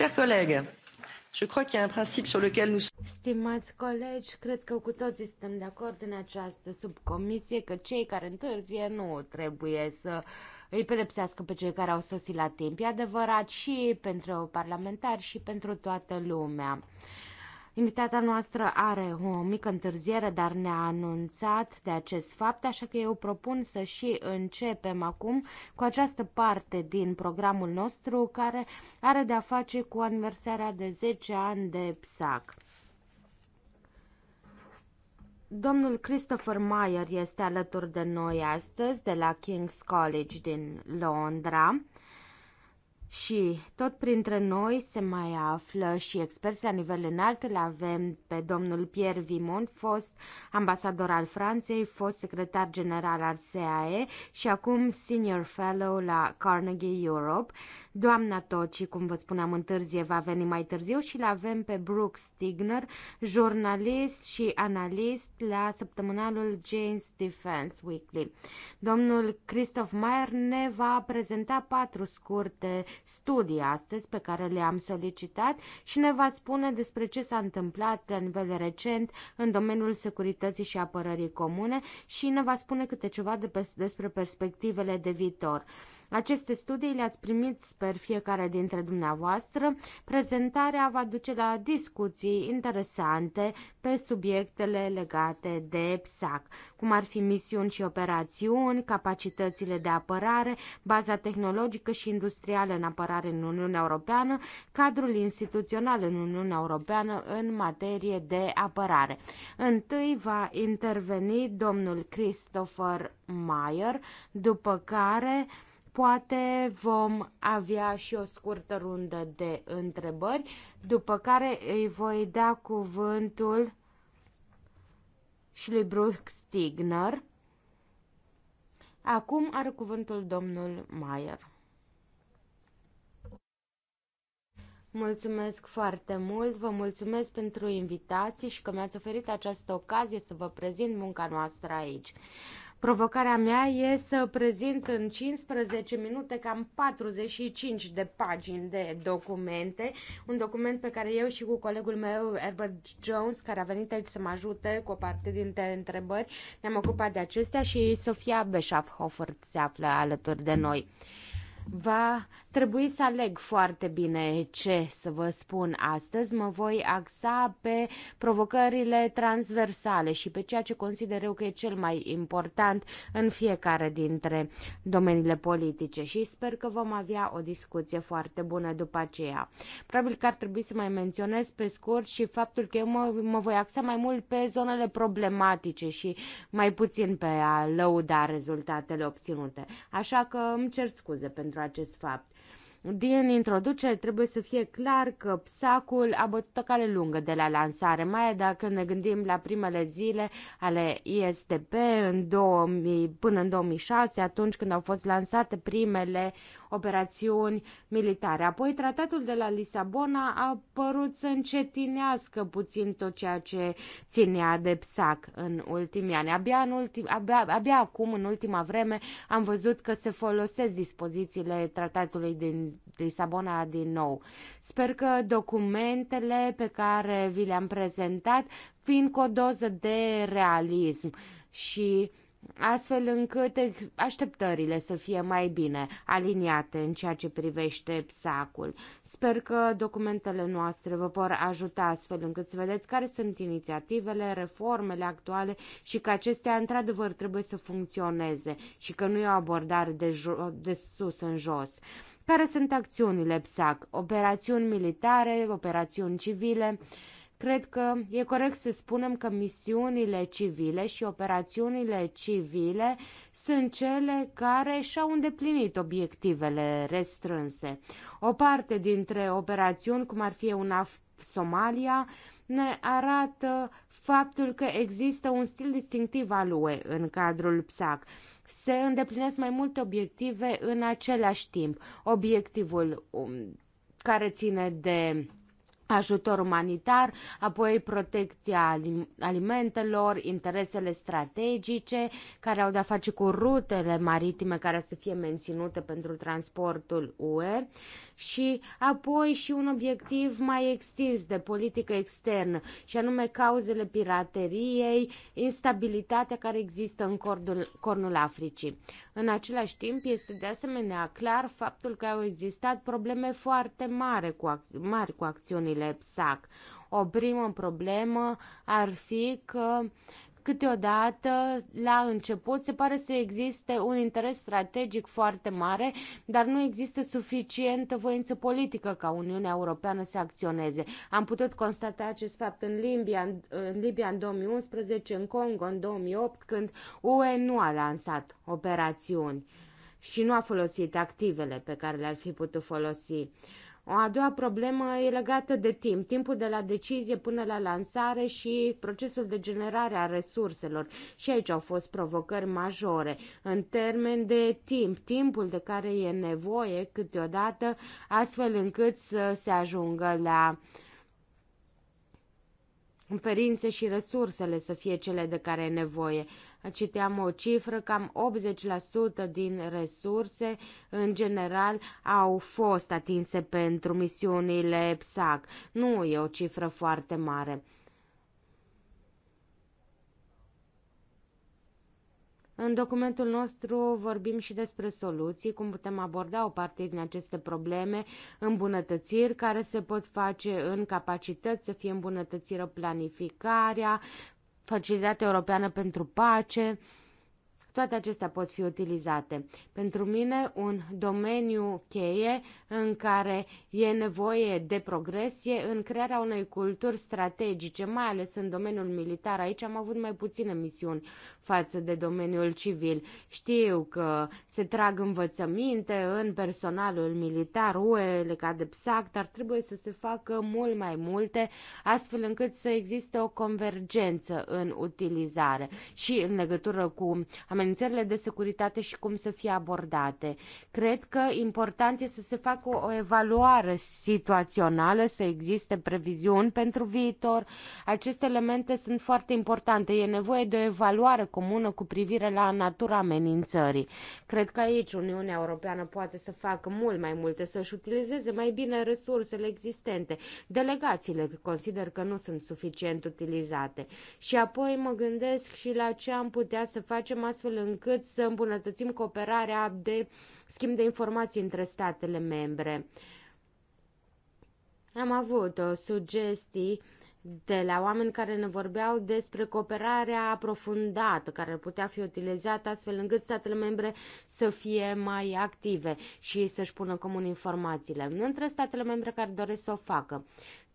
un Stimați colegi, cred că cu toții suntem de acord în această subcomisie că cei care întârzie nu trebuie să îi pedepsească pe cei care au sosit la timp. E adevărat și pentru parlamentari și pentru toată lumea. Invitata noastră are o mică întârziere, dar ne-a anunțat de acest fapt, așa că eu propun să și începem acum cu această parte din programul nostru care are de-a face cu aniversarea de 10 ani de PSAC. Domnul Christopher Mayer este alături de noi astăzi de la King's College din Londra. Și tot printre noi se mai află și experți la nivel înalt. Îl avem pe domnul Pierre Vimont, fost ambasador al Franței, fost secretar general al SAE și acum senior fellow la Carnegie Europe. Doamna Toci, cum vă spuneam, întârzie va veni mai târziu și îl avem pe Brooke Stigner, jurnalist și analist la săptămânalul Jane's Defense Weekly. Domnul Christoph Mayer ne va prezenta patru scurte studii astăzi pe care le-am solicitat și ne va spune despre ce s-a întâmplat la nivel recent în domeniul securității și apărării comune și ne va spune câte ceva de pe, despre perspectivele de viitor. Aceste studii le-ați primit, sper, fiecare dintre dumneavoastră. Prezentarea va duce la discuții interesante pe subiectele legate de PSAC, cum ar fi misiuni și operațiuni, capacitățile de apărare, baza tehnologică și industrială în apărare în Uniunea Europeană, cadrul instituțional în Uniunea Europeană în materie de apărare. Întâi va interveni domnul Christopher Mayer, după care Poate vom avea și o scurtă rundă de întrebări, după care îi voi da cuvântul și lui Brooke Stigner. Acum are cuvântul domnul Mayer. Mulțumesc foarte mult, vă mulțumesc pentru invitații și că mi-ați oferit această ocazie să vă prezint munca noastră aici. Provocarea mea e să prezint în 15 minute cam 45 de pagini de documente, un document pe care eu și cu colegul meu, Herbert Jones, care a venit aici să mă ajute cu o parte dintre întrebări, ne-am ocupat de acestea și Sofia Beșafhofer se află alături de noi. Va Trebuie să aleg foarte bine ce să vă spun astăzi. Mă voi axa pe provocările transversale și pe ceea ce consider eu că e cel mai important în fiecare dintre domeniile politice și sper că vom avea o discuție foarte bună după aceea. Probabil că ar trebui să mai menționez pe scurt și faptul că eu mă, mă voi axa mai mult pe zonele problematice și mai puțin pe a lăuda rezultatele obținute. Așa că îmi cer scuze pentru acest fapt. Din introducere trebuie să fie clar că psacul a bătut o cale lungă de la lansare, mai dacă ne gândim la primele zile ale ISDP în 2000, până în 2006, atunci când au fost lansate primele operațiuni militare. Apoi tratatul de la Lisabona a părut să încetinească puțin tot ceea ce ținea de PSAC în ultimii ani. Abia, în ultim, abia, abia acum, în ultima vreme, am văzut că se folosesc dispozițiile tratatului din Lisabona din nou. Sper că documentele pe care vi le-am prezentat vin cu o doză de realism și astfel încât așteptările să fie mai bine aliniate în ceea ce privește PSAC-ul. Sper că documentele noastre vă vor ajuta astfel încât să vedeți care sunt inițiativele, reformele actuale și că acestea într-adevăr trebuie să funcționeze și că nu e o abordare de, de sus în jos. Care sunt acțiunile PSAC? Operațiuni militare, operațiuni civile, uh, Cred că e corect să spunem că misiunile civile și operațiunile civile sunt cele care și-au îndeplinit obiectivele restrânse. O parte dintre operațiuni, cum ar fi UNAF Somalia, ne arată faptul că există un stil distinctiv al UE în cadrul PSAC. Se îndeplinesc mai multe obiective în același timp. Obiectivul um, care ține de ajutor umanitar, apoi protecția alimentelor, interesele strategice care au de-a face cu rutele maritime care să fie menținute pentru transportul UE, și apoi și un obiectiv mai extins de politică externă, și anume cauzele pirateriei, instabilitatea care există în cordul, cornul Africii. În același timp, este de asemenea clar faptul că au existat probleme foarte mari cu, mari cu acțiunile PSAC. O primă problemă ar fi că uh, Câteodată, la început, se pare să existe un interes strategic foarte mare, dar nu există suficientă voință politică ca Uniunea Europeană să acționeze. Am putut constata acest fapt în Libia în, în, Libia în 2011, în Congo în 2008, când UE nu a lansat operațiuni și nu a folosit activele pe care le-ar fi putut folosi. Uh, o a doua problemă e legată de timp, timpul de la decizie până la lansare și procesul de generare a resurselor. Și aici au fost provocări majore în termen de timp, timpul de care e nevoie câteodată, astfel încât să se ajungă la conferințe și resursele să fie cele de care e nevoie. Citeam o cifră, cam 80% din resurse în general au fost atinse pentru misiunile PSAC. Nu e o cifră foarte mare. În documentul nostru vorbim și despre soluții, cum putem aborda o parte din aceste probleme, îmbunătățiri care se pot face în capacități, să fie îmbunătățiră planificarea, Facilitatea Europeană pentru Pace, toate acestea pot fi utilizate. Pentru mine, un domeniu cheie în care e nevoie de progresie în crearea unei culturi strategice, mai ales în domeniul militar. Aici am avut mai puține misiuni față de domeniul civil. Știu că se trag învățăminte în personalul militar, UE, ca de PSAC, dar trebuie să se facă mult mai multe, astfel încât să existe o convergență în utilizare și în legătură cu amenințările amenințările de securitate și cum să fie abordate. Cred că important este să se facă o evaluare situațională, să existe previziuni pentru viitor. Aceste elemente sunt foarte importante. E nevoie de o evaluare comună cu privire la natura amenințării. Cred că aici Uniunea Europeană poate să facă mult mai multe, să-și utilizeze mai bine resursele existente. Delegațiile consider că nu sunt suficient utilizate. Și apoi mă gândesc și la ce am putea să facem astfel astfel încât să îmbunătățim cooperarea de schimb de informații între statele membre. Am avut o sugestii de la oameni care ne vorbeau despre cooperarea aprofundată care putea fi utilizată astfel încât statele membre să fie mai active și să-și pună comun informațiile între statele membre care doresc să o facă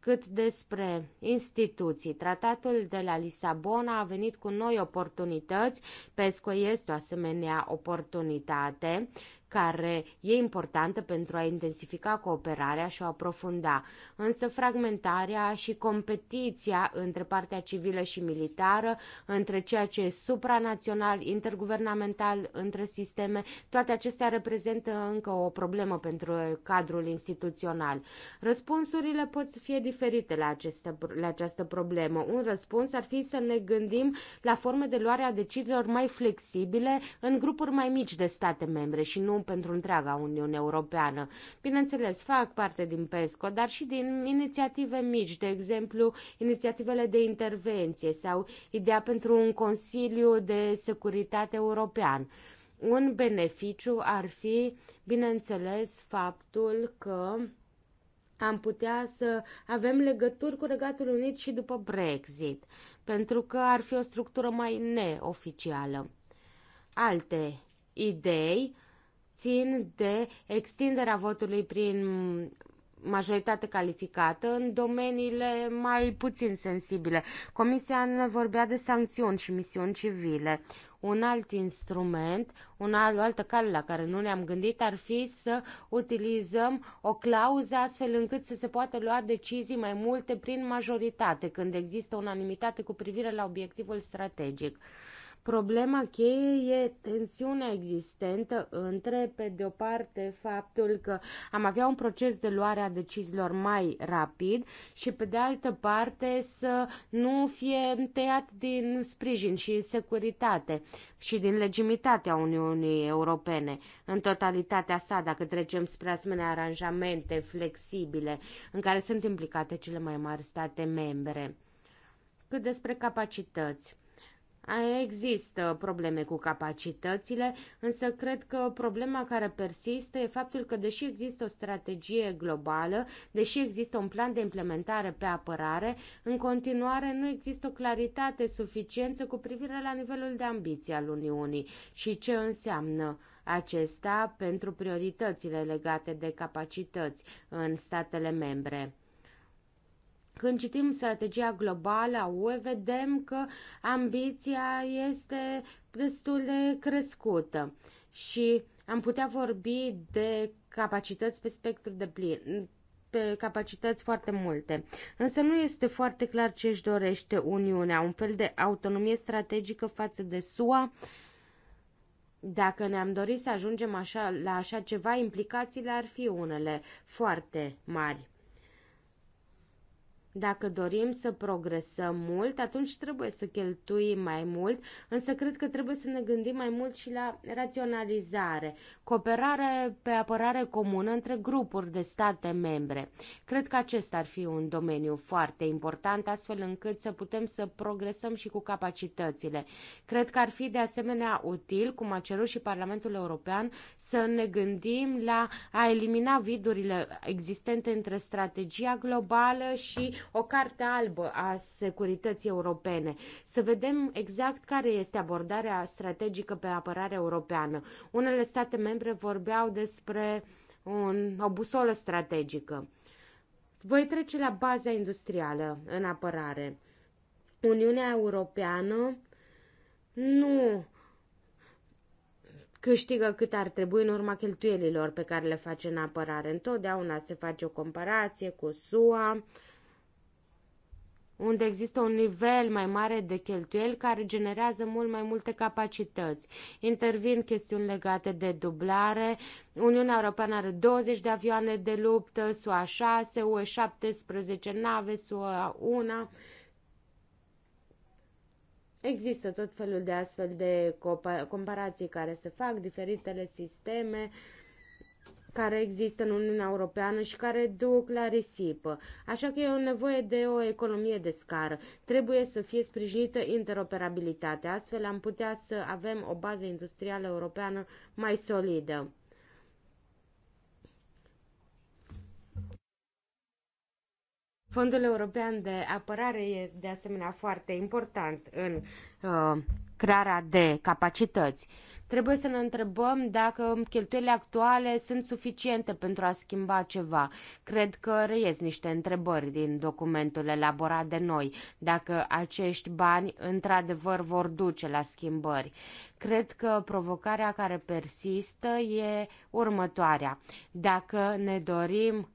cât despre instituții. Tratatul de la Lisabona a venit cu noi oportunități, PESCO este o asemenea oportunitate care e importantă pentru a intensifica cooperarea și o aprofunda, însă fragmentarea și competiția între partea civilă și militară, între ceea ce e supranațional, interguvernamental, între sisteme, toate acestea reprezintă încă o problemă pentru cadrul instituțional. Răspunsurile pot să fie diferite la, aceste, la această problemă. Un răspuns ar fi să ne gândim la forme de luare a deciziilor mai flexibile în grupuri mai mici de state membre și nu comun pentru întreaga Uniune Europeană. Bineînțeles, fac parte din PESCO, dar și din inițiative mici, de exemplu, inițiativele de intervenție sau ideea pentru un Consiliu de Securitate European. Un beneficiu ar fi, bineînțeles, faptul că am putea să avem legături cu Regatul Unit și după Brexit, pentru că ar fi o structură mai neoficială. Alte idei țin de extinderea votului prin majoritate calificată în domeniile mai puțin sensibile. Comisia ne vorbea de sancțiuni și misiuni civile. Un alt instrument, un alt, o altă cale la care nu ne-am gândit ar fi să utilizăm o clauză astfel încât să se poată lua decizii mai multe prin majoritate, când există unanimitate cu privire la obiectivul strategic. Problema cheie e tensiunea existentă între, pe de o parte, faptul că am avea un proces de luare a deciziilor mai rapid și, pe de altă parte, să nu fie tăiat din sprijin și securitate și din legitimitatea Uniunii Europene în totalitatea sa, dacă trecem spre asemenea aranjamente flexibile în care sunt implicate cele mai mari state membre. Cât despre capacități. Există probleme cu capacitățile, însă cred că problema care persistă e faptul că deși există o strategie globală, deși există un plan de implementare pe apărare, în continuare nu există o claritate suficientă cu privire la nivelul de ambiție al Uniunii și ce înseamnă acesta pentru prioritățile legate de capacități în statele membre. Când citim strategia globală a UE, vedem că ambiția este destul de crescută și am putea vorbi de capacități pe spectru de plin, pe capacități foarte multe. Însă nu este foarte clar ce își dorește Uniunea, un fel de autonomie strategică față de SUA. Dacă ne-am dorit să ajungem așa, la așa ceva, implicațiile ar fi unele foarte mari. Dacă dorim să progresăm mult, atunci trebuie să cheltuim mai mult, însă cred că trebuie să ne gândim mai mult și la raționalizare, cooperare pe apărare comună între grupuri de state membre. Cred că acesta ar fi un domeniu foarte important, astfel încât să putem să progresăm și cu capacitățile. Cred că ar fi de asemenea util, cum a cerut și Parlamentul European, să ne gândim la a elimina vidurile existente între strategia globală și o carte albă a securității europene, să vedem exact care este abordarea strategică pe apărare europeană. Unele state membre vorbeau despre un, o busolă strategică. Voi trece la baza industrială în apărare. Uniunea Europeană nu câștigă cât ar trebui în urma cheltuielilor pe care le face în apărare. Întotdeauna se face o comparație cu SUA, unde există un nivel mai mare de cheltuieli care generează mult mai multe capacități. Intervin chestiuni legate de dublare. Uniunea Europeană are 20 de avioane de luptă, SUA 6, UE 17 nave, SUA 1. Există tot felul de astfel de comparații care se fac, diferitele sisteme. Uh, care există în Uniunea Europeană și care duc la risipă. Așa că e o nevoie de o economie de scară. Trebuie să fie sprijinită interoperabilitatea, astfel am putea să avem o bază industrială europeană mai solidă. Fondul European de Apărare e de asemenea foarte important în uh, crearea de capacități. Trebuie să ne întrebăm dacă cheltuielile actuale sunt suficiente pentru a schimba ceva. Cred că reies niște întrebări din documentul elaborat de noi, dacă acești bani într-adevăr vor duce la schimbări. Cred că provocarea care persistă e următoarea. Dacă ne dorim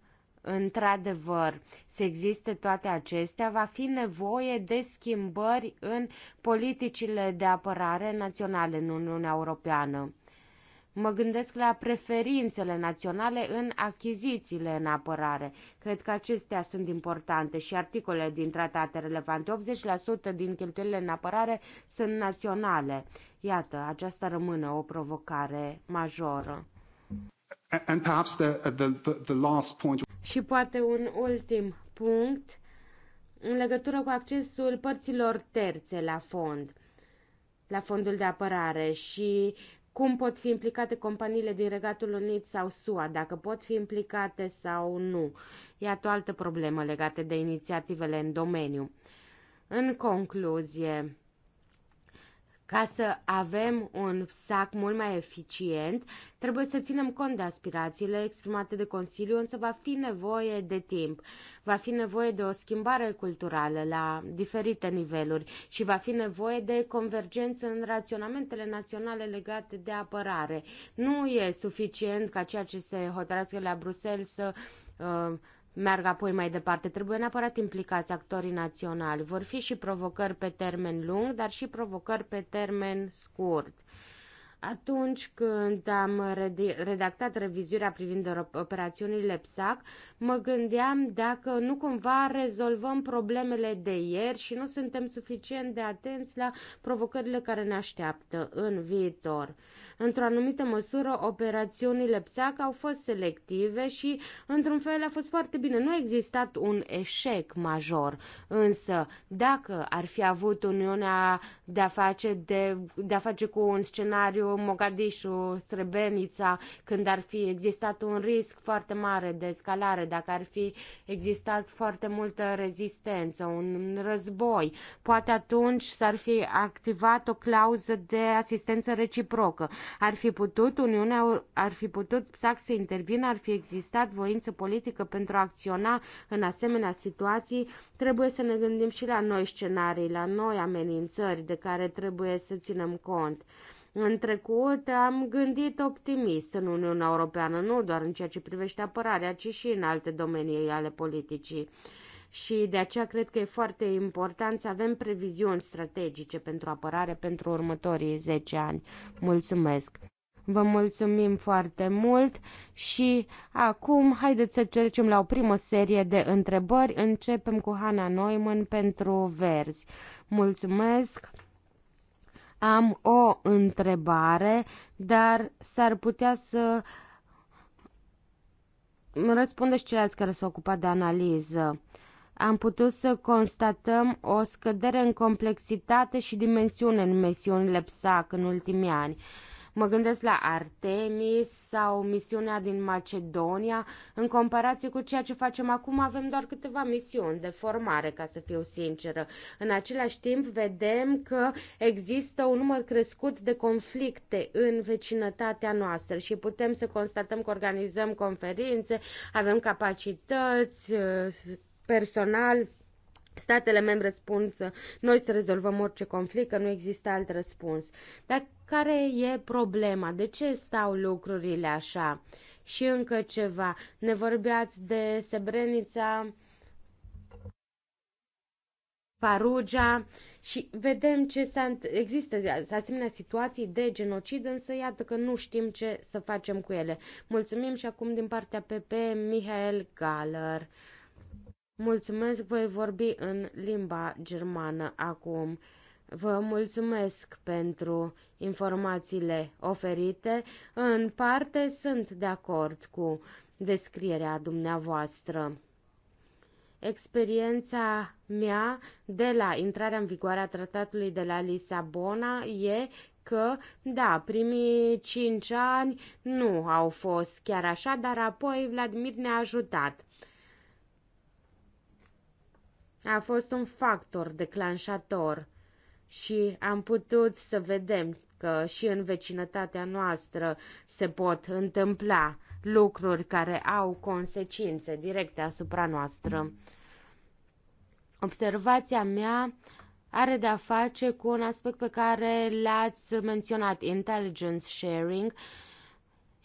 într-adevăr să existe toate acestea, va fi nevoie de schimbări în politicile de apărare naționale în Uniunea Europeană. Mă gândesc la preferințele naționale în achizițiile în apărare. Cred că acestea sunt importante și articolele din tratate relevante. 80% din cheltuielile în apărare sunt naționale. Iată, aceasta rămâne o provocare majoră. And perhaps the, uh, the, the, the last point. Și poate un ultim punct în legătură cu accesul părților terțe la fond, la fondul de apărare și cum pot fi implicate companiile din Regatul Unit sau SUA, dacă pot fi implicate sau nu. Iată o altă problemă legată de inițiativele în domeniu. În concluzie, ca să avem un sac mult mai eficient, trebuie să ținem cont de aspirațiile exprimate de Consiliu, însă va fi nevoie de timp. Va fi nevoie de o schimbare culturală la diferite niveluri și va fi nevoie de convergență în raționamentele naționale legate de apărare. Nu e suficient ca ceea ce se hotărăscă la Bruxelles să uh, meargă apoi mai departe. Trebuie neapărat implicați actorii naționali. Vor fi și provocări pe termen lung, dar și provocări pe termen scurt. Atunci când am redactat revizuirea privind operațiunile PSAC, mă gândeam dacă nu cumva rezolvăm problemele de ieri și nu suntem suficient de atenți la provocările care ne așteaptă în viitor. Într-o anumită măsură, operațiunile PSAC au fost selective și, într-un fel, a fost foarte bine. Nu a existat un eșec major, însă, dacă ar fi avut Uniunea de-a face, de, de-a face cu un scenariu Mogadishu, Srebrenica, când ar fi existat un risc foarte mare de escalare, dacă ar fi existat foarte multă rezistență, un război, poate atunci s-ar fi activat o clauză de asistență reciprocă. Ar fi putut, Uniunea ar fi putut PSAC să intervină, ar fi existat voință politică pentru a acționa în asemenea situații. Trebuie să ne gândim și la noi scenarii, la noi amenințări de care trebuie să ținem cont. În trecut am gândit optimist în Uniunea Europeană, nu doar în ceea ce privește apărarea, ci și în alte domenii ale politicii și de aceea cred că e foarte important să avem previziuni strategice pentru apărare pentru următorii 10 ani. Mulțumesc! Vă mulțumim foarte mult și acum haideți să trecem la o primă serie de întrebări. Începem cu Hana Neumann pentru verzi. Mulțumesc! Am o întrebare, dar s-ar putea să răspundeți ceilalți care s-au ocupat de analiză am putut să constatăm o scădere în complexitate și dimensiune în misiunile PSAC în ultimii ani. Mă gândesc la Artemis sau misiunea din Macedonia. În comparație cu ceea ce facem acum, avem doar câteva misiuni de formare, ca să fiu sinceră. În același timp, vedem că există un număr crescut de conflicte în vecinătatea noastră și putem să constatăm că organizăm conferințe, avem capacități, personal, statele membre spun să noi să rezolvăm orice conflict, că nu există alt răspuns. Dar care e problema? De ce stau lucrurile așa? Și încă ceva. Ne vorbeați de Sebrenița, Parugia și vedem ce s-a, există asemenea situații de genocid, însă iată că nu știm ce să facem cu ele. Mulțumim și acum din partea PP Mihail Galer. Mulțumesc, voi vorbi în limba germană acum. Vă mulțumesc pentru informațiile oferite. În parte sunt de acord cu descrierea dumneavoastră. Experiența mea de la intrarea în vigoare a tratatului de la Lisabona e că, da, primii cinci ani nu au fost chiar așa, dar apoi Vladimir ne-a ajutat a fost un factor declanșator și am putut să vedem că și în vecinătatea noastră se pot întâmpla lucruri care au consecințe directe asupra noastră. Observația mea are de-a face cu un aspect pe care l-ați menționat, intelligence sharing, uh,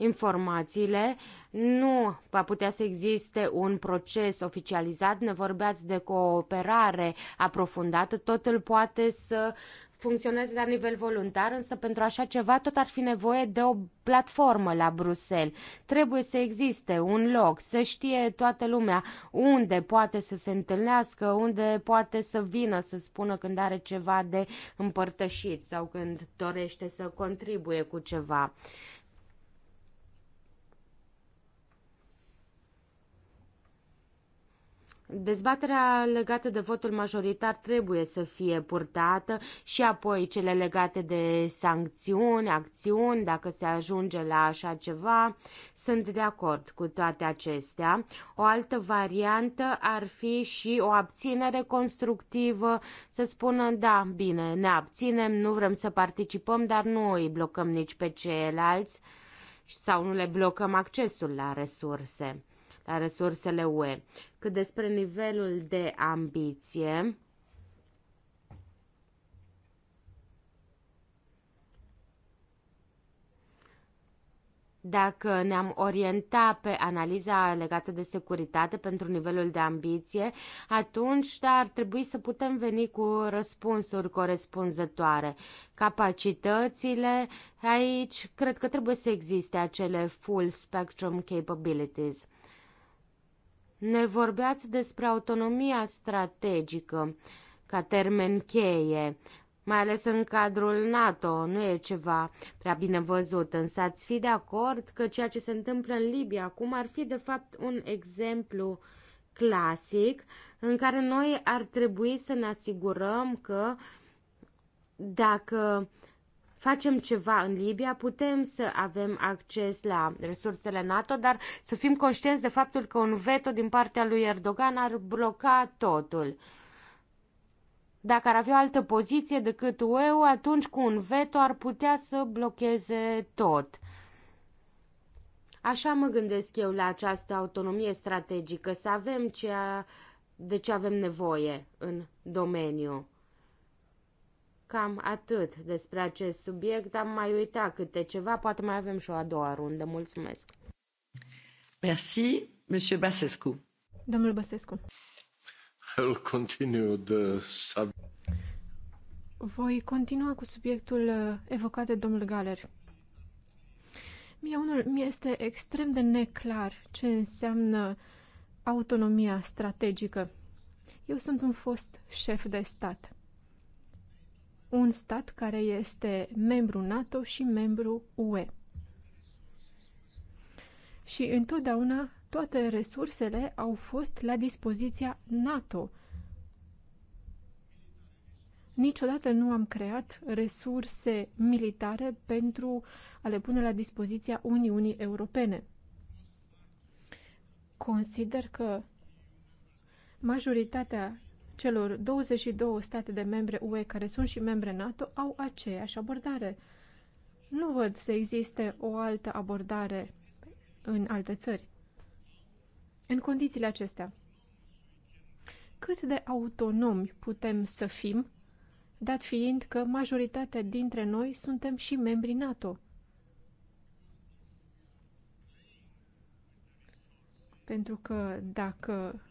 informațiile, nu va putea să existe un proces oficializat, ne vorbeați de cooperare aprofundată, totul poate să funcționeze la nivel voluntar, însă pentru așa ceva tot ar fi nevoie de o platformă la Bruxelles. Trebuie să existe un loc, să știe toată lumea unde poate să se întâlnească, unde poate să vină să spună când are ceva de împărtășit sau când dorește să contribuie cu ceva. Dezbaterea legată de votul majoritar trebuie să fie purtată și apoi cele legate de sancțiuni, acțiuni, dacă se ajunge la așa ceva. Sunt de acord cu toate acestea. O altă variantă ar fi și o abținere constructivă, să spună, da, bine, ne abținem, nu vrem să participăm, dar nu îi blocăm nici pe ceilalți sau nu le blocăm accesul la resurse la resursele UE. Cât despre nivelul de ambiție, dacă ne-am orienta pe analiza legată de securitate pentru nivelul de ambiție, atunci ar trebui să putem veni cu răspunsuri corespunzătoare. Capacitățile, aici cred că trebuie să existe acele full spectrum capabilities. Ne vorbeați despre autonomia strategică ca termen cheie, mai ales în cadrul NATO, nu e ceva prea bine văzut, însă ați fi de acord că ceea ce se întâmplă în Libia acum ar fi de fapt un exemplu clasic în care noi ar trebui să ne asigurăm că dacă uh, facem ceva în Libia, putem să avem acces la resursele NATO, dar să fim conștienți de faptul că un veto din partea lui Erdogan ar bloca totul. Dacă ar avea o altă poziție decât UE, atunci cu un veto ar putea să blocheze tot. Așa mă gândesc eu la această autonomie strategică, să avem ceea de ce avem nevoie în domeniu. Cam atât despre acest subiect. Am mai uitat câte ceva, poate mai avem și o a doua rundă. Mulțumesc! Merci, Monsieur Basescu. Domnul Basescu. I'll continue the subject. Voi continua cu subiectul uh, evocat de domnul Galer. Mie unul mi este extrem de neclar ce înseamnă autonomia strategică. Eu sunt un fost șef de stat un stat care este membru NATO și membru UE. Și întotdeauna toate resursele au fost la dispoziția NATO. Niciodată nu am creat resurse militare pentru a le pune la dispoziția Uniunii Europene. Consider că majoritatea celor 22 state de membre UE care sunt și membre NATO au aceeași abordare. Nu văd să existe o altă abordare în alte țări. În condițiile acestea, cât de autonomi putem să fim, dat fiind că majoritatea dintre noi suntem și membri NATO? Pentru că dacă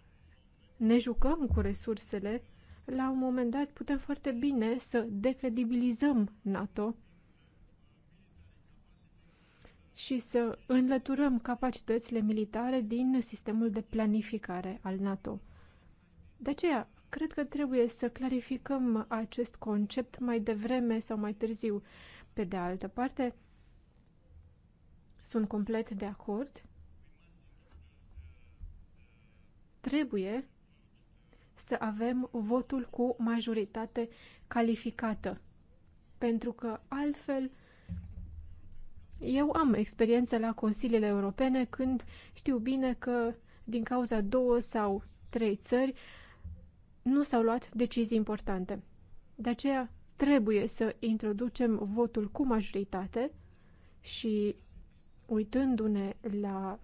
ne jucăm cu resursele, la un moment dat putem foarte bine să decredibilizăm NATO și să înlăturăm capacitățile militare din sistemul de planificare al NATO. De aceea, cred că trebuie să clarificăm acest concept mai devreme sau mai târziu. Pe de altă parte, sunt complet de acord. Trebuie să avem votul cu majoritate calificată. Pentru că altfel eu am experiență la consiliile europene când știu bine că din cauza două sau trei țări nu s-au luat decizii importante. De aceea trebuie să introducem votul cu majoritate și uitându-ne la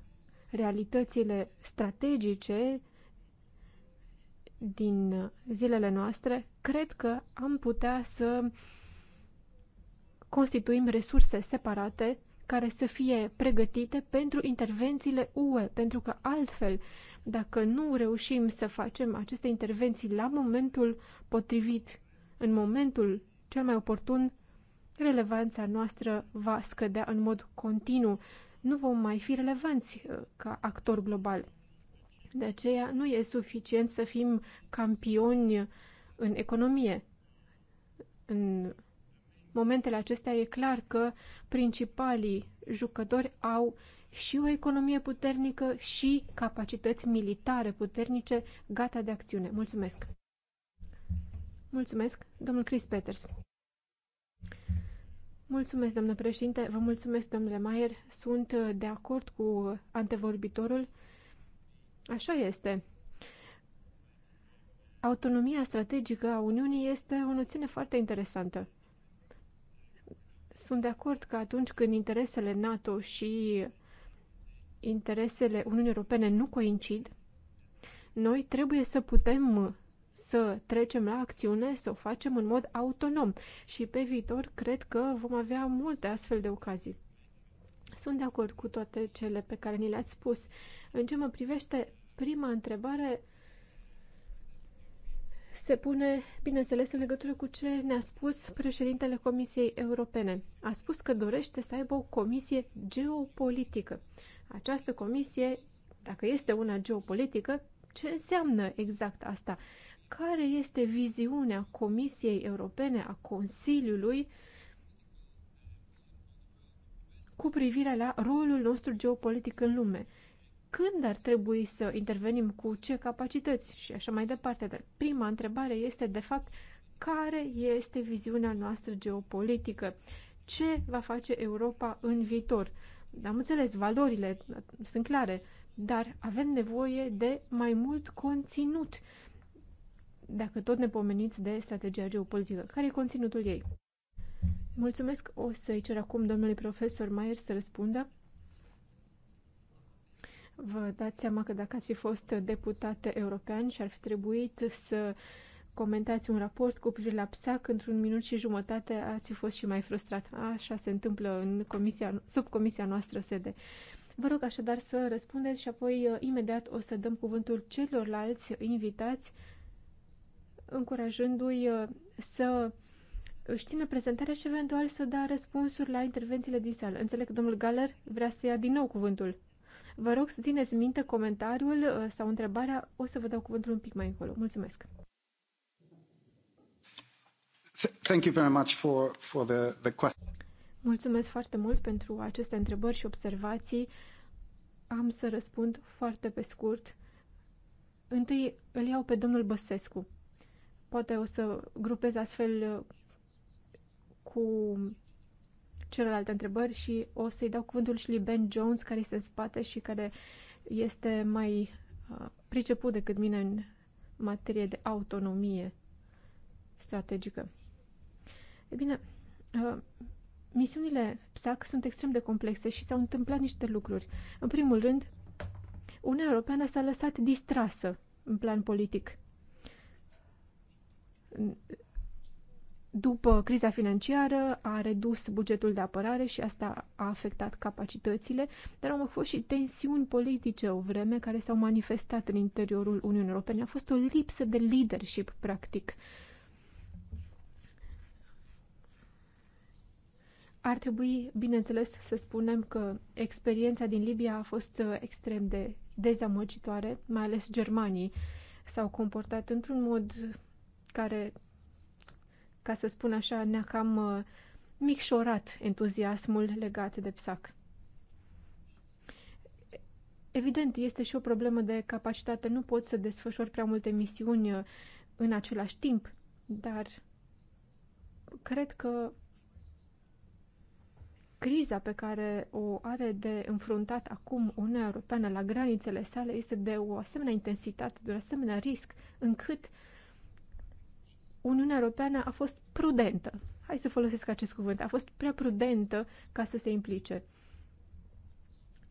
realitățile strategice din zilele noastre, cred că am putea să constituim resurse separate care să fie pregătite pentru intervențiile UE, pentru că altfel, dacă nu reușim să facem aceste intervenții la momentul potrivit, în momentul cel mai oportun, relevanța noastră va scădea în mod continuu. Nu vom mai fi relevanți uh, ca actor global. De aceea nu e suficient să fim campioni în economie. În momentele acestea e clar că principalii jucători au și o economie puternică și capacități militare puternice gata de acțiune. Mulțumesc! Mulțumesc, domnul Chris Peters. Mulțumesc, domnule președinte, vă mulțumesc, domnule Maier. Sunt de acord cu antevorbitorul. Așa este. Autonomia strategică a Uniunii este o noțiune foarte interesantă. Sunt de acord că atunci când interesele NATO și interesele Uniunii Europene nu coincid, noi trebuie să putem să trecem la acțiune, să o facem în mod autonom și pe viitor cred că vom avea multe astfel de ocazii. Sunt de acord cu toate cele pe care ni le-ați spus. În ce mă privește, Prima întrebare se pune, bineînțeles, în legătură cu ce ne-a spus președintele Comisiei Europene. A spus că dorește să aibă o comisie geopolitică. Această comisie, dacă este una geopolitică, ce înseamnă exact asta? Care este viziunea Comisiei Europene, a Consiliului, cu privire la rolul nostru geopolitic în lume? când ar trebui să intervenim, cu ce capacități și așa mai departe. Dar prima întrebare este, de fapt, care este viziunea noastră geopolitică? Ce va face Europa în viitor? Am înțeles, valorile sunt clare, dar avem nevoie de mai mult conținut. Dacă tot ne pomeniți de strategia geopolitică, care e conținutul ei? Mulțumesc, o să-i cer acum domnului profesor Maier să răspundă. Vă dați seama că dacă ați fi fost deputat european și ar fi trebuit să comentați un raport cu privire la PSAC, într-un minut și jumătate ați fost și mai frustrat. Așa se întâmplă în comisia, sub comisia noastră sede. Vă rog așadar să răspundeți și apoi uh, imediat o să dăm cuvântul celorlalți invitați, încurajându-i uh, să își țină prezentarea și eventual să dea răspunsuri la intervențiile din sală. Înțeleg că domnul Galer vrea să ia din nou cuvântul. Vă rog să țineți minte comentariul uh, sau întrebarea, o să vă dau cuvântul un pic mai încolo. Mulțumesc! Thank you very much for, for the, the question. Mulțumesc foarte mult pentru aceste întrebări și observații. Am să răspund foarte pe scurt. Întâi îl iau pe domnul Băsescu. Poate o să grupez astfel uh, cu celelalte întrebări și o să-i dau cuvântul și lui Ben Jones, care este în spate și care este mai uh, priceput decât mine în materie de autonomie strategică. E bine, uh, misiunile PSAC sunt extrem de complexe și s-au întâmplat niște lucruri. În primul rând, Uniunea Europeană s-a lăsat distrasă în plan politic după criza financiară a redus bugetul de apărare și asta a afectat capacitățile, dar au fost și tensiuni politice o vreme care s-au manifestat în interiorul Uniunii Europene. A fost o lipsă de leadership, practic. Ar trebui, bineînțeles, să spunem că experiența din Libia a fost uh, extrem de dezamăgitoare, mai ales germanii s-au comportat într-un mod care ca să spun așa, ne-a cam uh, micșorat entuziasmul legat de PSAC. Evident, este și o problemă de capacitate. Nu pot să desfășor prea multe misiuni uh, în același timp, dar cred că criza pe care o are de înfruntat acum Uniunea Europeană la granițele sale este de o asemenea intensitate, de un asemenea risc, încât uh, Uniunea Europeană a fost prudentă. Hai să folosesc acest cuvânt. A fost prea prudentă ca să se implice.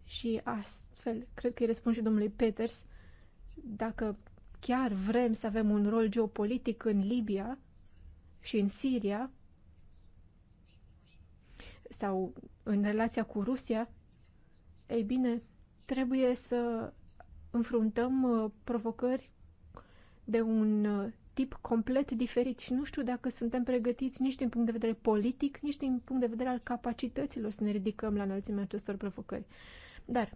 Și astfel, cred că îi răspund și domnului Peters, dacă chiar vrem să avem un rol geopolitic în Libia și în Siria sau în relația cu Rusia, ei bine, trebuie să înfruntăm uh, provocări de un uh, tip complet diferit și nu știu dacă suntem pregătiți nici din punct de vedere politic, nici din punct de vedere al capacităților să ne ridicăm la înălțimea acestor provocări. Dar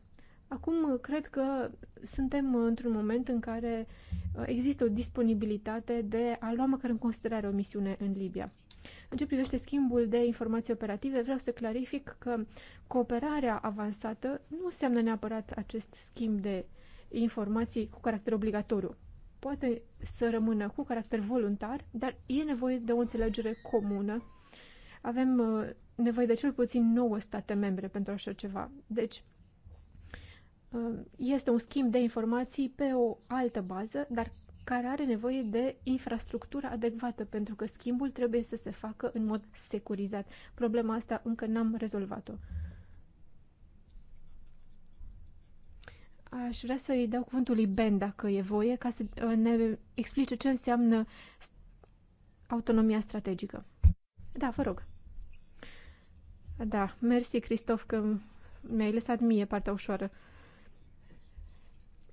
acum cred că suntem într-un moment în care uh, există o disponibilitate de a lua măcar în considerare o misiune în Libia. În ce privește schimbul de informații operative, vreau să clarific că cooperarea avansată nu înseamnă neapărat acest schimb de informații cu caracter obligatoriu poate să rămână cu caracter voluntar, dar e nevoie de o înțelegere comună. Avem uh, nevoie de cel puțin 9 state membre pentru așa ceva. Deci, uh, este un schimb de informații pe o altă bază, dar care are nevoie de infrastructura adecvată, pentru că schimbul trebuie să se facă în mod securizat. Problema asta încă n-am rezolvat-o. Aș vrea să-i dau cuvântul lui Ben, dacă e voie, ca să uh, ne explice ce înseamnă autonomia strategică. Da, vă rog. Da, mersi, Cristof, că mi-ai lăsat mie partea ușoară. Uh,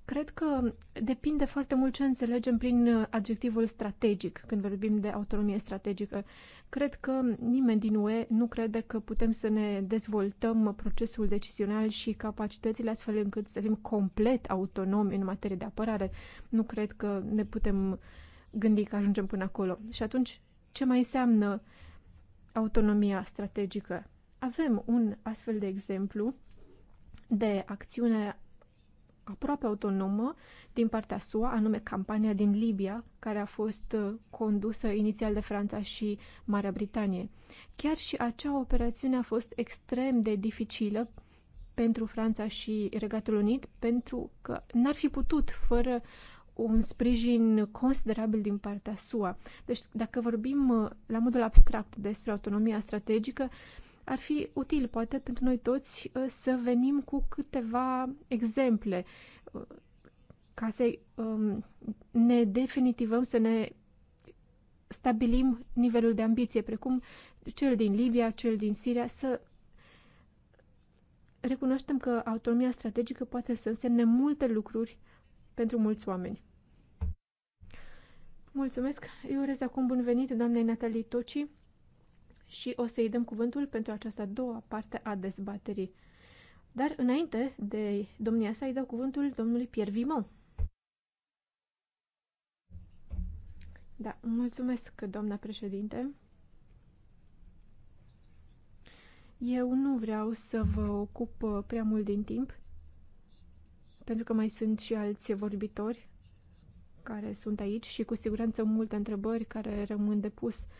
Cred că depinde foarte mult ce înțelegem prin uh, adjectivul strategic, când vorbim de autonomie strategică. Cred că nimeni din UE nu crede că putem să ne dezvoltăm procesul decizional și capacitățile astfel încât să fim complet autonomi în materie de apărare. Nu cred că ne putem gândi că ajungem până acolo. Și atunci, ce mai înseamnă autonomia strategică? Avem un astfel de exemplu de acțiune aproape autonomă din partea SUA, anume campania din Libia, care a fost uh, condusă inițial de Franța și Marea Britanie. Chiar și acea operațiune a fost extrem de dificilă pentru Franța și Regatul Unit, pentru că n-ar fi putut fără un sprijin considerabil din partea SUA. Deci, dacă vorbim uh, la modul abstract despre autonomia strategică, uh, ar fi util, poate, pentru noi toți uh, să venim cu câteva exemple uh, ca să um, ne definitivăm, să ne stabilim nivelul de ambiție, precum cel din Libia, cel din Siria, să recunoaștem că autonomia strategică poate să însemne multe lucruri pentru mulți oameni. Mulțumesc! Eu urez acum bun venit doamnei Natalie Toci, și o să-i dăm cuvântul pentru această a doua parte a dezbaterii. Dar înainte de domnia sa, îi dau cuvântul domnului Pierre Vimon. Da, mulțumesc, doamna președinte. Eu nu vreau să vă ocup uh, prea mult din timp, pentru că mai sunt și alți vorbitori care sunt aici și cu siguranță multe întrebări care rămân depus. pus. Uh,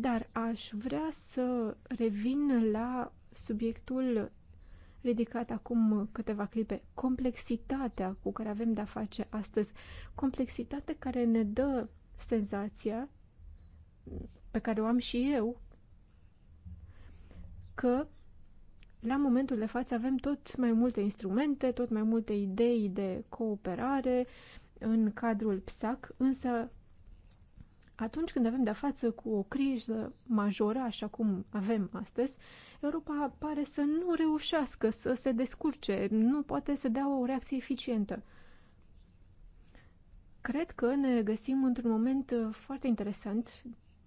dar aș vrea să revin la subiectul ridicat acum câteva clipe, complexitatea cu care avem de-a face astăzi, complexitatea care ne dă senzația pe care o am și eu că la momentul de față avem tot mai multe instrumente, tot mai multe idei de cooperare în cadrul PSAC, însă atunci când avem de-a față cu o criză majoră, așa cum avem astăzi, Europa pare să nu reușească să se descurce, nu poate să dea o reacție eficientă. Cred că ne găsim într-un moment uh, foarte interesant,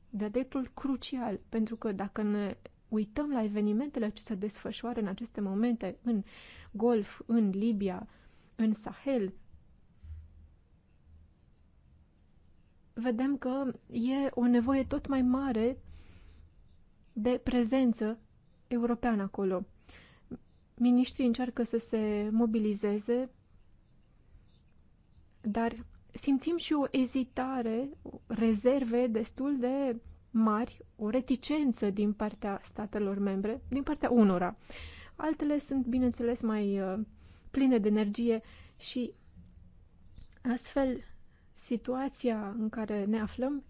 de dreptul crucial, pentru că dacă ne uităm la evenimentele ce se desfășoară în aceste momente în Golf, în Libia, în Sahel, vedem că e o nevoie tot mai mare de prezență europeană acolo. Ministrii încearcă să se mobilizeze, dar simțim și o ezitare, rezerve destul de mari, o reticență din partea statelor membre, din partea unora. Altele sunt, bineînțeles, mai uh, pline de energie și astfel situația în care ne aflăm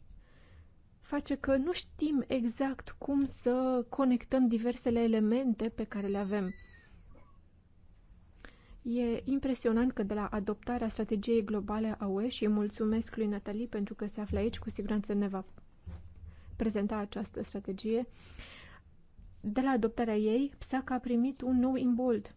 face că nu știm exact cum să conectăm diversele elemente pe care le avem. E impresionant că de la adoptarea strategiei globale a UE și îi mulțumesc lui Natalie pentru că se află aici, cu siguranță ne va prezenta această strategie. De la adoptarea ei, PSAC a primit un nou imbold.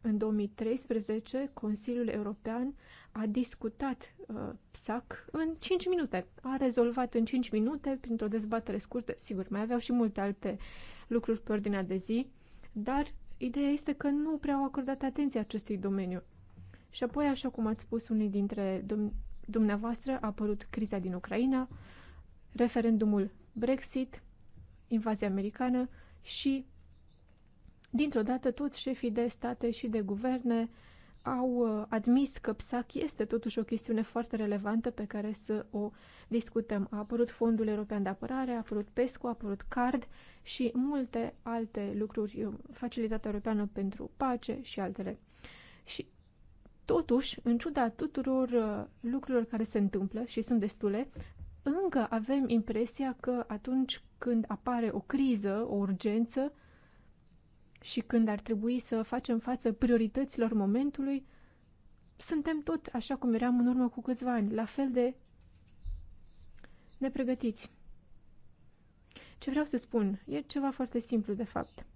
În 2013, Consiliul European a discutat uh, PSAC în 5 minute. A rezolvat în 5 minute, printr-o dezbatere scurtă. Sigur, mai aveau și multe alte lucruri pe ordinea de zi, dar ideea este că nu prea au acordat atenție acestui domeniu. Și apoi, așa cum ați spus unii dintre dum- dumneavoastră, a apărut criza din Ucraina, referendumul Brexit, invazia americană și, dintr-o dată, toți șefii de state și de guverne uh, au uh, admis că PSAC este totuși o chestiune foarte relevantă pe care să o discutăm. A apărut Fondul European de Apărare, a apărut PESCO, a apărut CARD și multe alte lucruri, uh, Facilitatea Europeană pentru Pace și altele. Și totuși, în ciuda tuturor uh, lucrurilor care se întâmplă și sunt destule, încă avem impresia că atunci când apare o criză, o urgență, și când ar trebui să facem față priorităților momentului, suntem tot așa cum eram în urmă cu câțiva ani, la fel de nepregătiți. Ce vreau să spun e ceva foarte simplu, de fapt.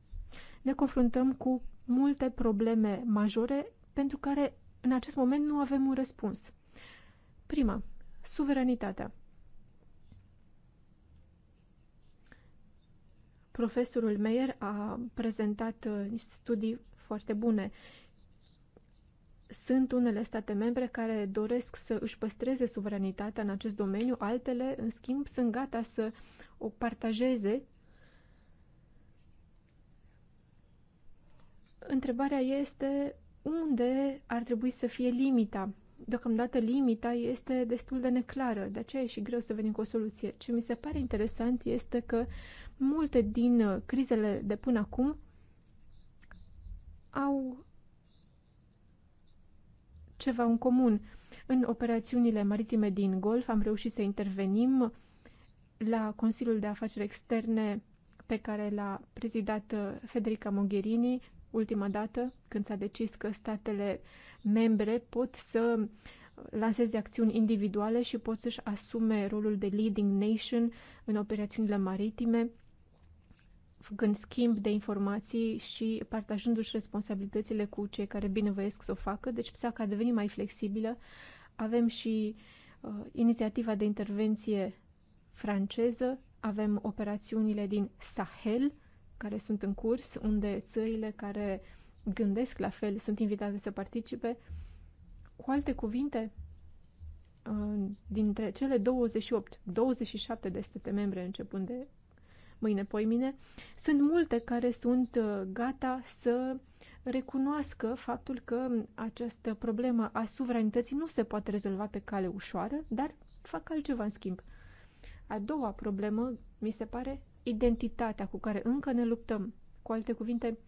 Ne confruntăm cu multe probleme majore pentru care în acest moment nu avem un răspuns. Prima, suveranitatea. Profesorul Meyer a prezentat uh, studii foarte bune. Sunt unele state membre care doresc să își păstreze suveranitatea în acest domeniu, altele, în schimb, sunt gata să o partajeze. Întrebarea este unde ar trebui să fie limita deocamdată limita este destul de neclară, de aceea e și greu să venim cu o soluție. Ce mi se pare interesant este că multe din uh, crizele de până acum au ceva în comun. În operațiunile maritime din Golf am reușit să intervenim la Consiliul de Afaceri Externe pe care l-a prezidat uh, Federica Mogherini ultima dată când s-a decis că statele membre pot să lanseze acțiuni individuale și pot să-și asume rolul de leading nation în operațiunile maritime, făcând schimb de informații și partajându-și responsabilitățile cu cei care binevoiesc să o facă. Deci PSAC a devenit mai flexibilă. Avem și uh, inițiativa de intervenție franceză, avem operațiunile din Sahel, care sunt în curs, unde țările care gândesc la fel sunt invitate să participe. Cu alte cuvinte, uh, dintre cele 28, 27 de state membre începând de mâine, poimine, sunt multe care sunt uh, gata să recunoască faptul că această problemă a suveranității nu se poate rezolva pe cale ușoară, dar fac altceva în schimb. A doua problemă, mi se pare, identitatea cu care încă ne luptăm. Cu alte cuvinte,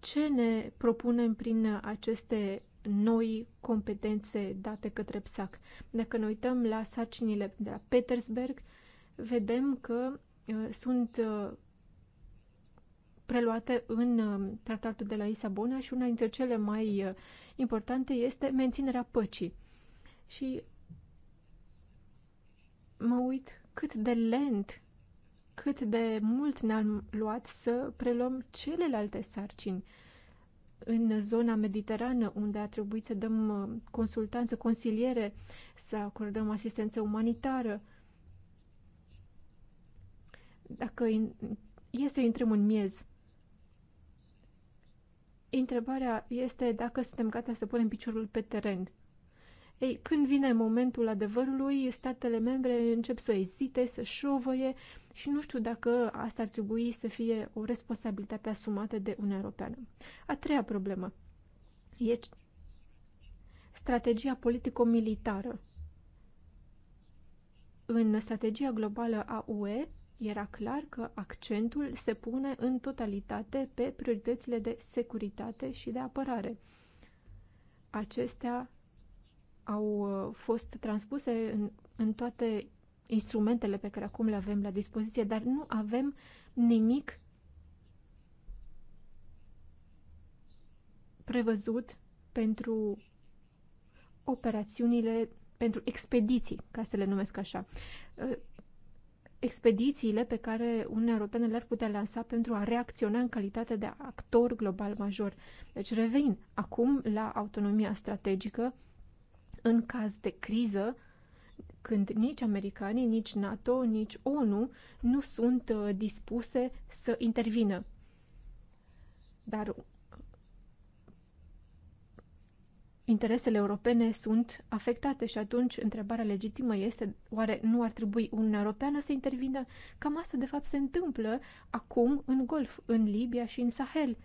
ce ne propunem prin aceste noi competențe date către PSAC? Dacă ne uităm la sarcinile de la Petersberg, vedem că uh, sunt uh, preluate în um, tratatul de la Lisabona și una dintre cele mai uh, importante este menținerea păcii. Și mă uit cât de lent, cât de mult ne-am luat să preluăm celelalte sarcini în zona mediterană, unde a trebuit să dăm uh, consultanță, consiliere, să acordăm asistență umanitară. Dacă e să intrăm în miez, întrebarea este dacă suntem gata să punem piciorul pe teren. Ei, când vine momentul adevărului, statele membre încep să ezite, să șovăie și nu știu dacă asta ar trebui să fie o responsabilitate asumată de Uniunea Europeană. A treia problemă e strategia politico-militară. În strategia globală a UE era clar că accentul se pune în totalitate pe prioritățile de securitate și de apărare. Acestea au uh, fost transpuse în, în toate instrumentele pe care acum le avem la dispoziție, dar nu avem nimic prevăzut pentru operațiunile, pentru expediții, ca să le numesc așa. Uh, expedițiile pe care Uniunea Europeană le-ar putea lansa pentru a reacționa în calitate de actor global major. Deci revin acum la autonomia strategică în caz de criză, când nici americanii, nici NATO, nici ONU nu sunt uh, dispuse să intervină. Dar interesele europene sunt afectate și atunci întrebarea legitimă este oare nu ar trebui Uniunea Europeană să intervină? Cam asta de fapt se întâmplă acum în Golf, în Libia și în Sahel,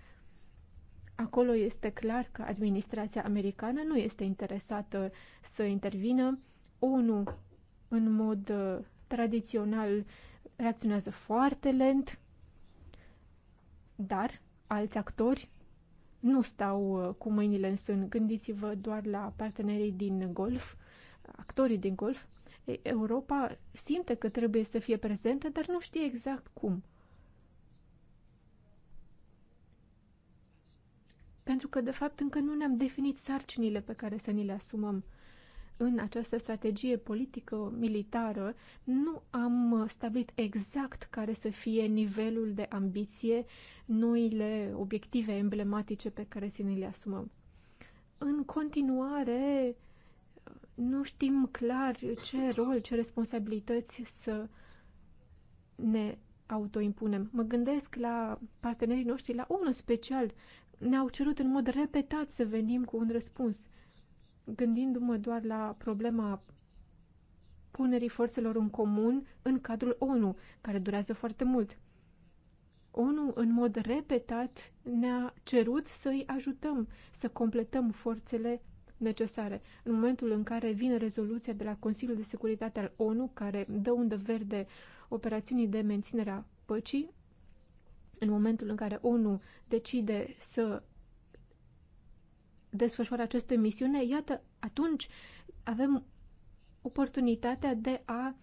Acolo este clar că administrația americană nu este interesată să intervină. ONU, în mod uh, tradițional, reacționează foarte lent, dar alți actori nu stau uh, cu mâinile în sân. Gândiți-vă doar la partenerii din golf, actorii din golf. Europa simte că trebuie să fie prezentă, dar nu știe exact cum. pentru că, de fapt, încă nu ne-am definit sarcinile pe care să ni le asumăm. În această strategie politică militară nu am stabilit exact care să fie nivelul de ambiție, noile obiective emblematice pe care să ni le asumăm. În continuare, nu știm clar ce rol, ce responsabilități să ne autoimpunem. Mă gândesc la partenerii noștri, la unul special ne-au cerut în mod repetat să venim cu un răspuns. Gândindu-mă doar la problema punerii forțelor în comun în cadrul ONU, care durează foarte mult. ONU, în mod repetat, ne-a cerut să îi ajutăm să completăm forțele necesare. În momentul în care vine rezoluția de la Consiliul de Securitate al ONU, care dă undă verde operațiunii de menținere a păcii, în momentul în care ONU decide să desfășoare această misiune, iată, atunci avem oportunitatea de a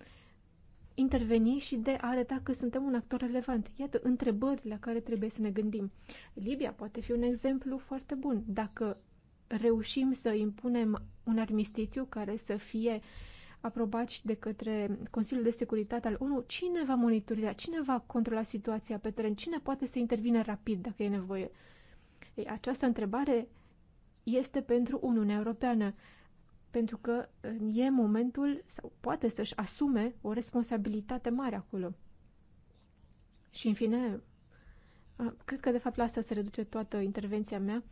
interveni și de a arăta că suntem un actor relevant. Iată întrebări la care trebuie să ne gândim. Libia poate fi un exemplu foarte bun. Dacă reușim să impunem un armistițiu care să fie uh, aprobat și de către Consiliul de Securitate al ONU, cine va monitoriza, cine va controla situația pe teren, cine poate să intervine rapid dacă e nevoie. Ei, această întrebare este pentru Uniunea Europeană, pentru că um, e momentul sau poate să-și asume o responsabilitate mare acolo. Și în fine, uh, cred că de fapt la asta se reduce toată intervenția mea,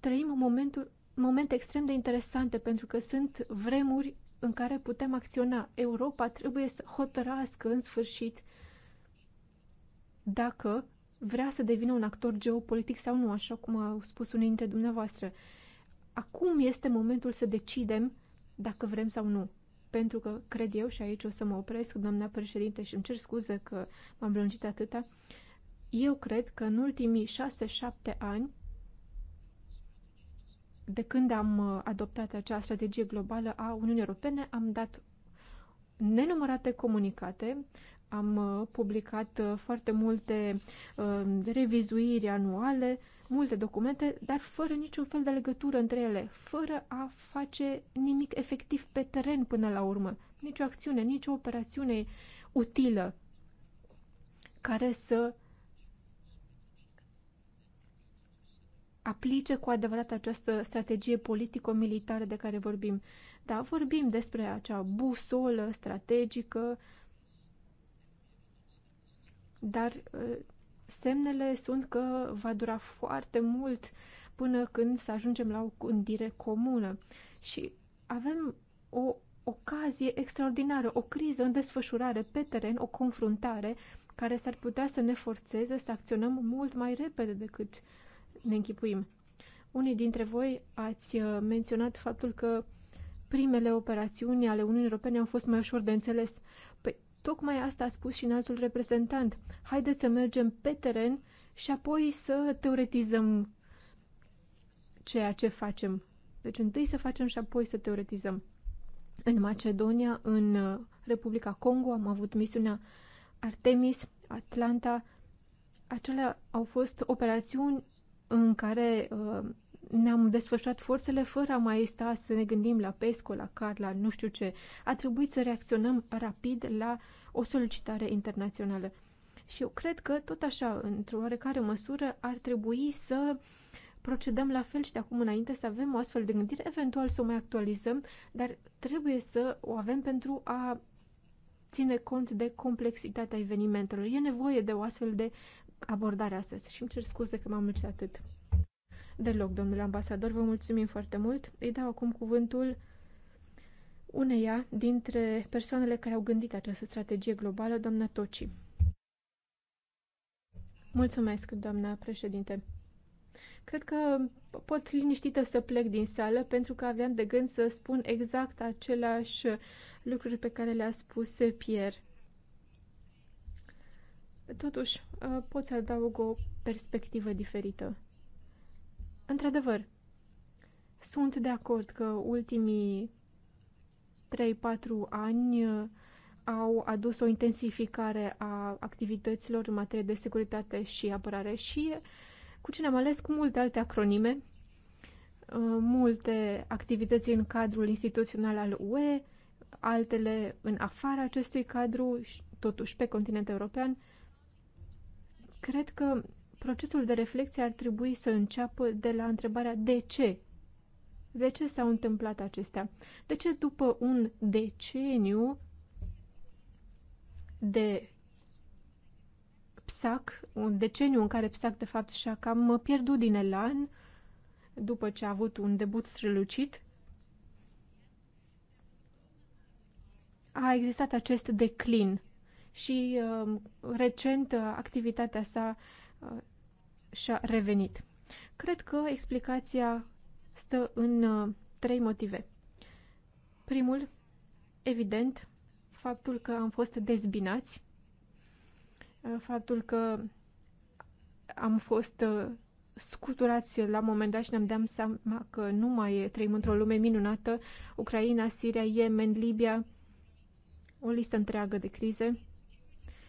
trăim momentul, momente extrem de interesante pentru că sunt vremuri în care putem acționa. Europa trebuie să hotărască în sfârșit dacă vrea să devină un actor geopolitic sau nu, așa cum au spus unii dintre dumneavoastră. Acum este momentul să decidem dacă vrem sau nu. Pentru că cred eu, și aici o să mă opresc, doamna președinte, și îmi cer scuze că m-am lungit atâta, eu cred că în ultimii șase, șapte ani de când am uh, adoptat acea strategie globală a Uniunii Europene, am dat nenumărate comunicate, am uh, publicat uh, foarte multe revizuiri anuale, multe documente, dar fără niciun fel de legătură între ele, fără a face nimic efectiv pe teren până la urmă, nicio acțiune, nicio operațiune utilă care să aplice cu adevărat această strategie politico-militară de care vorbim. Da, vorbim despre acea busolă strategică, dar uh, semnele sunt că va dura foarte mult până când să ajungem la o gândire comună. Și avem o ocazie extraordinară, o criză în desfășurare pe teren, o confruntare care s-ar putea să ne forțeze să acționăm mult mai repede decât uh, ne închipuim. Unii dintre voi ați uh, menționat faptul că primele operațiuni ale Uniunii Europene au fost mai ușor de înțeles. Păi, tocmai asta a spus și în altul reprezentant. Haideți să mergem pe teren și apoi să teoretizăm ceea ce facem. Deci întâi să facem și apoi să teoretizăm. În Macedonia, în uh, Republica Congo am avut misiunea Artemis, Atlanta. Acelea au fost operațiuni în care uh, ne-am desfășurat forțele fără a mai sta să ne gândim la PESCO, la CAR, la nu știu ce. A trebuit să reacționăm rapid la o solicitare internațională. Și eu cred că, tot așa, într-o oarecare măsură, ar trebui să procedăm la fel și de acum înainte să avem o astfel de gândire, eventual să o mai actualizăm, dar trebuie să o avem pentru a ține cont de complexitatea evenimentelor. E nevoie de o astfel de abordare astăzi și îmi cer scuze că m-am lungit atât. Deloc, domnule ambasador, vă mulțumim foarte mult. Îi dau acum cuvântul uneia dintre persoanele care au gândit această strategie globală, doamna Toci. Mulțumesc, doamna președinte. Cred că pot liniștită să plec din sală pentru că aveam de gând să spun exact același lucruri pe care le-a spus Pierre. Totuși, uh, pot să adaug o perspectivă diferită. Într-adevăr, sunt de acord că ultimii 3-4 ani uh, au adus o intensificare a activităților în materie de securitate și apărare și uh, cu ce am ales cu multe alte acronime, multe activități în cadrul instituțional al UE, altele în afara acestui cadru, totuși pe continent european, Cred că procesul de reflexie ar trebui să înceapă de la întrebarea de ce. De ce s-au întâmplat acestea? De ce după un deceniu de PSAC, un deceniu în care PSAC de fapt și-a cam pierdut din elan după ce a avut un debut strălucit, a existat acest declin și um, recent uh, activitatea sa uh, și-a revenit. Cred că explicația stă în uh, trei motive. Primul, evident, faptul că am fost dezbinați, faptul că am fost scuturați la un moment dat și ne-am dat seama că nu mai trăim într-o lume minunată, Ucraina, Siria, Yemen, Libia, o listă întreagă de crize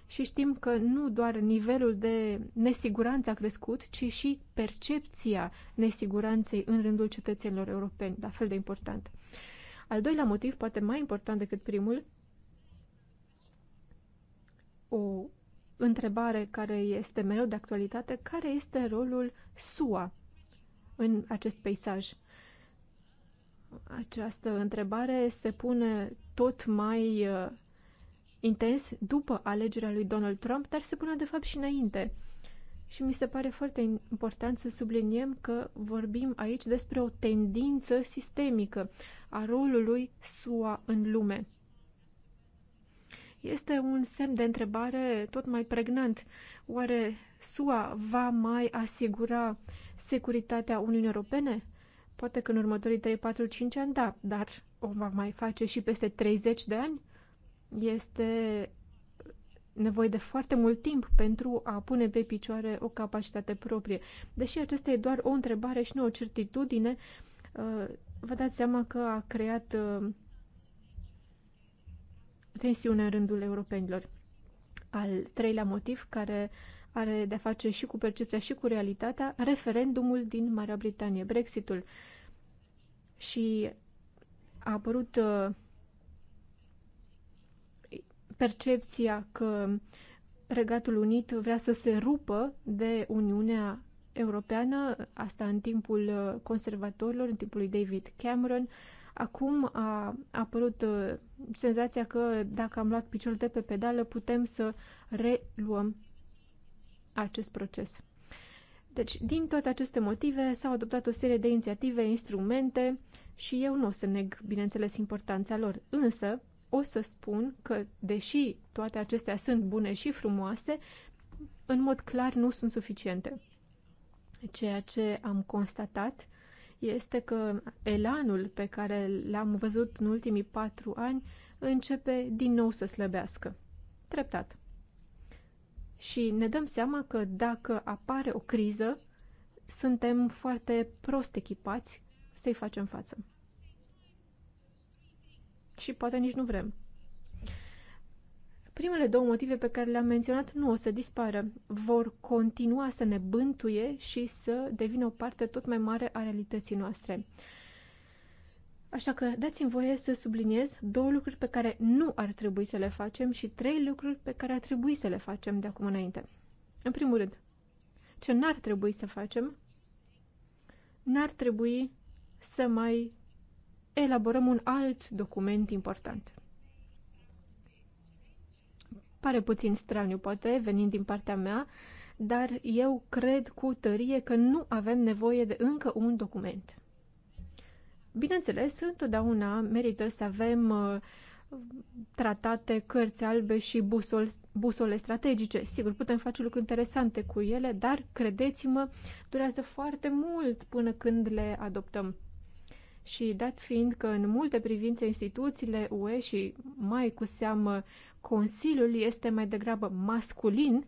și știm că nu doar nivelul de nesiguranță a crescut, ci și percepția nesiguranței în rândul cetățenilor europeni, la fel de important. Al doilea motiv, poate mai important decât primul, o întrebare care este mereu de actualitate, care este rolul SUA în acest peisaj? Această întrebare se pune tot mai uh, intens după alegerea lui Donald Trump, dar se punea de fapt și înainte. Și mi se pare foarte important să subliniem că vorbim aici despre o tendință sistemică a rolului SUA în lume. Este un semn de întrebare tot mai pregnant. Oare SUA va mai asigura securitatea Uniunii Europene? Poate că în următorii 3, 4, 5 ani, da, dar o va mai face și peste 30 de ani? este nevoie de foarte mult timp pentru a pune pe picioare o capacitate proprie. Deși aceasta e doar o întrebare și nu o certitudine, uh, vă dați seama că a creat uh, tensiune în rândul europenilor. Al treilea motiv, care are de-a face și cu percepția și cu realitatea, referendumul din Marea Britanie, Brexitul. Și a apărut uh, percepția că Regatul Unit vrea să se rupă de Uniunea Europeană, asta în timpul uh, conservatorilor, în timpul lui David Cameron. Acum a apărut uh, senzația că dacă am luat piciorul de pe pedală, putem să reluăm acest proces. Deci, din toate aceste motive, s-au adoptat o serie de inițiative, instrumente și eu nu o să neg, bineînțeles, importanța lor. Însă, o să spun că, deși toate acestea sunt bune și frumoase, în mod clar nu sunt suficiente. Ceea ce am constatat este că elanul pe care l-am văzut în ultimii patru ani începe din nou să slăbească, treptat. Și ne dăm seama că dacă apare o criză, suntem foarte prost echipați să-i facem față și poate nici nu vrem. Primele două motive pe care le-am menționat nu o să dispară. Vor continua să ne bântuie și să devină o parte tot mai mare a realității noastre. Așa că dați-mi voie să subliniez două lucruri pe care nu ar trebui să le facem și trei lucruri pe care ar trebui să le facem de acum înainte. În primul rând, ce n-ar trebui să facem, n-ar trebui să mai elaborăm un alt document important. Pare puțin straniu, poate, venind din partea mea, dar eu cred cu tărie că nu avem nevoie de încă un document. Bineînțeles, întotdeauna merită să avem uh, tratate, cărți albe și busol, busole strategice. Sigur, putem face lucruri interesante cu ele, dar, credeți-mă, durează foarte mult până când le adoptăm și dat fiind că în multe privințe instituțiile UE și mai cu seamă Consiliul este mai degrabă masculin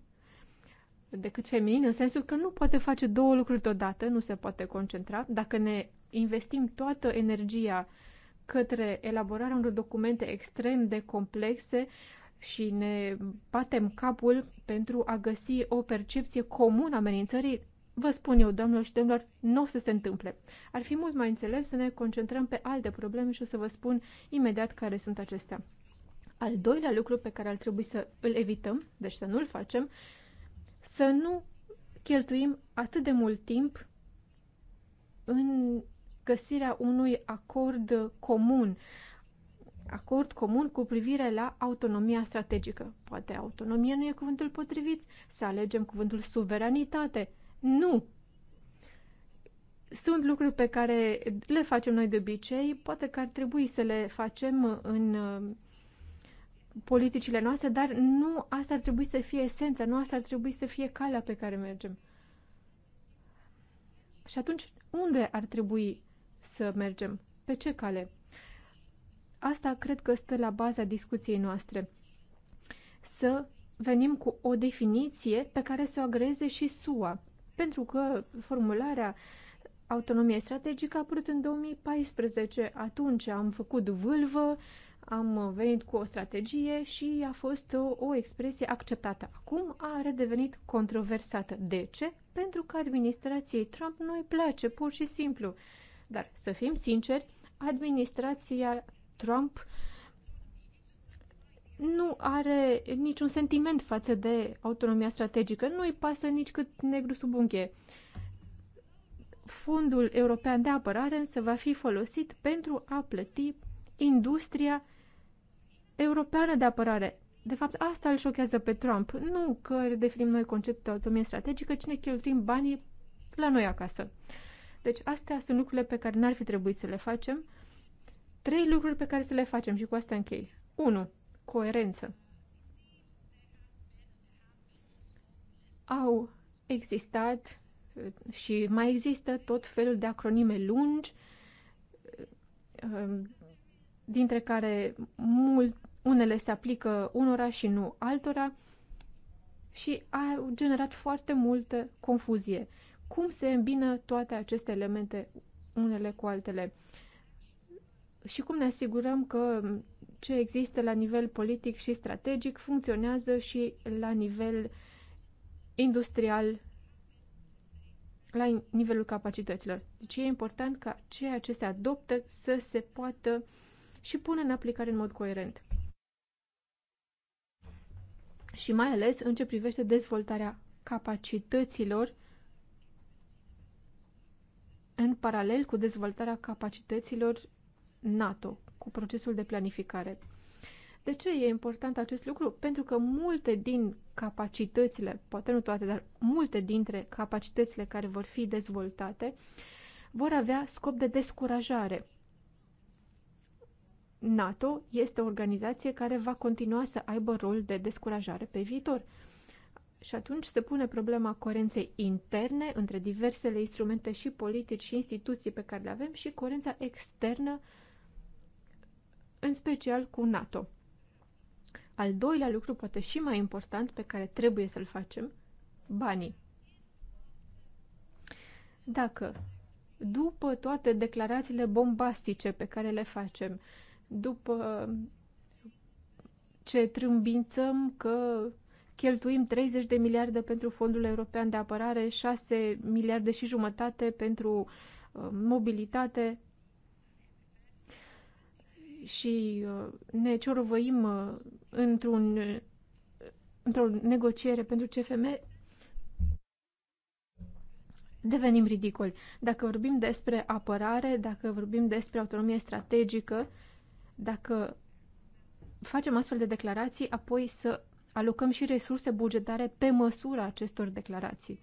decât feminin, în sensul că nu poate face două lucruri deodată, nu se poate concentra. Dacă ne investim toată energia către elaborarea unor documente extrem de complexe și ne batem capul pentru a găsi o percepție comună a amenințării, Vă spun eu, domnilor și domnilor, nu o să se întâmple. Ar fi mult mai înțeles să ne concentrăm pe alte probleme și o să vă spun imediat care sunt acestea. Al doilea lucru pe care ar trebui să îl evităm, deci să nu-l facem, să nu cheltuim atât de mult timp în găsirea unui acord comun, acord comun cu privire la autonomia strategică. Poate autonomie nu e cuvântul potrivit, să alegem cuvântul suveranitate – nu! Sunt lucruri pe care le facem noi de obicei, poate că ar trebui să le facem în uh, politicile noastre, dar nu asta ar trebui să fie esența, nu asta ar trebui să fie calea pe care mergem. Și atunci, unde ar trebui să mergem? Pe ce cale? Asta cred că stă la baza discuției noastre. Să venim cu o definiție pe care să o agreze și SUA pentru că formularea autonomie strategică a apărut în 2014. Atunci am făcut vâlvă, am venit cu o strategie și a fost o, o expresie acceptată. Acum a redevenit controversată. De ce? Pentru că administrației Trump nu îi place, pur și simplu. Dar, să fim sinceri, administrația Trump uh, nu are niciun sentiment față de autonomia strategică, nu îi pasă nici cât negru sub unghie. Fondul European de Apărare însă va fi folosit pentru a plăti industria europeană de apărare. De fapt, asta îl șochează pe Trump. Nu că redefinim noi conceptul de autonomie strategică, ci ne cheltuim banii la noi acasă. Deci, astea sunt lucrurile pe care n-ar fi trebuit să le facem. Trei lucruri pe care să le facem și cu asta închei. 1 coerență. Au existat uh, și mai există tot felul de acronime lungi, uh, um, dintre care mult, unele se aplică unora și nu altora și a generat foarte multă confuzie. Cum se îmbină toate aceste elemente unele cu altele? Și cum ne asigurăm că ce există la nivel politic și strategic funcționează și la nivel industrial, la nivelul capacităților. Deci e important ca ceea ce se adoptă să se poată și pune în aplicare în mod coerent. Și mai ales în ce privește dezvoltarea capacităților în paralel cu dezvoltarea capacităților NATO, cu procesul de planificare. De ce e important acest lucru? Pentru că multe din capacitățile, poate nu toate, dar multe dintre capacitățile care vor fi dezvoltate, vor avea scop de descurajare. NATO este o organizație care va continua să aibă rol de descurajare pe viitor. Și atunci se pune problema coerenței interne între diversele instrumente și politici și instituții pe care le avem și coerența externă uh, în special cu NATO. Al doilea lucru, poate și mai important, pe care trebuie să-l facem, banii. Dacă după toate declarațiile bombastice pe care le facem, după ce trâmbințăm că cheltuim 30 de miliarde pentru Fondul European de Apărare, 6 miliarde și jumătate pentru uh, mobilitate, și uh, ne ciorovăim uh, într-un, uh, într-o negociere pentru CFM, devenim ridicoli. Dacă vorbim despre apărare, dacă vorbim despre autonomie strategică, dacă facem astfel de declarații, apoi să alocăm și resurse bugetare pe măsura acestor declarații.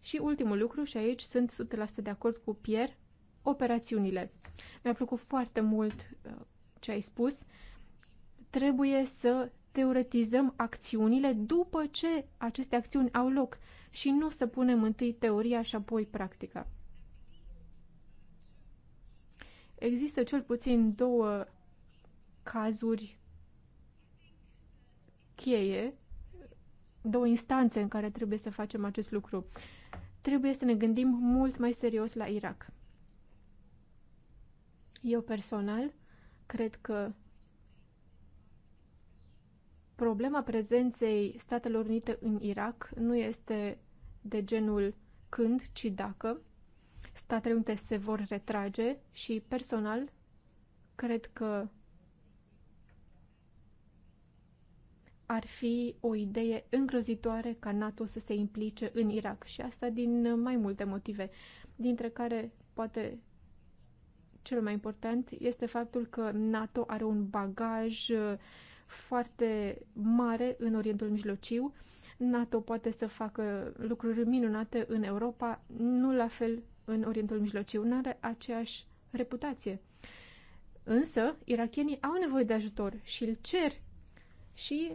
Și ultimul lucru, și aici sunt 100% de acord cu Pierre, operațiunile. Mi-a plăcut foarte mult uh, ce ai spus. Trebuie să teoretizăm acțiunile după ce aceste acțiuni au loc și nu să punem întâi teoria și apoi practica. Există cel puțin două cazuri cheie, două instanțe în care trebuie să facem acest lucru. Trebuie să ne gândim mult mai serios la Irak. Eu personal cred că problema prezenței Statelor Unite în Irak nu este de genul când, ci dacă. Statele Unite se vor retrage și personal cred că ar fi o idee îngrozitoare ca NATO să se implice în Irak și asta din mai multe motive, dintre care poate cel mai important este faptul că NATO are un bagaj uh, foarte mare în Orientul Mijlociu. NATO poate să facă lucruri minunate în Europa, nu la fel în Orientul Mijlociu. Nu are aceeași reputație. Însă, irachienii au nevoie de ajutor și îl cer. Și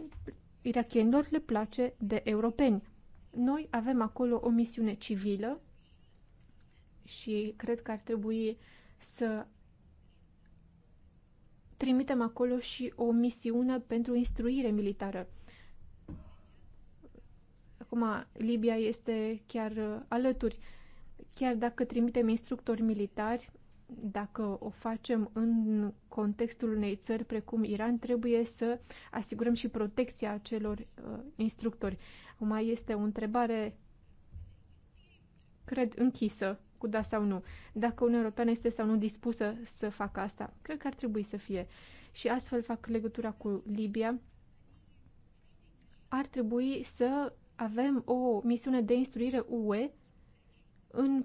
irachienilor le place de europeni. Noi avem acolo o misiune civilă și cred că ar trebui să trimitem acolo și o misiune pentru instruire militară. Acum, Libia este chiar uh, alături. Chiar dacă trimitem instructori militari, dacă o facem în contextul unei țări precum Iran, trebuie să asigurăm și protecția acelor uh, instructori. Mai este o întrebare, cred, închisă cu da sau nu. Dacă Uniunea Europeană este sau nu dispusă să facă asta, cred că ar trebui să fie. Și astfel fac legătura cu Libia. Ar trebui să avem o misiune de instruire UE în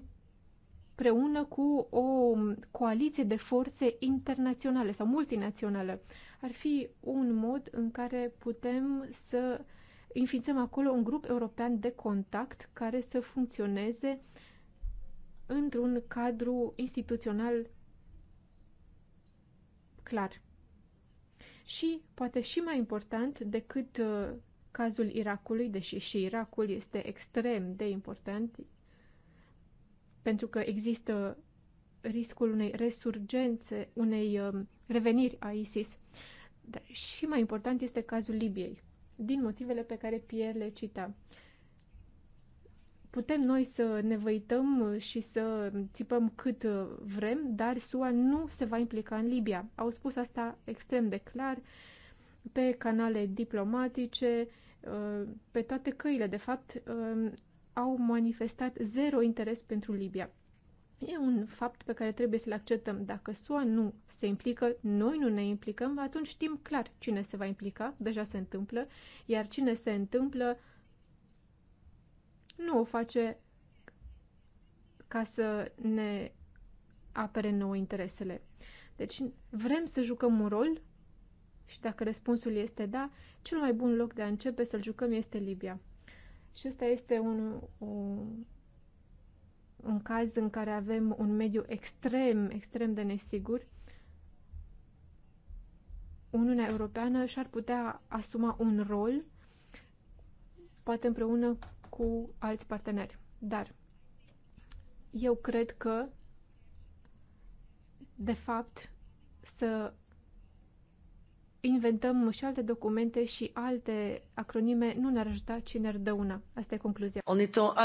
preună cu o coaliție de forțe internaționale sau multinaționale. Ar fi un mod în care putem să înființăm acolo un grup european de contact care să funcționeze într-un cadru instituțional clar. Și, poate și mai important decât uh, cazul Irakului, deși și Irakul este extrem de important, pentru că există riscul unei resurgențe, unei um, reveniri a ISIS. Dar și mai important este cazul Libiei, din motivele pe care Pierre le cita. Putem noi să ne văităm și să țipăm cât vrem, dar SUA nu se va implica în Libia. Au spus asta extrem de clar pe canale diplomatice, uh, pe toate căile, de fapt, um, au manifestat zero interes pentru Libia. E un fapt pe care trebuie să-l acceptăm. Dacă SUA nu se implică, noi nu ne implicăm, atunci știm clar cine se va implica, deja se întâmplă, iar cine se întâmplă nu o face ca să ne apere nouă interesele. Deci vrem să jucăm un rol și dacă răspunsul este da, cel mai bun loc de a începe să-l jucăm este Libia. Și ăsta este un, un, un caz în care avem un mediu extrem, extrem de nesigur. Uniunea Europeană și-ar putea asuma un rol, poate împreună cu alți parteneri. Dar eu cred că, de fapt, să inventăm și alte documente și alte acronime nu ne-ar ajuta, ci ne-ar dăuna. Asta e concluzia. En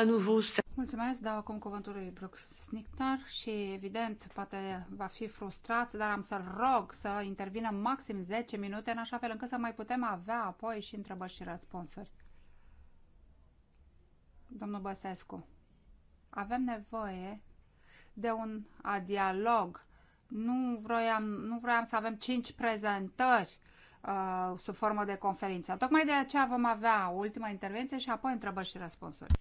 nouveau... Mulțumesc, dau acum cuvântul lui Brooke Snickner și evident poate va fi frustrat, dar am să-l rog să intervină maxim 10 minute în așa fel încât să mai putem avea apoi și întrebări și răspunsuri domnul Băsescu, avem nevoie de un a dialog. Nu vroiam, nu vroiam să avem cinci prezentări uh, sub formă de conferință. Tocmai de aceea vom avea ultima intervenție și apoi întrebări și răspunsuri.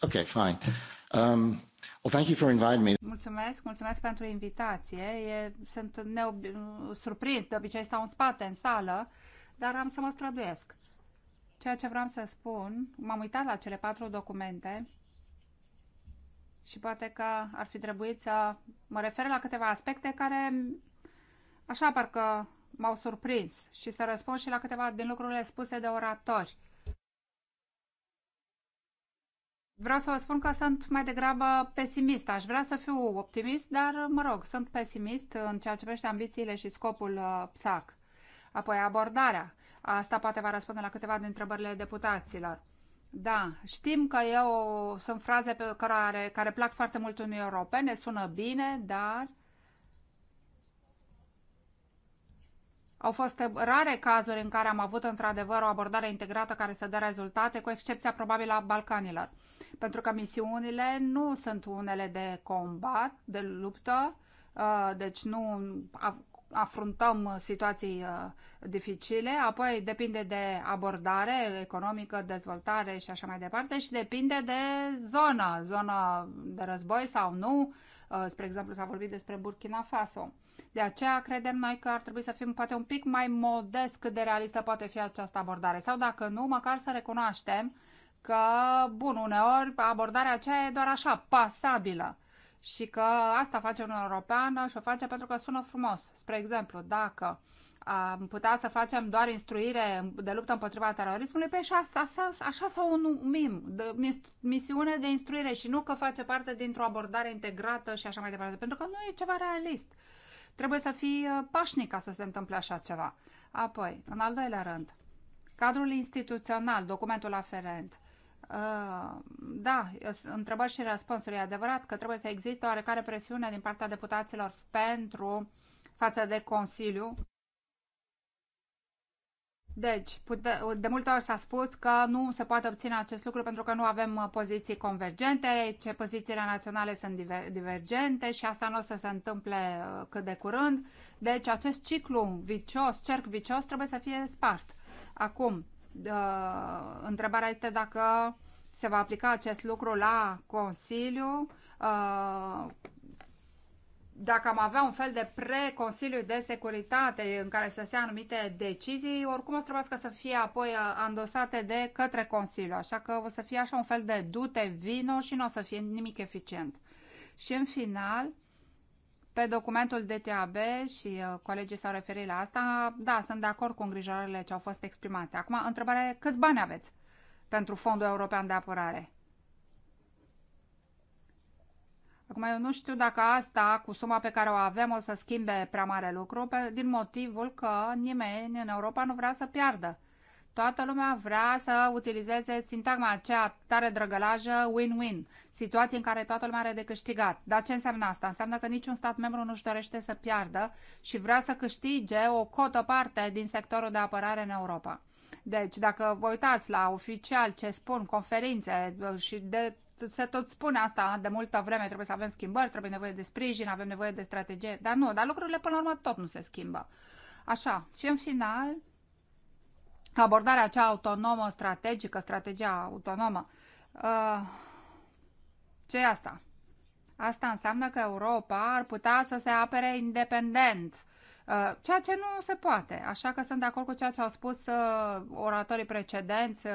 Okay, fine. Um, Well, thank you for inviting me. Mulțumesc, mulțumesc pentru invitație. E, sunt neob- surprins, de obicei stau în spate, în sală, dar am să mă străduiesc. Ceea ce vreau să spun, m-am uitat la cele patru documente și poate că ar fi trebuit să mă refer la câteva aspecte care așa parcă m-au surprins și să răspund și la câteva din lucrurile spuse de oratori. Vreau să vă spun că sunt mai degrabă pesimist. Aș vrea să fiu optimist, dar, mă rog, sunt pesimist în ceea ce privește ambițiile și scopul uh, PSAC. Apoi abordarea. Asta poate va răspunde la câteva dintre întrebările deputaților. Da, știm că eu sunt fraze pe care, care plac foarte mult unii Europene, sună bine, dar Au fost rare cazuri în care am avut într-adevăr o abordare integrată care să dă rezultate, cu excepția probabil a Balcanilor pentru că misiunile nu sunt unele de combat, de luptă, uh, deci nu afruntăm situații uh, dificile, apoi depinde de abordare economică, dezvoltare și așa mai departe și depinde de zonă, zonă de război sau nu. Uh, spre exemplu, s-a vorbit despre Burkina Faso. De aceea credem noi că ar trebui să fim poate un pic mai modest cât de realistă poate fi această abordare sau dacă nu, măcar să recunoaștem că, bun, uneori abordarea aceea e doar așa, pasabilă și că asta face un european și o face pentru că sună frumos. Spre exemplu, dacă am putea să facem doar instruire de luptă împotriva terorismului, pe păi așa, așa, așa să o numim, de, mis, misiune de instruire și nu că face parte dintr-o abordare integrată și așa mai departe, pentru că nu e ceva realist. Trebuie să fii uh, pașnic ca să se întâmple așa ceva. Apoi, în al doilea rând, cadrul instituțional, documentul aferent. Uh, da, întrebări și răspunsuri. E adevărat că trebuie să existe oarecare presiune din partea deputaților pentru față de Consiliu. Deci, de multe ori s-a spus că nu se poate obține acest lucru pentru că nu avem poziții convergente, ce pozițiile naționale sunt divergente și asta nu o să se întâmple uh, cât de curând. Deci, acest ciclu vicios, cerc vicios, trebuie să fie spart. Acum, uh, întrebarea este dacă se va aplica acest lucru la Consiliu, uh, dacă am avea un fel de pre-Consiliu de Securitate în care să se ia anumite decizii, oricum o să trebuiască să fie apoi ă, andosate de către Consiliu. Așa că o să fie așa un fel de dute, vino și nu o să fie nimic eficient. Și în final, pe documentul DTAB și uh, colegii s-au referit la asta, da, sunt de acord cu îngrijorările ce au fost exprimate. Acum, întrebarea e câți bani aveți pentru Fondul European de Apărare? Acum, eu nu știu dacă asta, cu suma pe care o avem, o să schimbe prea mare lucru, pe, din motivul că nimeni în Europa nu vrea să piardă. Toată lumea vrea să utilizeze sintagma aceea tare drăgălajă win-win, situații în care toată lumea are de câștigat. Dar ce înseamnă asta? Înseamnă că niciun stat membru nu-și dorește să piardă și vrea să câștige o cotă parte din sectorul de apărare în Europa. Deci, dacă vă uitați la oficial ce spun, conferințe uh, și de se tot spune asta de multă vreme, trebuie să avem schimbări, trebuie nevoie de sprijin, avem nevoie de strategie, dar nu, dar lucrurile până la urmă tot nu se schimbă. Așa, și în final, abordarea cea autonomă, strategică, strategia autonomă. Uh, ce e asta? Asta înseamnă că Europa ar putea să se apere independent, uh, ceea ce nu se poate. Așa că sunt de acord cu ceea ce au spus uh, oratorii precedenți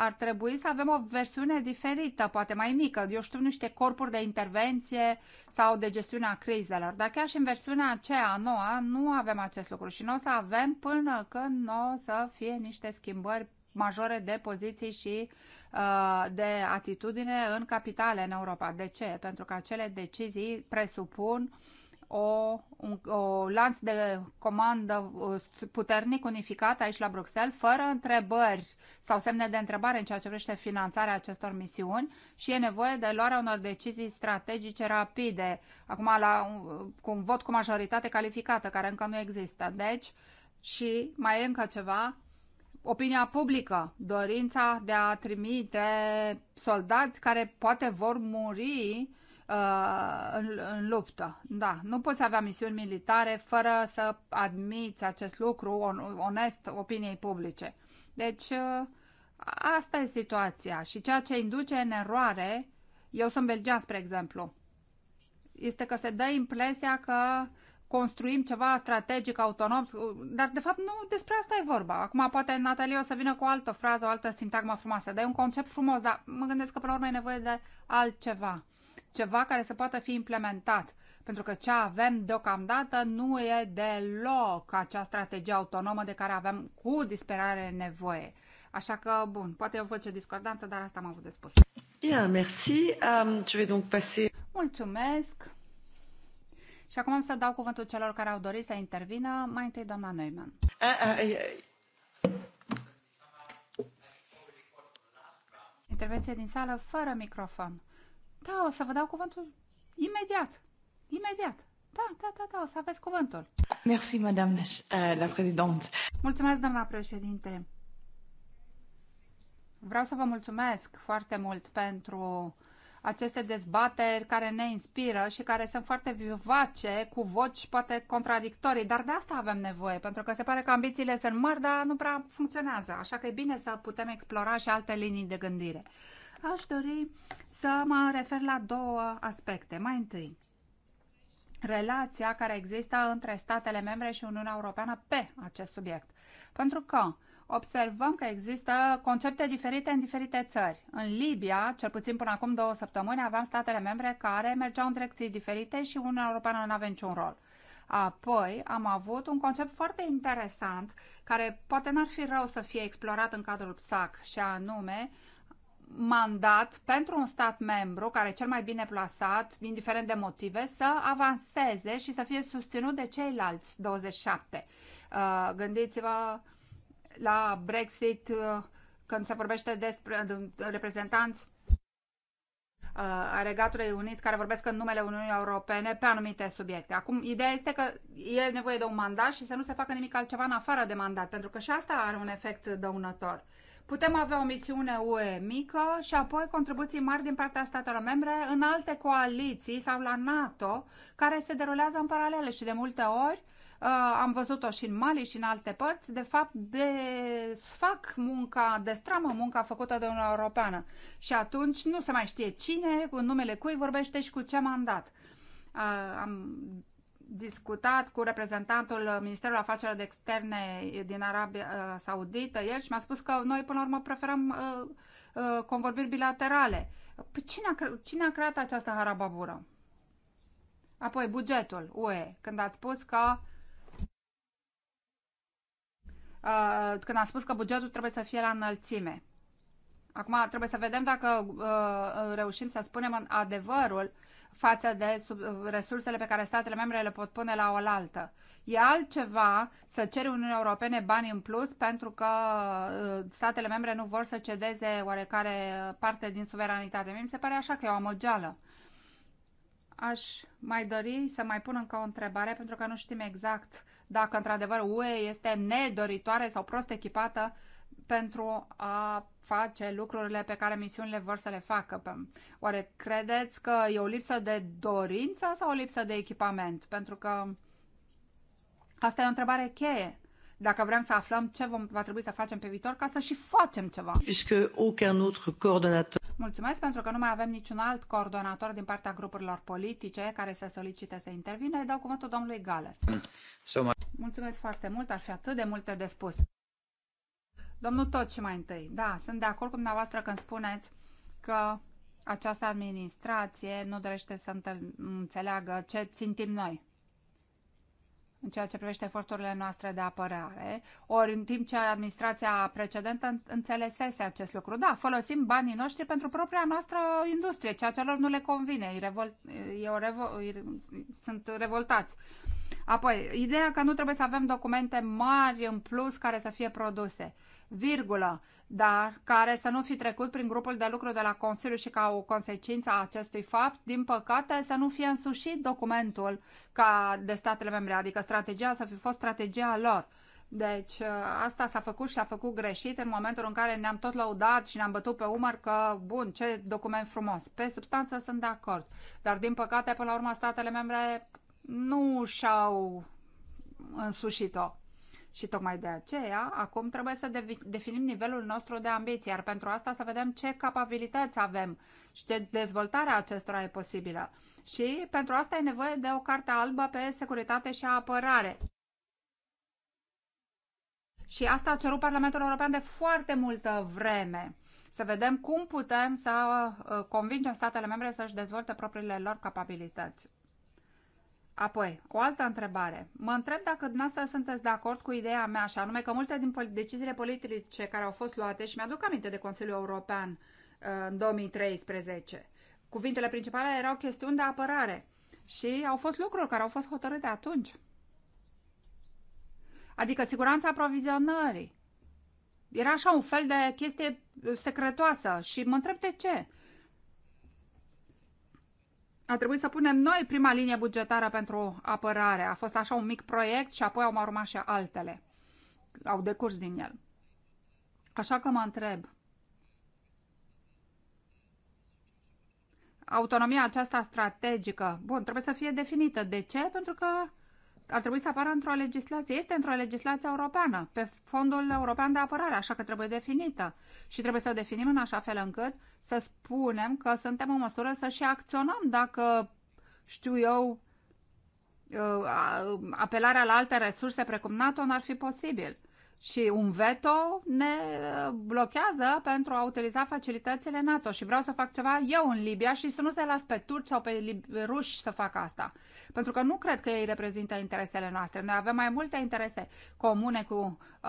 ar trebui să avem o versiune diferită, poate mai mică, eu știu, niște corpuri de intervenție sau de gestiunea crizelor. Dar chiar și în versiunea aceea noua nu avem acest lucru și nu o să avem până când nu o să fie niște schimbări majore de poziții și uh, de atitudine în capitale în Europa. De ce? Pentru că acele decizii presupun uh, o, un o lanț de comandă uh, puternic unificat aici la Bruxelles, fără întrebări sau semne de întrebare în ceea ce privește finanțarea acestor misiuni și e nevoie de luarea unor decizii strategice rapide, acum la, cu un vot cu majoritate calificată, care încă nu există. Deci, și mai e încă ceva, opinia publică, dorința de a trimite soldați care poate vor muri Uh, în, în luptă. Da, nu poți avea misiuni militare fără să admiți acest lucru on, onest opiniei publice. Deci, uh, asta e situația și ceea ce induce în eroare, eu sunt belgean, spre exemplu, este că se dă impresia că construim ceva strategic, autonom, dar de fapt nu despre asta e vorba. Acum poate Natalia o să vină cu o altă frază, o altă sintagmă frumoasă, dar e un concept frumos, dar mă gândesc că până la urmă e nevoie de altceva ceva care să poată fi implementat, pentru că ce avem deocamdată nu e deloc acea strategie autonomă de care avem cu disperare nevoie. Așa că, bun, poate eu o voce discordantă, dar asta am avut de spus. Bien, merci. Um, je vais donc passer... Mulțumesc. Și acum am să dau cuvântul celor care au dorit să intervină. Mai întâi, doamna Neumann. Uh, uh, uh. Intervenție din sală fără microfon. Da, o să vă dau cuvântul imediat. Imediat. Da, da, da, da, o să aveți cuvântul. Merci, madame euh, la présidente. Mulțumesc, doamna președinte. Vreau să vă mulțumesc foarte mult pentru aceste dezbateri care ne inspiră și care sunt foarte vivace, cu voci poate contradictorii, dar de asta avem nevoie, pentru că se pare că ambițiile sunt mari, dar nu prea funcționează, așa că e bine să putem explora și alte linii de gândire. Aș dori să mă refer la două aspecte. Mai întâi, relația care există între statele membre și Uniunea Europeană pe acest subiect. Pentru că observăm că există concepte diferite în diferite țări. În Libia, cel puțin până acum două săptămâni, aveam statele membre care mergeau în direcții diferite și Uniunea Europeană nu avea niciun rol. Apoi am avut un concept foarte interesant care poate n-ar fi rău să fie explorat în cadrul PSAC și anume mandat pentru un stat membru care e cel mai bine plasat, indiferent de motive, să avanseze și să fie susținut de ceilalți 27. Uh, gândiți-vă la Brexit uh, când se vorbește despre reprezentanți uh, a Regatului Unit care vorbesc în numele Uniunii Europene pe anumite subiecte. Acum, ideea este că e nevoie de un mandat și să nu se facă nimic altceva în afară de mandat, pentru că și asta are un efect dăunător. Putem avea o misiune UE mică și apoi contribuții mari din partea statelor membre în alte coaliții sau la NATO care se derulează în paralele și de multe ori uh, am văzut-o și în Mali și în alte părți, de fapt desfac munca, destramă munca făcută de Uniunea Europeană. Și atunci nu se mai știe cine, cu numele cui vorbește și cu ce mandat. Uh, am discutat cu reprezentantul Ministerului Afacerilor Externe din Arabia uh, Saudită, el și mi-a spus că noi până la urmă preferăm uh, uh, convorbiri bilaterale. Păi cine a, cine a creat această harababură? Apoi bugetul UE, când ați spus că uh, când a spus că bugetul trebuie să fie la înălțime. Acum trebuie să vedem dacă uh, reușim să spunem în adevărul uh, față de sub, resursele pe care statele membre le pot pune la oaltă. E altceva să ceri Uniunii Europene bani în plus pentru că uh, statele membre nu vor să cedeze oarecare parte din suveranitate. Mie mi se pare așa că e o amăgeală. Aș mai dori să mai pun încă o întrebare pentru că nu știm exact dacă într-adevăr UE este nedoritoare sau prost echipată uh, pentru a face lucrurile pe care misiunile vor să le facă. Oare credeți că e o lipsă de dorință sau o lipsă de echipament? Pentru că asta e o întrebare cheie. Dacă vrem să aflăm ce vom, va trebui să facem pe viitor ca să și facem ceva. Mulțumesc pentru că nu mai avem niciun alt coordonator din partea grupurilor politice care să solicite să intervină. Îi dau cuvântul domnului Galer. Mulțumesc foarte mult, ar fi atât de multe de spus. Domnul tot ce mai întâi. Da, sunt de acord cu dumneavoastră când spuneți că această administrație nu dorește să înțeleagă ce țintim noi în ceea ce privește eforturile noastre de apărare, ori în timp ce administrația precedentă înțelesese acest lucru. Da, folosim banii noștri pentru propria noastră industrie, ceea ce lor nu le convine, e revol- e o revol- e... sunt revoltați. Uh, Apoi, ideea că nu trebuie să avem documente mari în plus care să fie produse, virgulă, dar care să nu fi trecut prin grupul de lucru de la Consiliu și ca o consecință a acestui fapt, din păcate, să nu fie însușit documentul ca de statele membre, adică strategia să fi fost strategia lor. Deci ă, asta s-a făcut și s-a făcut greșit în momentul în care ne-am tot laudat și ne-am bătut pe umăr că, bun, ce document frumos. Pe substanță sunt de acord. Dar, din păcate, până la urmă, statele membre nu și-au însușit-o. Și tocmai de aceea, acum trebuie să definim nivelul nostru de ambiție, iar pentru asta să vedem ce capabilități avem și ce dezvoltarea acestora e posibilă. Și pentru asta e nevoie de o carte albă pe securitate și apărare. Și asta a cerut Parlamentul European de foarte multă vreme. Să vedem cum putem să uh, convingem statele membre să-și dezvolte propriile lor capabilități. Apoi, o altă întrebare. Mă întreb dacă dumneavoastră sunteți de acord cu ideea mea, și anume că multe din deciziile politice care au fost luate, și mi-aduc aminte de Consiliul European uh, în 2013, cuvintele principale erau chestiuni de apărare și au fost lucruri care au fost hotărâte atunci. Adică siguranța aprovizionării. Era așa un fel de chestie uh, secretoasă și mă întreb de ce a trebuit să punem noi prima linie bugetară pentru apărare. A fost așa un mic proiect și apoi au mai urmat și altele. Au decurs din el. Așa că mă întreb. Autonomia aceasta strategică, bun, trebuie să fie definită. De ce? Pentru că ar trebui să apară într-o legislație, este într-o legislație europeană, pe Fondul European de Apărare, așa că trebuie definită. Și trebuie să o definim în așa fel încât să spunem că suntem în măsură să și acționăm dacă, știu eu, uh, apelarea la alte resurse precum NATO n-ar fi posibil. Și un veto ne blochează pentru a utiliza facilitățile NATO și vreau să fac ceva eu în Libia și să nu se las pe turci sau pe ruși să fac asta. Pentru că nu cred că ei reprezintă interesele noastre. Noi avem mai multe interese comune cu uh,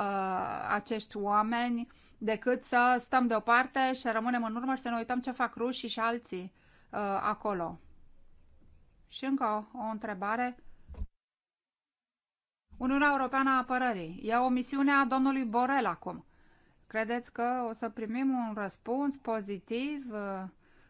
acești oameni decât să stăm deoparte și să rămânem în urmă și să ne uităm ce fac rușii și alții uh, acolo. Și încă o, o întrebare Uniunea Europeană a Apărării. E o misiune a domnului Borel acum. Credeți că o să primim un răspuns pozitiv? Uh,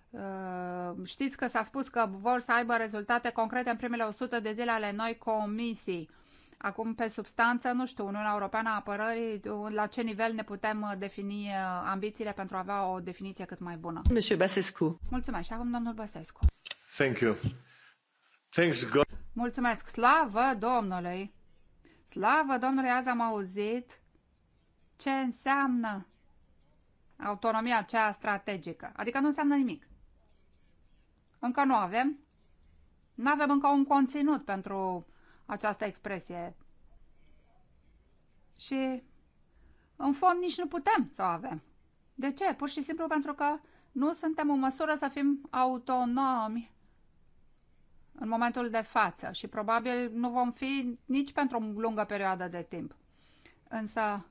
uh, știți că s-a spus că vor să aibă rezultate concrete în primele 100 de zile ale noi comisii. Acum, pe substanță, nu știu, Uniunea Europeană a Apărării, uh, la ce nivel ne putem defini ambițiile pentru a avea o definiție cât mai bună? Monsieur Basescu. Mulțumesc. Și acum, domnul Băsescu. Thank you. Thanks God. Mulțumesc. Slavă Domnului! Slavă, domnule, azi am auzit ce înseamnă autonomia aceea strategică. Adică nu înseamnă nimic. Încă nu avem. Nu avem încă un conținut pentru această expresie. Și în fond nici nu putem să o avem. De ce? Pur și simplu pentru că nu suntem în măsură să fim autonomi în momentul de față și probabil nu vom fi nici pentru o lungă perioadă de timp. Însă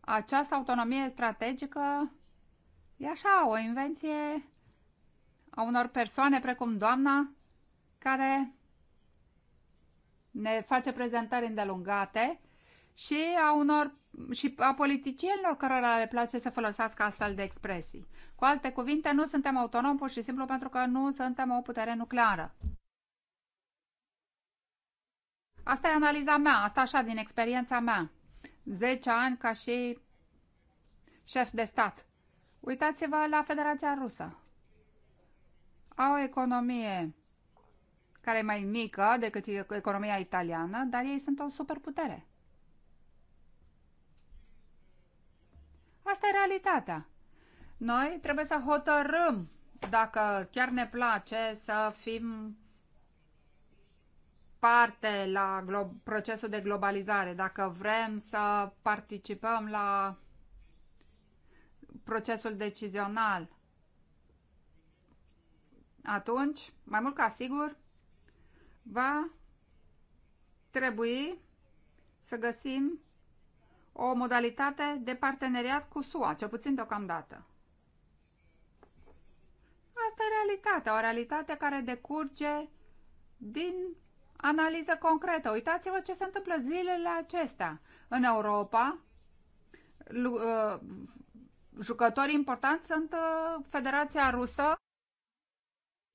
această autonomie strategică e așa, o invenție a unor persoane precum doamna care ne face prezentări îndelungate și a unor și a politicienilor cărora le place să folosească astfel de expresii. Cu alte cuvinte, nu suntem autonomi pur și simplu pentru că nu suntem o putere nucleară. Asta e analiza mea, asta așa din experiența mea. 10 ani ca și șef de stat. Uitați-vă la Federația Rusă. Au o economie care e mai mică decât economia italiană, dar ei sunt o superputere. Asta e realitatea. Noi trebuie să hotărâm dacă chiar ne place să fim parte la procesul de globalizare, dacă vrem să participăm la procesul decizional, atunci, mai mult ca sigur, va trebui să găsim o modalitate de parteneriat cu SUA, cel puțin deocamdată. Asta e realitatea, o realitate care decurge din analiză concretă. Uitați-vă ce se întâmplă zilele acestea. În Europa, uh, jucători importanți sunt uh, Federația Rusă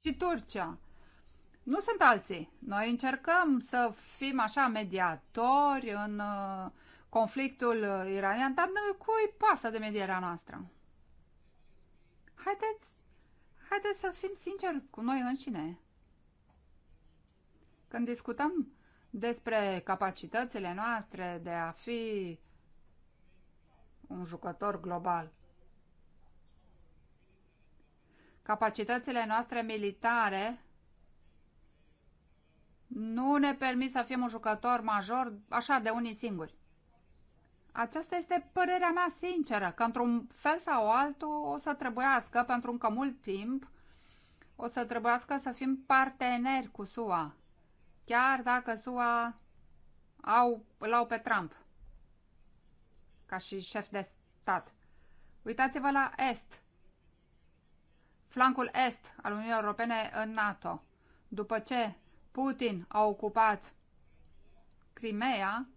și Turcia. Nu sunt alții. Noi încercăm să fim așa mediatori în uh, conflictul iranian, dar nu cui pasă de medierea noastră? Haideți, haideți să fim sinceri cu noi înșine. Când discutăm despre capacitățile noastre de a fi un jucător global, capacitățile noastre militare nu ne permit să fim un jucător major așa de unii singuri. Aceasta este părerea mea sinceră, că într-un fel sau altul o să trebuiască, pentru încă mult timp, o să trebuiască să fim parteneri cu SUA chiar dacă SUA au, îl au pe Trump ca și șef de stat. Uitați-vă la Est, flancul Est al Uniunii Europene în NATO. După ce Putin a ocupat Crimea,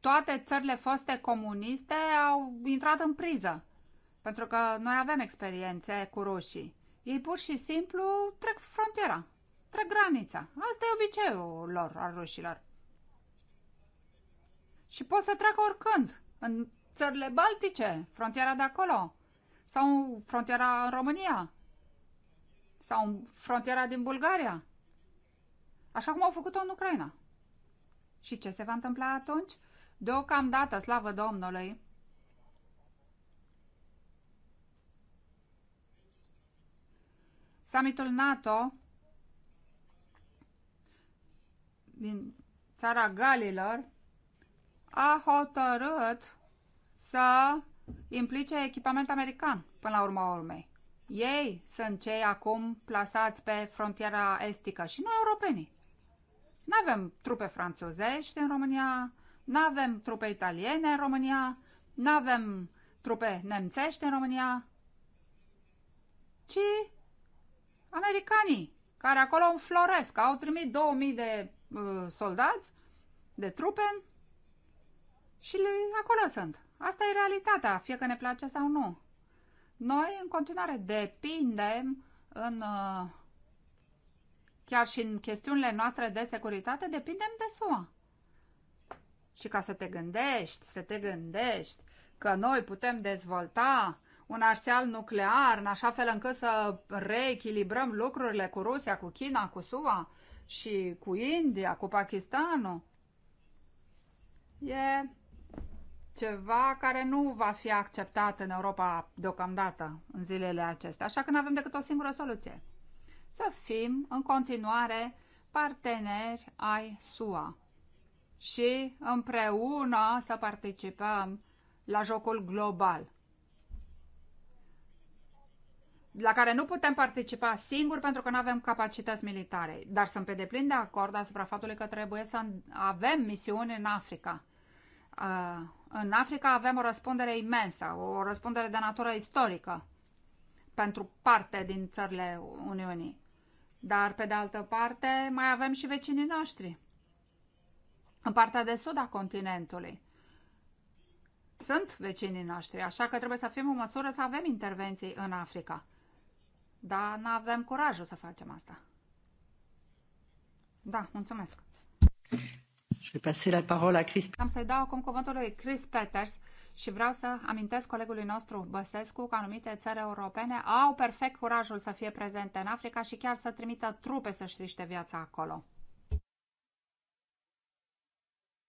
toate țările foste comuniste au intrat în priză. Pentru că noi avem experiențe cu rușii. Ei pur și simplu trec frontiera trec granița. Asta e obiceiul lor, al rușilor. Și pot să treacă oricând, în țările baltice, frontiera de acolo, sau frontiera în România, sau frontiera din Bulgaria, așa cum au făcut-o în Ucraina. Și ce se va întâmpla atunci? Deocamdată, slavă Domnului, summitul NATO din țara Galilor a hotărât să implice echipament american până la urma urmei. Ei sunt cei acum plasați pe frontiera estică și noi europenii. Nu avem trupe franțuzești în România, nu avem trupe italiene în România, nu avem trupe nemțești în România, ci americanii, care acolo înfloresc. Au trimit 2000 de Uh, soldați, de trupe și le, acolo sunt. Asta e realitatea, fie că ne place sau nu. Noi, în continuare, depindem în, uh, chiar și în chestiunile noastre de securitate, depindem de SUA. Și ca să te gândești, să te gândești că noi putem dezvolta un arseal nuclear în așa fel încât să reechilibrăm lucrurile cu Rusia, cu China, cu SUA, și cu India, cu Pakistanul, e ceva care nu va fi acceptat în Europa deocamdată în zilele acestea, așa că nu avem decât o singură soluție. Să fim în continuare parteneri ai SUA și împreună să participăm la jocul global la care nu putem participa singuri pentru că nu avem capacități militare. Dar sunt pe deplin de acord asupra faptului că trebuie să avem misiuni în Africa. Uh, în Africa avem o răspundere imensă, o răspundere de natură istorică pentru parte din țările Uniunii. Dar, pe de altă parte, mai avem și vecinii noștri în partea de sud a continentului. Sunt vecinii noștri, așa că trebuie să fim în măsură să avem intervenții în Africa. Dar nu avem curajul să facem asta. Da, mulțumesc. Je vais passer la parole à Chris. Am să-i dau acum cuvântul lui Chris Peters și vreau să amintesc colegului nostru Băsescu că anumite țări europene au perfect curajul să fie prezente în Africa și chiar să trimită trupe să-și riște viața acolo.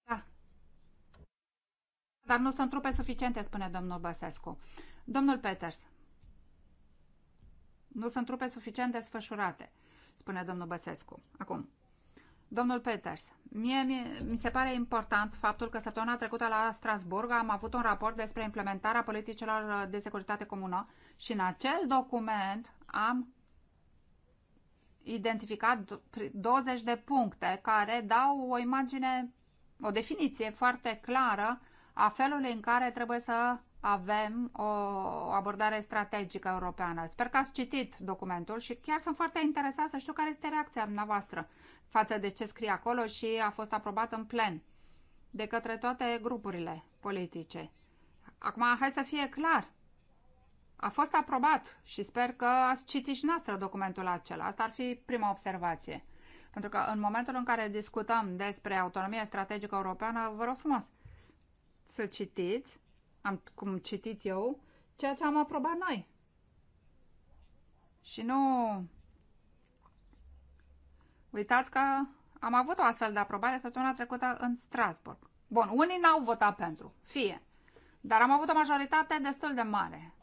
Da. Dar nu sunt trupe suficiente, spune domnul Băsescu. Domnul Peters, nu sunt trupe suficient desfășurate, spune domnul Băsescu. Acum, Domnul Peters, mie mi se pare important faptul că săptămâna trecută la Strasburg am avut un raport despre implementarea politicilor de securitate comună și în acel document am identificat 20 de puncte care dau o imagine, o definiție foarte clară a felului în care trebuie să avem o abordare strategică europeană. Sper că ați citit documentul și chiar sunt foarte interesat să știu care este reacția dumneavoastră față de ce scrie acolo și a fost aprobat în plen de către toate grupurile politice. Acum, hai să fie clar. A fost aprobat și sper că ați citit și noastră documentul acela. Asta ar fi prima observație. Pentru că în momentul în care discutăm despre autonomia strategică europeană, vă rog frumos să citiți am, cum citit eu, ceea ce am aprobat noi. Și nu uitați că am avut o astfel de aprobare săptămâna trecută în Strasburg. Bun, unii n-au votat pentru, fie, dar am avut o majoritate destul de mare.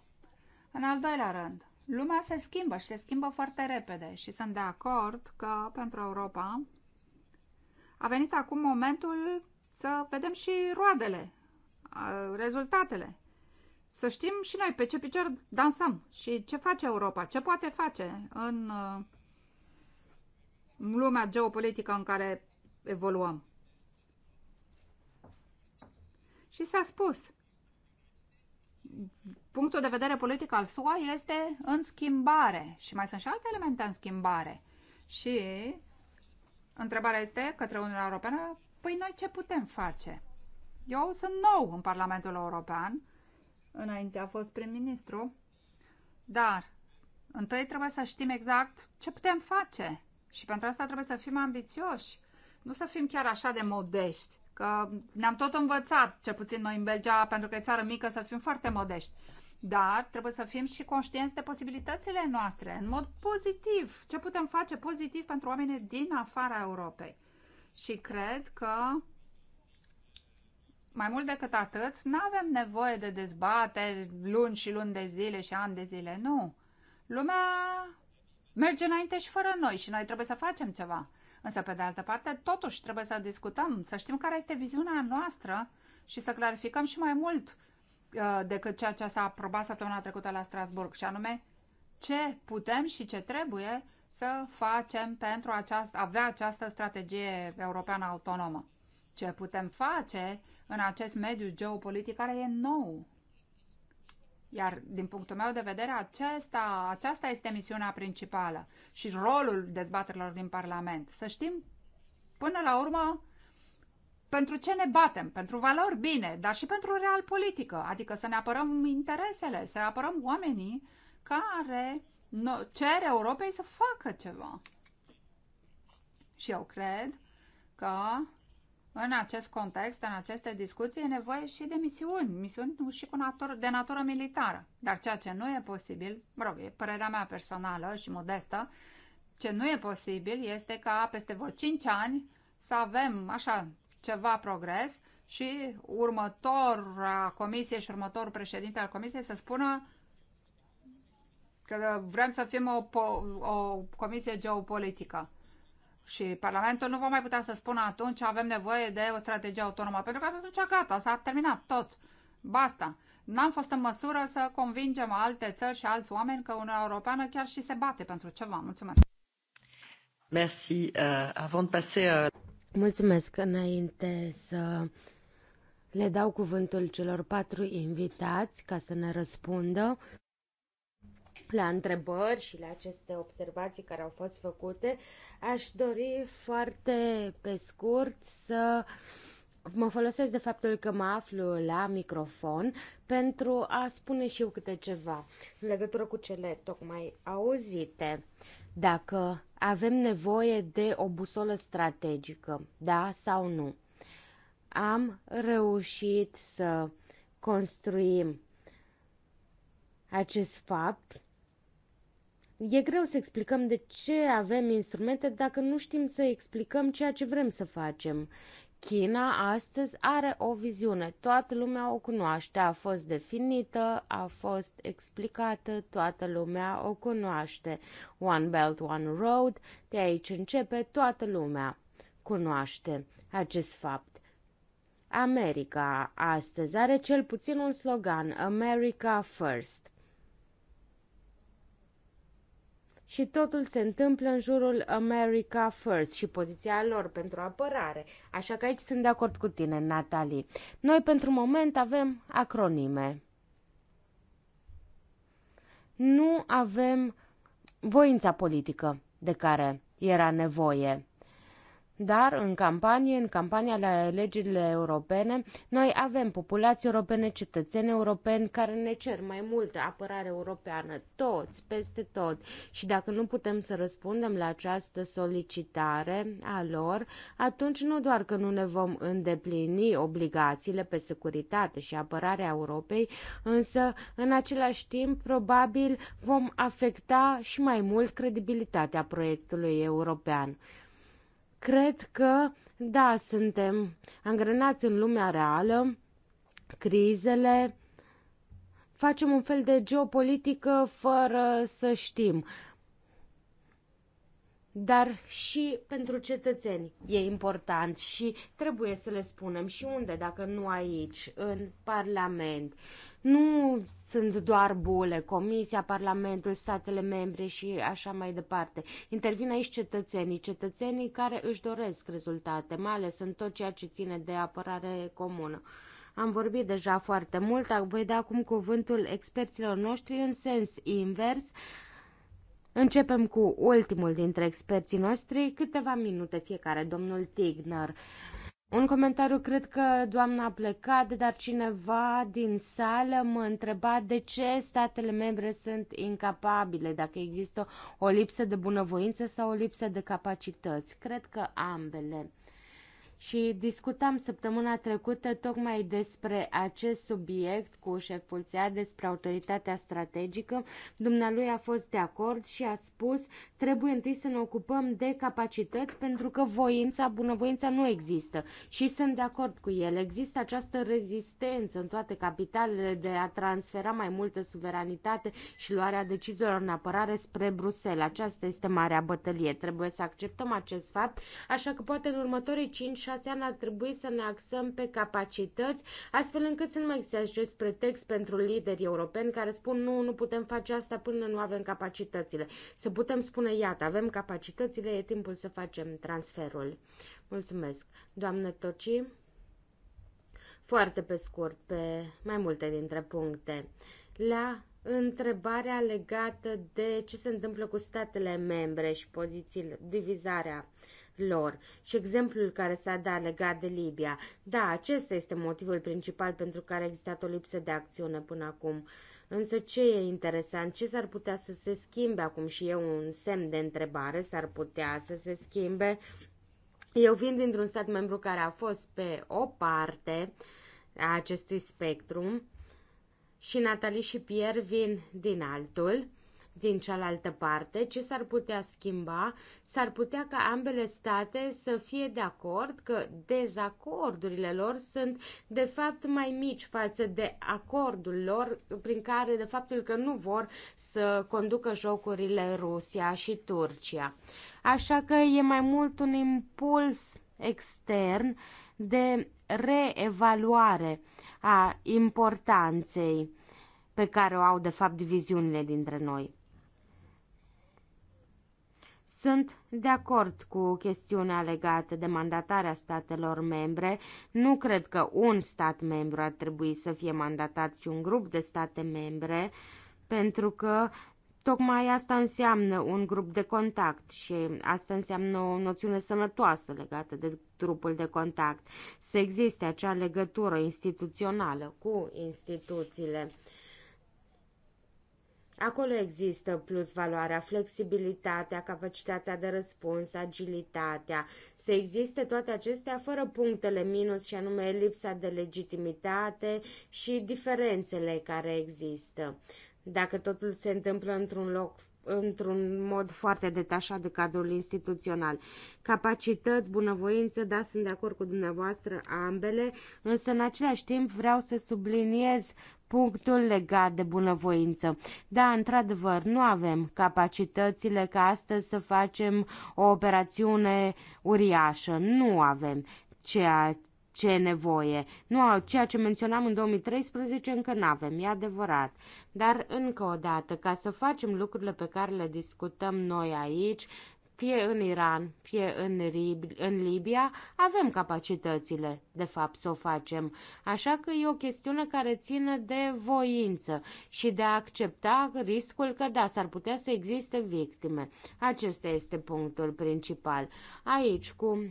În al doilea rând, lumea se schimbă și se schimbă foarte repede și sunt de acord că pentru Europa a venit acum momentul să vedem și roadele rezultatele. Să știm și noi pe ce picior dansăm și ce face Europa, ce poate face în lumea geopolitică în care evoluăm. Și s-a spus, punctul de vedere politic al SUA este în schimbare și mai sunt și alte elemente în schimbare. Și întrebarea este către Uniunea Europeană, păi noi ce putem face? Eu sunt nou în Parlamentul European, înainte a fost prim-ministru, dar întâi trebuie să știm exact ce putem face și pentru asta trebuie să fim ambițioși, nu să fim chiar așa de modești, că ne-am tot învățat, cel puțin noi în Belgia, pentru că e țară mică, să fim foarte modești. Dar trebuie să fim și conștienți de posibilitățile noastre, în mod pozitiv. Ce putem face pozitiv pentru oamenii din afara Europei? Și cred că mai mult decât atât, nu avem nevoie de dezbateri luni și luni de zile și ani de zile, nu. Lumea merge înainte și fără noi și noi trebuie să facem ceva. Însă, pe de altă parte, totuși trebuie să discutăm, să știm care este viziunea noastră și să clarificăm și mai mult uh, decât ceea ce s-a aprobat săptămâna trecută la Strasburg, și anume ce putem și ce trebuie să facem pentru aceast- avea această strategie europeană autonomă. Ce putem face în acest mediu geopolitic care e nou. Iar din punctul meu de vedere, acesta, aceasta este misiunea principală și rolul dezbaterilor din Parlament. Să știm până la urmă pentru ce ne batem, pentru valori bine, dar și pentru real politică, adică să ne apărăm interesele, să apărăm oamenii care cer Europei să facă ceva. Și eu cred că în acest context, în aceste discuții, e nevoie și de misiuni, misiuni și cu natur, de natură militară. Dar ceea ce nu e posibil, mă rog, e părerea mea personală și modestă, ce nu e posibil este ca peste vreo 5 ani să avem așa ceva progres și următorul comisie și următorul președinte al comisiei să spună că vrem să fim o, o comisie geopolitică și Parlamentul nu va mai putea să spună atunci avem nevoie de o strategie autonomă, pentru că atunci gata, s-a terminat tot. Basta. N-am fost în măsură să convingem alte țări și alți oameni că Uniunea Europeană chiar și se bate pentru ceva. Mulțumesc. Merci. Uh, avant de passer, uh... Mulțumesc. Înainte să le dau cuvântul celor patru invitați ca să ne răspundă, la întrebări și la aceste observații care au fost făcute, aș dori foarte pe scurt să mă folosesc de faptul că mă aflu la microfon pentru a spune și eu câte ceva în legătură cu cele tocmai auzite. Dacă avem nevoie de o busolă strategică, da sau nu? Am reușit să construim acest fapt E greu să explicăm de ce avem instrumente dacă nu știm să explicăm ceea ce vrem să facem. China astăzi are o viziune, toată lumea o cunoaște, a fost definită, a fost explicată, toată lumea o cunoaște. One Belt, One Road, de aici începe, toată lumea cunoaște acest fapt. America astăzi are cel puțin un slogan, America First. și totul se întâmplă în jurul America First și poziția lor pentru apărare. Așa că aici sunt de acord cu tine, Natalie. Noi pentru moment avem acronime. Nu avem voința politică de care era nevoie. Dar în campanie, în campania la alegerile europene, noi avem populații europene, cetățeni europeni care ne cer mai multă apărare europeană, toți, peste tot. Și dacă nu putem să răspundem la această solicitare a lor, atunci nu doar că nu ne vom îndeplini obligațiile pe securitate și apărarea Europei, însă în același timp probabil vom afecta și mai mult credibilitatea proiectului european. Cred că, da, suntem angrenați în lumea reală, crizele, facem un fel de geopolitică fără să știm. Dar și pentru cetățeni e important și trebuie să le spunem și unde, dacă nu aici, în Parlament. Uh, nu sunt doar bule, Comisia, Parlamentul, statele membre și așa mai departe. Intervin aici cetățenii, cetățenii care își doresc rezultate, mai ales în tot ceea ce ține de apărare comună. Am vorbit deja foarte mult, voi da acum cuvântul experților noștri în sens invers. Începem cu ultimul dintre experții noștri, câteva minute fiecare, domnul Tigner. Uh, un comentariu, cred că doamna a plecat, dar cineva din sală mă întreba de ce statele membre sunt incapabile, dacă există o lipsă de bunăvoință sau o lipsă de capacități. Cred că ambele și discutam săptămâna trecută tocmai despre acest subiect cu șeful ția, despre autoritatea strategică. Dumnealui a fost de acord și a spus trebuie întâi să ne ocupăm de capacități pentru că voința, bunăvoința nu există și sunt de acord cu el. Există această rezistență în toate capitalele de a transfera mai multă suveranitate și luarea deciziilor în apărare spre Bruxelles. Aceasta este marea bătălie. Trebuie să acceptăm acest fapt, așa că poate în următorii 5 șase ani ar trebui să ne axăm pe capacități, astfel încât să nu mai există acest pretext pentru lideri europeni care spun nu, nu putem face asta până nu avem capacitățile. Să putem spune, iată, avem capacitățile, e timpul să facem transferul. Mulțumesc. Doamnă Toci, foarte pe scurt, pe mai multe dintre puncte. La întrebarea legată de ce se întâmplă cu statele membre și pozițiile, divizarea uh, lor. Și exemplul care s-a dat legat de Libia, da, acesta este motivul principal pentru care a existat o lipsă de acțiune până acum. Însă ce e interesant, ce s-ar putea să se schimbe acum și e un semn de întrebare, s-ar putea să se schimbe. Eu vin dintr-un stat membru care a fost pe o parte a acestui spectrum și Natalie și Pierre vin din altul din cealaltă parte, ce s-ar putea schimba, s-ar putea ca ambele state să fie de acord că dezacordurile lor sunt de fapt mai mici față de acordul lor prin care de faptul că nu vor să conducă jocurile Rusia și Turcia. Așa că e mai mult un impuls extern de reevaluare a importanței pe care o au de fapt diviziunile dintre noi. Sunt de acord cu chestiunea legată de mandatarea statelor membre. Nu cred că un stat membru ar trebui să fie mandatat, ci un grup de state membre, pentru că tocmai asta înseamnă un grup de contact și asta înseamnă o noțiune sănătoasă legată de grupul de contact. Să existe acea legătură instituțională cu instituțiile. Acolo există plus valoarea, flexibilitatea, capacitatea de răspuns, agilitatea. Să existe toate acestea fără punctele minus și anume lipsa de legitimitate și diferențele care există. Dacă totul se întâmplă într-un loc într-un mod foarte detașat de cadrul instituțional. Capacități, bunăvoință, da, sunt de acord cu dumneavoastră ambele, însă în același timp vreau să subliniez punctul legat de bunăvoință. Da, într-adevăr, nu avem capacitățile ca astăzi să facem o operațiune uriașă. Nu avem ceea ce nevoie. Nu, ceea ce menționam în 2013 încă nu avem, e adevărat. Dar încă o dată, ca să facem lucrurile pe care le discutăm noi aici, fie în Iran, fie în, Rib- în Libia, avem capacitățile, de fapt, să o facem. Așa că e o chestiune care ține de voință și de a accepta riscul că, da, s-ar putea să existe victime. Acesta este punctul principal. Aici, cu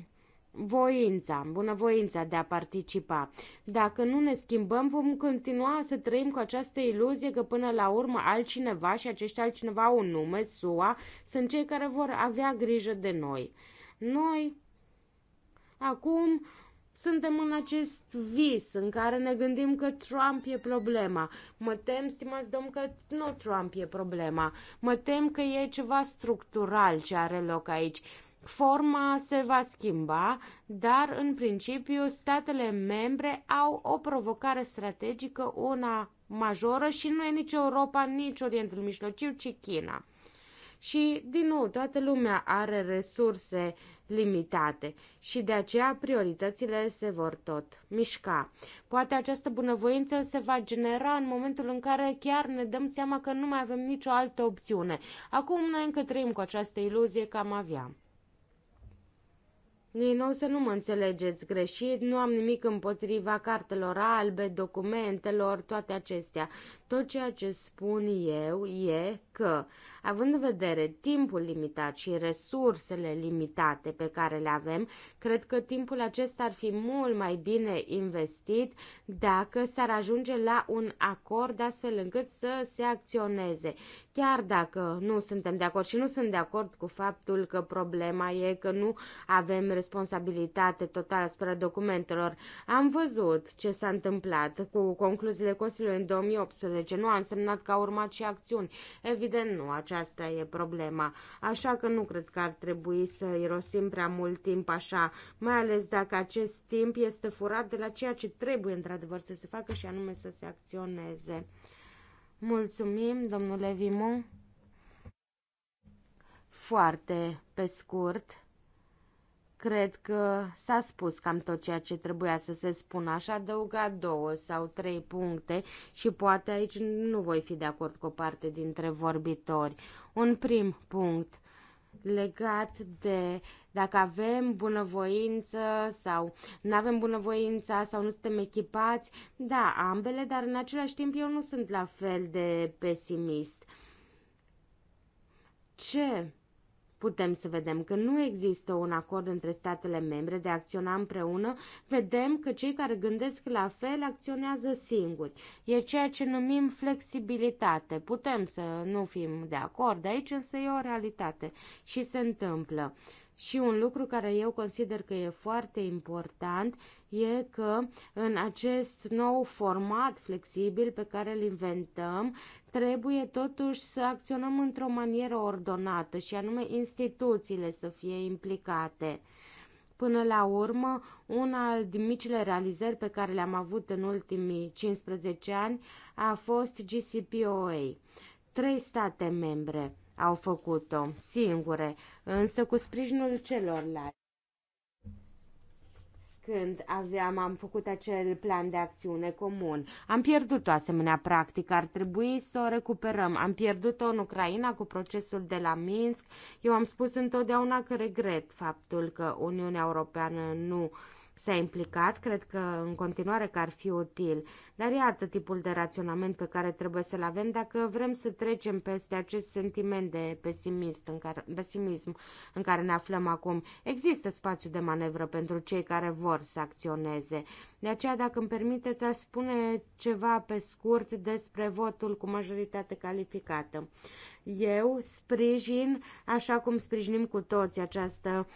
voința, bunăvoința de a participa. Dacă nu ne schimbăm, vom continua să trăim cu această iluzie că până la urmă altcineva și acești altcineva au un nume, SUA, sunt cei care vor avea grijă de noi. Noi, acum, suntem în acest vis în care ne gândim că Trump e problema. Mă tem, stimați domn, că nu Trump e problema. Mă tem că e ceva structural ce are loc aici Forma se va schimba, dar în principiu statele membre au o provocare strategică, una majoră și nu e nici Europa, nici Orientul Mijlociu, ci China. Și, din nou, toată lumea are resurse limitate și de aceea prioritățile se vor tot mișca. Poate această bunăvoință se va genera în momentul în care chiar ne dăm seama că nu mai avem nicio altă opțiune. Acum noi încă trăim cu această iluzie că am avea. Din nou să nu mă înțelegeți greșit, nu am nimic împotriva cartelor albe, documentelor, toate acestea. Tot ceea ce spun eu e că Având în vedere timpul limitat și resursele limitate pe care le avem, cred că timpul acesta ar fi mult mai bine investit dacă s-ar ajunge la un acord astfel încât să se acționeze. Chiar dacă nu suntem de acord și nu sunt de acord cu faptul că problema e că nu avem responsabilitate totală asupra documentelor. Am văzut ce s-a întâmplat cu concluziile Consiliului în 2018. Nu a însemnat că au urmat și acțiuni. Evident nu aceasta e problema. Așa că nu cred că ar trebui să irosim prea mult timp așa, mai ales dacă acest timp este furat de la ceea ce trebuie într-adevăr să se facă și anume să se acționeze. Mulțumim, domnule Vimu. Foarte pe scurt. Cred că s-a spus cam tot ceea ce trebuia să se spună. Aș adăuga două sau trei puncte și poate aici nu voi fi de acord cu o parte dintre vorbitori. Un prim punct legat de dacă avem bunăvoință sau nu avem bunăvoința sau nu suntem echipați. Da, ambele, dar în același timp eu nu sunt la fel de pesimist. Ce putem să vedem că nu există un acord între statele membre de a acționa împreună, vedem că cei care gândesc la fel acționează singuri. E ceea ce numim flexibilitate. Putem să nu fim de acord aici, însă e o realitate și se întâmplă. Și un lucru care eu consider că e foarte important e că în acest nou format flexibil pe care îl inventăm, trebuie totuși să acționăm într-o manieră ordonată și anume instituțiile să fie implicate. Până la urmă, una din micile realizări pe care le-am avut în ultimii 15 ani a fost GCPOA. Trei state membre au făcut-o singure însă cu sprijinul celorlalți. Când aveam, am făcut acel plan de acțiune comun. Am pierdut o asemenea practică, ar trebui să o recuperăm. Am pierdut-o în Ucraina cu procesul de la Minsk. Eu am spus întotdeauna că regret faptul că Uniunea Europeană nu uh, s-a implicat, cred că în continuare că ar fi util. Dar iată tipul de raționament pe care trebuie să-l avem dacă vrem să trecem peste acest sentiment de pesimist în care, pesimism în care ne aflăm acum. Există spațiu de manevră pentru cei care vor să acționeze. De aceea, dacă îmi permiteți, aș spune ceva pe scurt despre votul cu majoritate calificată. Eu sprijin, așa cum sprijinim cu toți această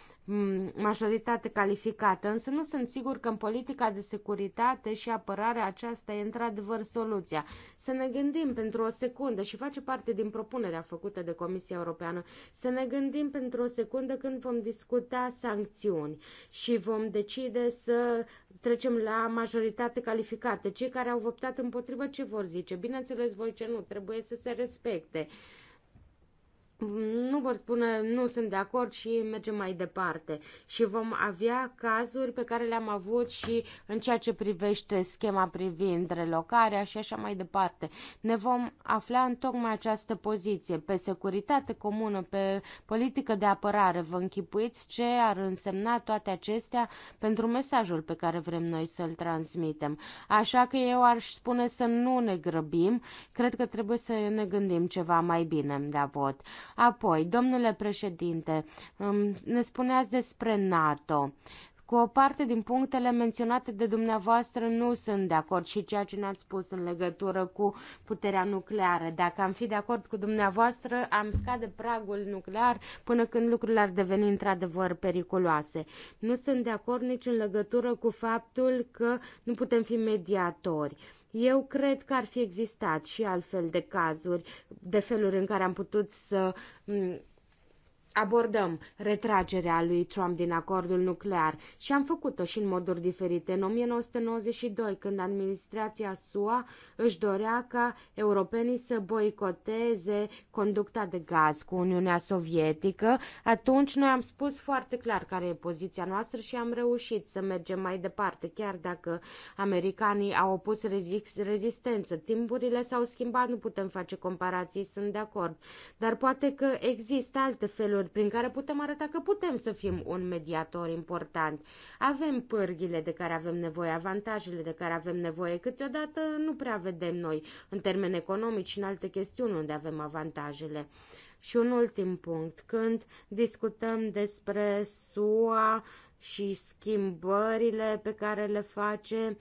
majoritate calificată, însă nu sunt sigur că în politica de securitate și apărare aceasta e într-adevăr soluția. Să ne gândim pentru o secundă și face parte din propunerea făcută de Comisia Europeană, să ne gândim pentru o secundă când vom discuta sancțiuni și vom decide să trecem la majoritate calificată. Cei care au votat împotrivă ce vor zice? Bineînțeles voi ce nu, trebuie să se respecte nu vor spune nu sunt de acord și mergem mai departe. Și vom avea cazuri pe care le-am avut și în ceea ce privește schema privind relocarea și așa mai departe. Ne vom afla în tocmai această poziție, pe securitate comună, pe politică de apărare. Vă închipuiți ce ar însemna toate acestea pentru mesajul pe care vrem noi să-l transmitem. Așa că eu aș spune să nu ne grăbim, cred că trebuie să ne gândim ceva mai bine de a vot. Apoi, domnule președinte, um, ne spuneați despre NATO. Cu o parte din punctele menționate de dumneavoastră nu sunt de acord și ceea ce ne-ați spus în legătură cu puterea nucleară. Dacă am fi de acord cu dumneavoastră, am scade pragul nuclear până când lucrurile ar deveni într-adevăr periculoase. Nu sunt de acord nici în legătură cu faptul că nu putem fi mediatori eu cred că ar fi existat și altfel de cazuri, de feluri în care am putut să abordăm retragerea lui Trump din acordul nuclear și am făcut-o și în moduri diferite. În 1992, când administrația SUA își dorea ca europenii să boicoteze conducta de gaz cu Uniunea Sovietică, atunci noi am spus foarte clar care e poziția noastră și am reușit să mergem mai departe, chiar dacă americanii au opus rezistență. Timpurile s-au schimbat, nu putem face comparații, sunt de acord. Dar poate că există alte feluri feluri prin care putem arăta că putem să fim un mediator important. Avem pârghile de care avem nevoie, avantajele de care avem nevoie, câteodată nu prea vedem noi în termeni economici și în alte chestiuni unde avem avantajele. Și un ultim punct, când discutăm despre SUA și schimbările pe care le face, uh,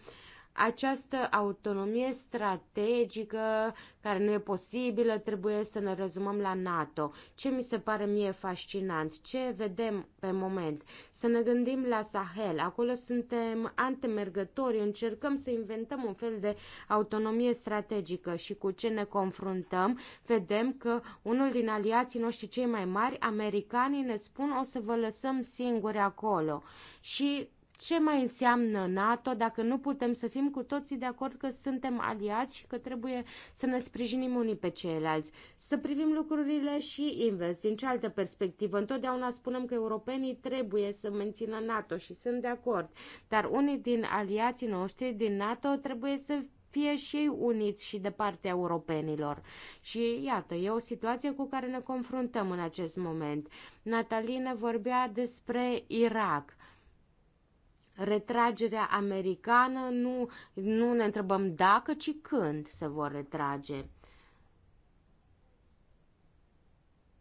această autonomie strategică care nu e posibilă trebuie să ne rezumăm la NATO. Ce mi se pare mie fascinant, ce vedem pe moment, să ne gândim la Sahel, acolo suntem antemergători, încercăm să inventăm un fel de autonomie strategică și cu ce ne confruntăm, vedem că unul din aliații noștri cei mai mari, americanii, ne spun o să vă lăsăm singuri acolo. Și ce mai înseamnă NATO dacă nu putem să fim cu toții de acord că suntem aliați și că trebuie să ne sprijinim unii pe ceilalți. Să privim lucrurile și invers, din cealaltă perspectivă. Întotdeauna spunem că europenii trebuie să mențină NATO și sunt de acord, dar unii din aliații noștri din NATO trebuie să fie și ei uniți și de partea europenilor. Și iată, e o situație cu care ne confruntăm în acest moment. Natalina vorbea despre Irak retragerea americană, nu, nu ne întrebăm dacă, ci când se vor retrage.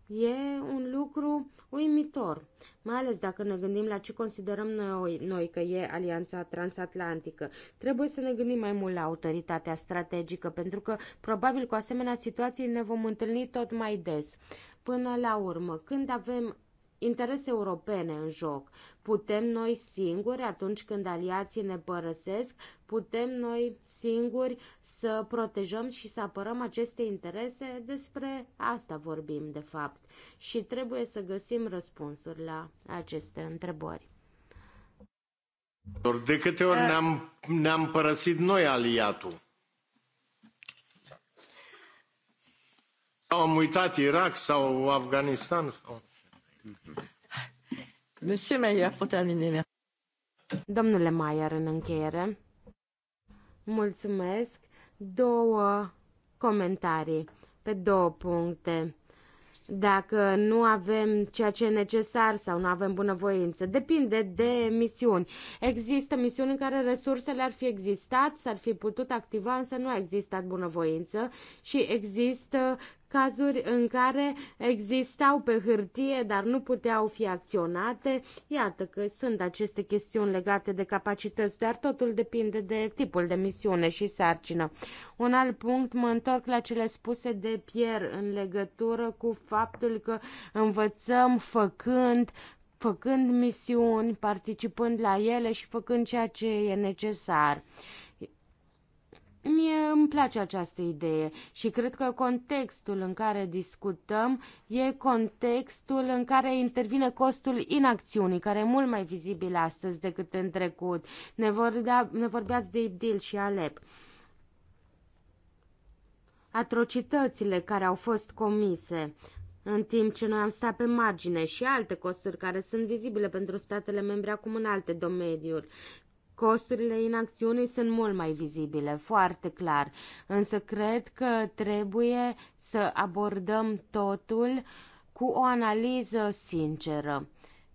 E un lucru uimitor, mai ales dacă ne gândim la ce considerăm noi, noi că e alianța transatlantică. Trebuie să ne gândim mai mult la autoritatea strategică, pentru că probabil cu asemenea situații ne vom întâlni tot mai des. Până la urmă, când avem interese europene în joc. Putem noi singuri, atunci când aliații ne părăsesc, putem noi singuri să protejăm și să apărăm aceste interese? Despre asta vorbim, de fapt. Și trebuie să găsim răspunsuri la aceste întrebări. De câte ori ne-am, ne-am părăsit noi aliatul? Am uitat Irak sau Afganistan? Sau... [laughs] Domnule Mayer, în încheiere. Mulțumesc. Două comentarii pe două puncte. Dacă nu avem ceea ce e necesar sau nu avem bunăvoință, depinde de misiuni. Există misiuni în care resursele ar fi existat, s-ar fi putut activa, însă nu a existat bunăvoință și există cazuri în care existau pe hârtie, dar nu puteau fi acționate. Iată că sunt aceste chestiuni legate de capacități, dar totul depinde de tipul de misiune și sarcină. Un alt punct, mă întorc la cele spuse de Pierre în legătură cu faptul că învățăm făcând, făcând misiuni, participând la ele și făcând ceea ce e necesar. Mie îmi place această idee și cred că contextul în care discutăm e contextul în care intervine costul inacțiunii, care e mult mai vizibil astăzi decât în trecut. Ne, vorbea, ne vorbeați de Ibdil și Alep. Atrocitățile care au fost comise în timp ce noi am stat pe margine și alte costuri care sunt vizibile pentru statele membre acum în alte domeniuri. Costurile inacțiunii sunt mult mai vizibile, foarte clar, însă cred că trebuie să abordăm totul cu o analiză sinceră.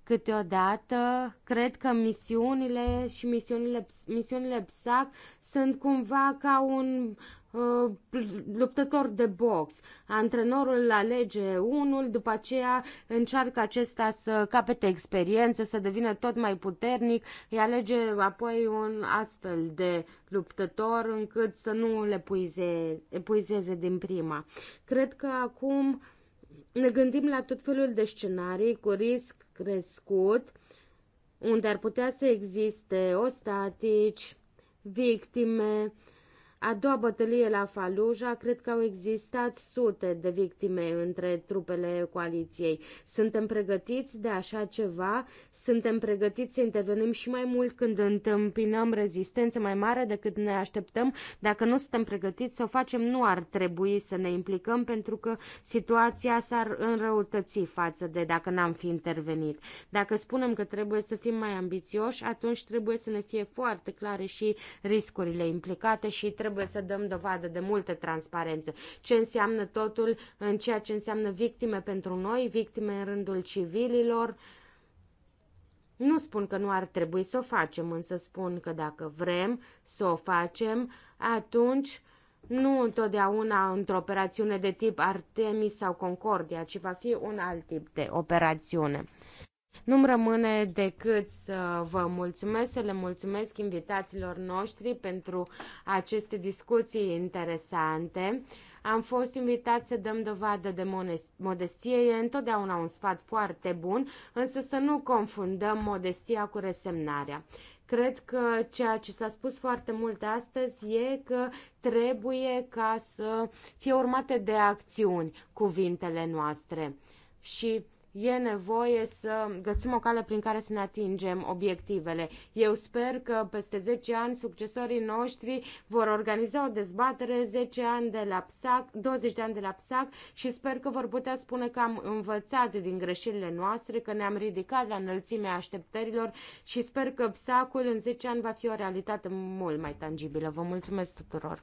Câteodată cred că misiunile și misiunile, misiunile PSAC sunt cumva ca un Uh, luptător de box. Antrenorul alege unul, după aceea încearcă acesta să capete experiență, să devină tot mai puternic, îi alege apoi un astfel de luptător încât să nu le puize, epuizeze din prima. Cred că acum ne gândim la tot felul de scenarii cu risc crescut, unde ar putea să existe ostatici, victime, a doua bătălie la Faluja, cred că au existat sute de victime între trupele coaliției. Suntem pregătiți de așa ceva? Suntem pregătiți să intervenim și mai mult când întâmpinăm rezistență mai mare decât ne așteptăm? Dacă nu suntem pregătiți să o facem, nu ar trebui să ne implicăm pentru că situația s-ar înrăutăți față de dacă n-am fi intervenit. Dacă spunem că trebuie să fim mai ambițioși, atunci trebuie să ne fie foarte clare și riscurile implicate și trebuie trebuie să dăm dovadă de multă transparență. Ce înseamnă totul în ceea ce înseamnă victime pentru noi, victime în rândul civililor. Nu spun că nu ar trebui să o facem, însă spun că dacă vrem să o facem, atunci nu întotdeauna într-o operațiune de tip Artemis sau Concordia, ci va fi un alt tip de operațiune. Nu-mi rămâne decât să vă mulțumesc, să le mulțumesc invitaților noștri pentru aceste discuții interesante. Am fost invitat să dăm dovadă de modestie, e întotdeauna un sfat foarte bun, însă să nu confundăm modestia cu resemnarea. Cred că ceea ce s-a spus foarte mult astăzi e că trebuie ca să fie urmate de acțiuni cuvintele noastre. Și e nevoie să găsim o cale prin care să ne atingem obiectivele. Eu sper că peste 10 ani succesorii noștri vor organiza o dezbatere 10 ani de la PSAC, 20 de ani de la PSAC și sper că vor putea spune că am învățat din greșelile noastre, că ne-am ridicat la înălțimea așteptărilor și sper că PSAC-ul în 10 ani va fi o realitate mult mai tangibilă. Vă mulțumesc tuturor!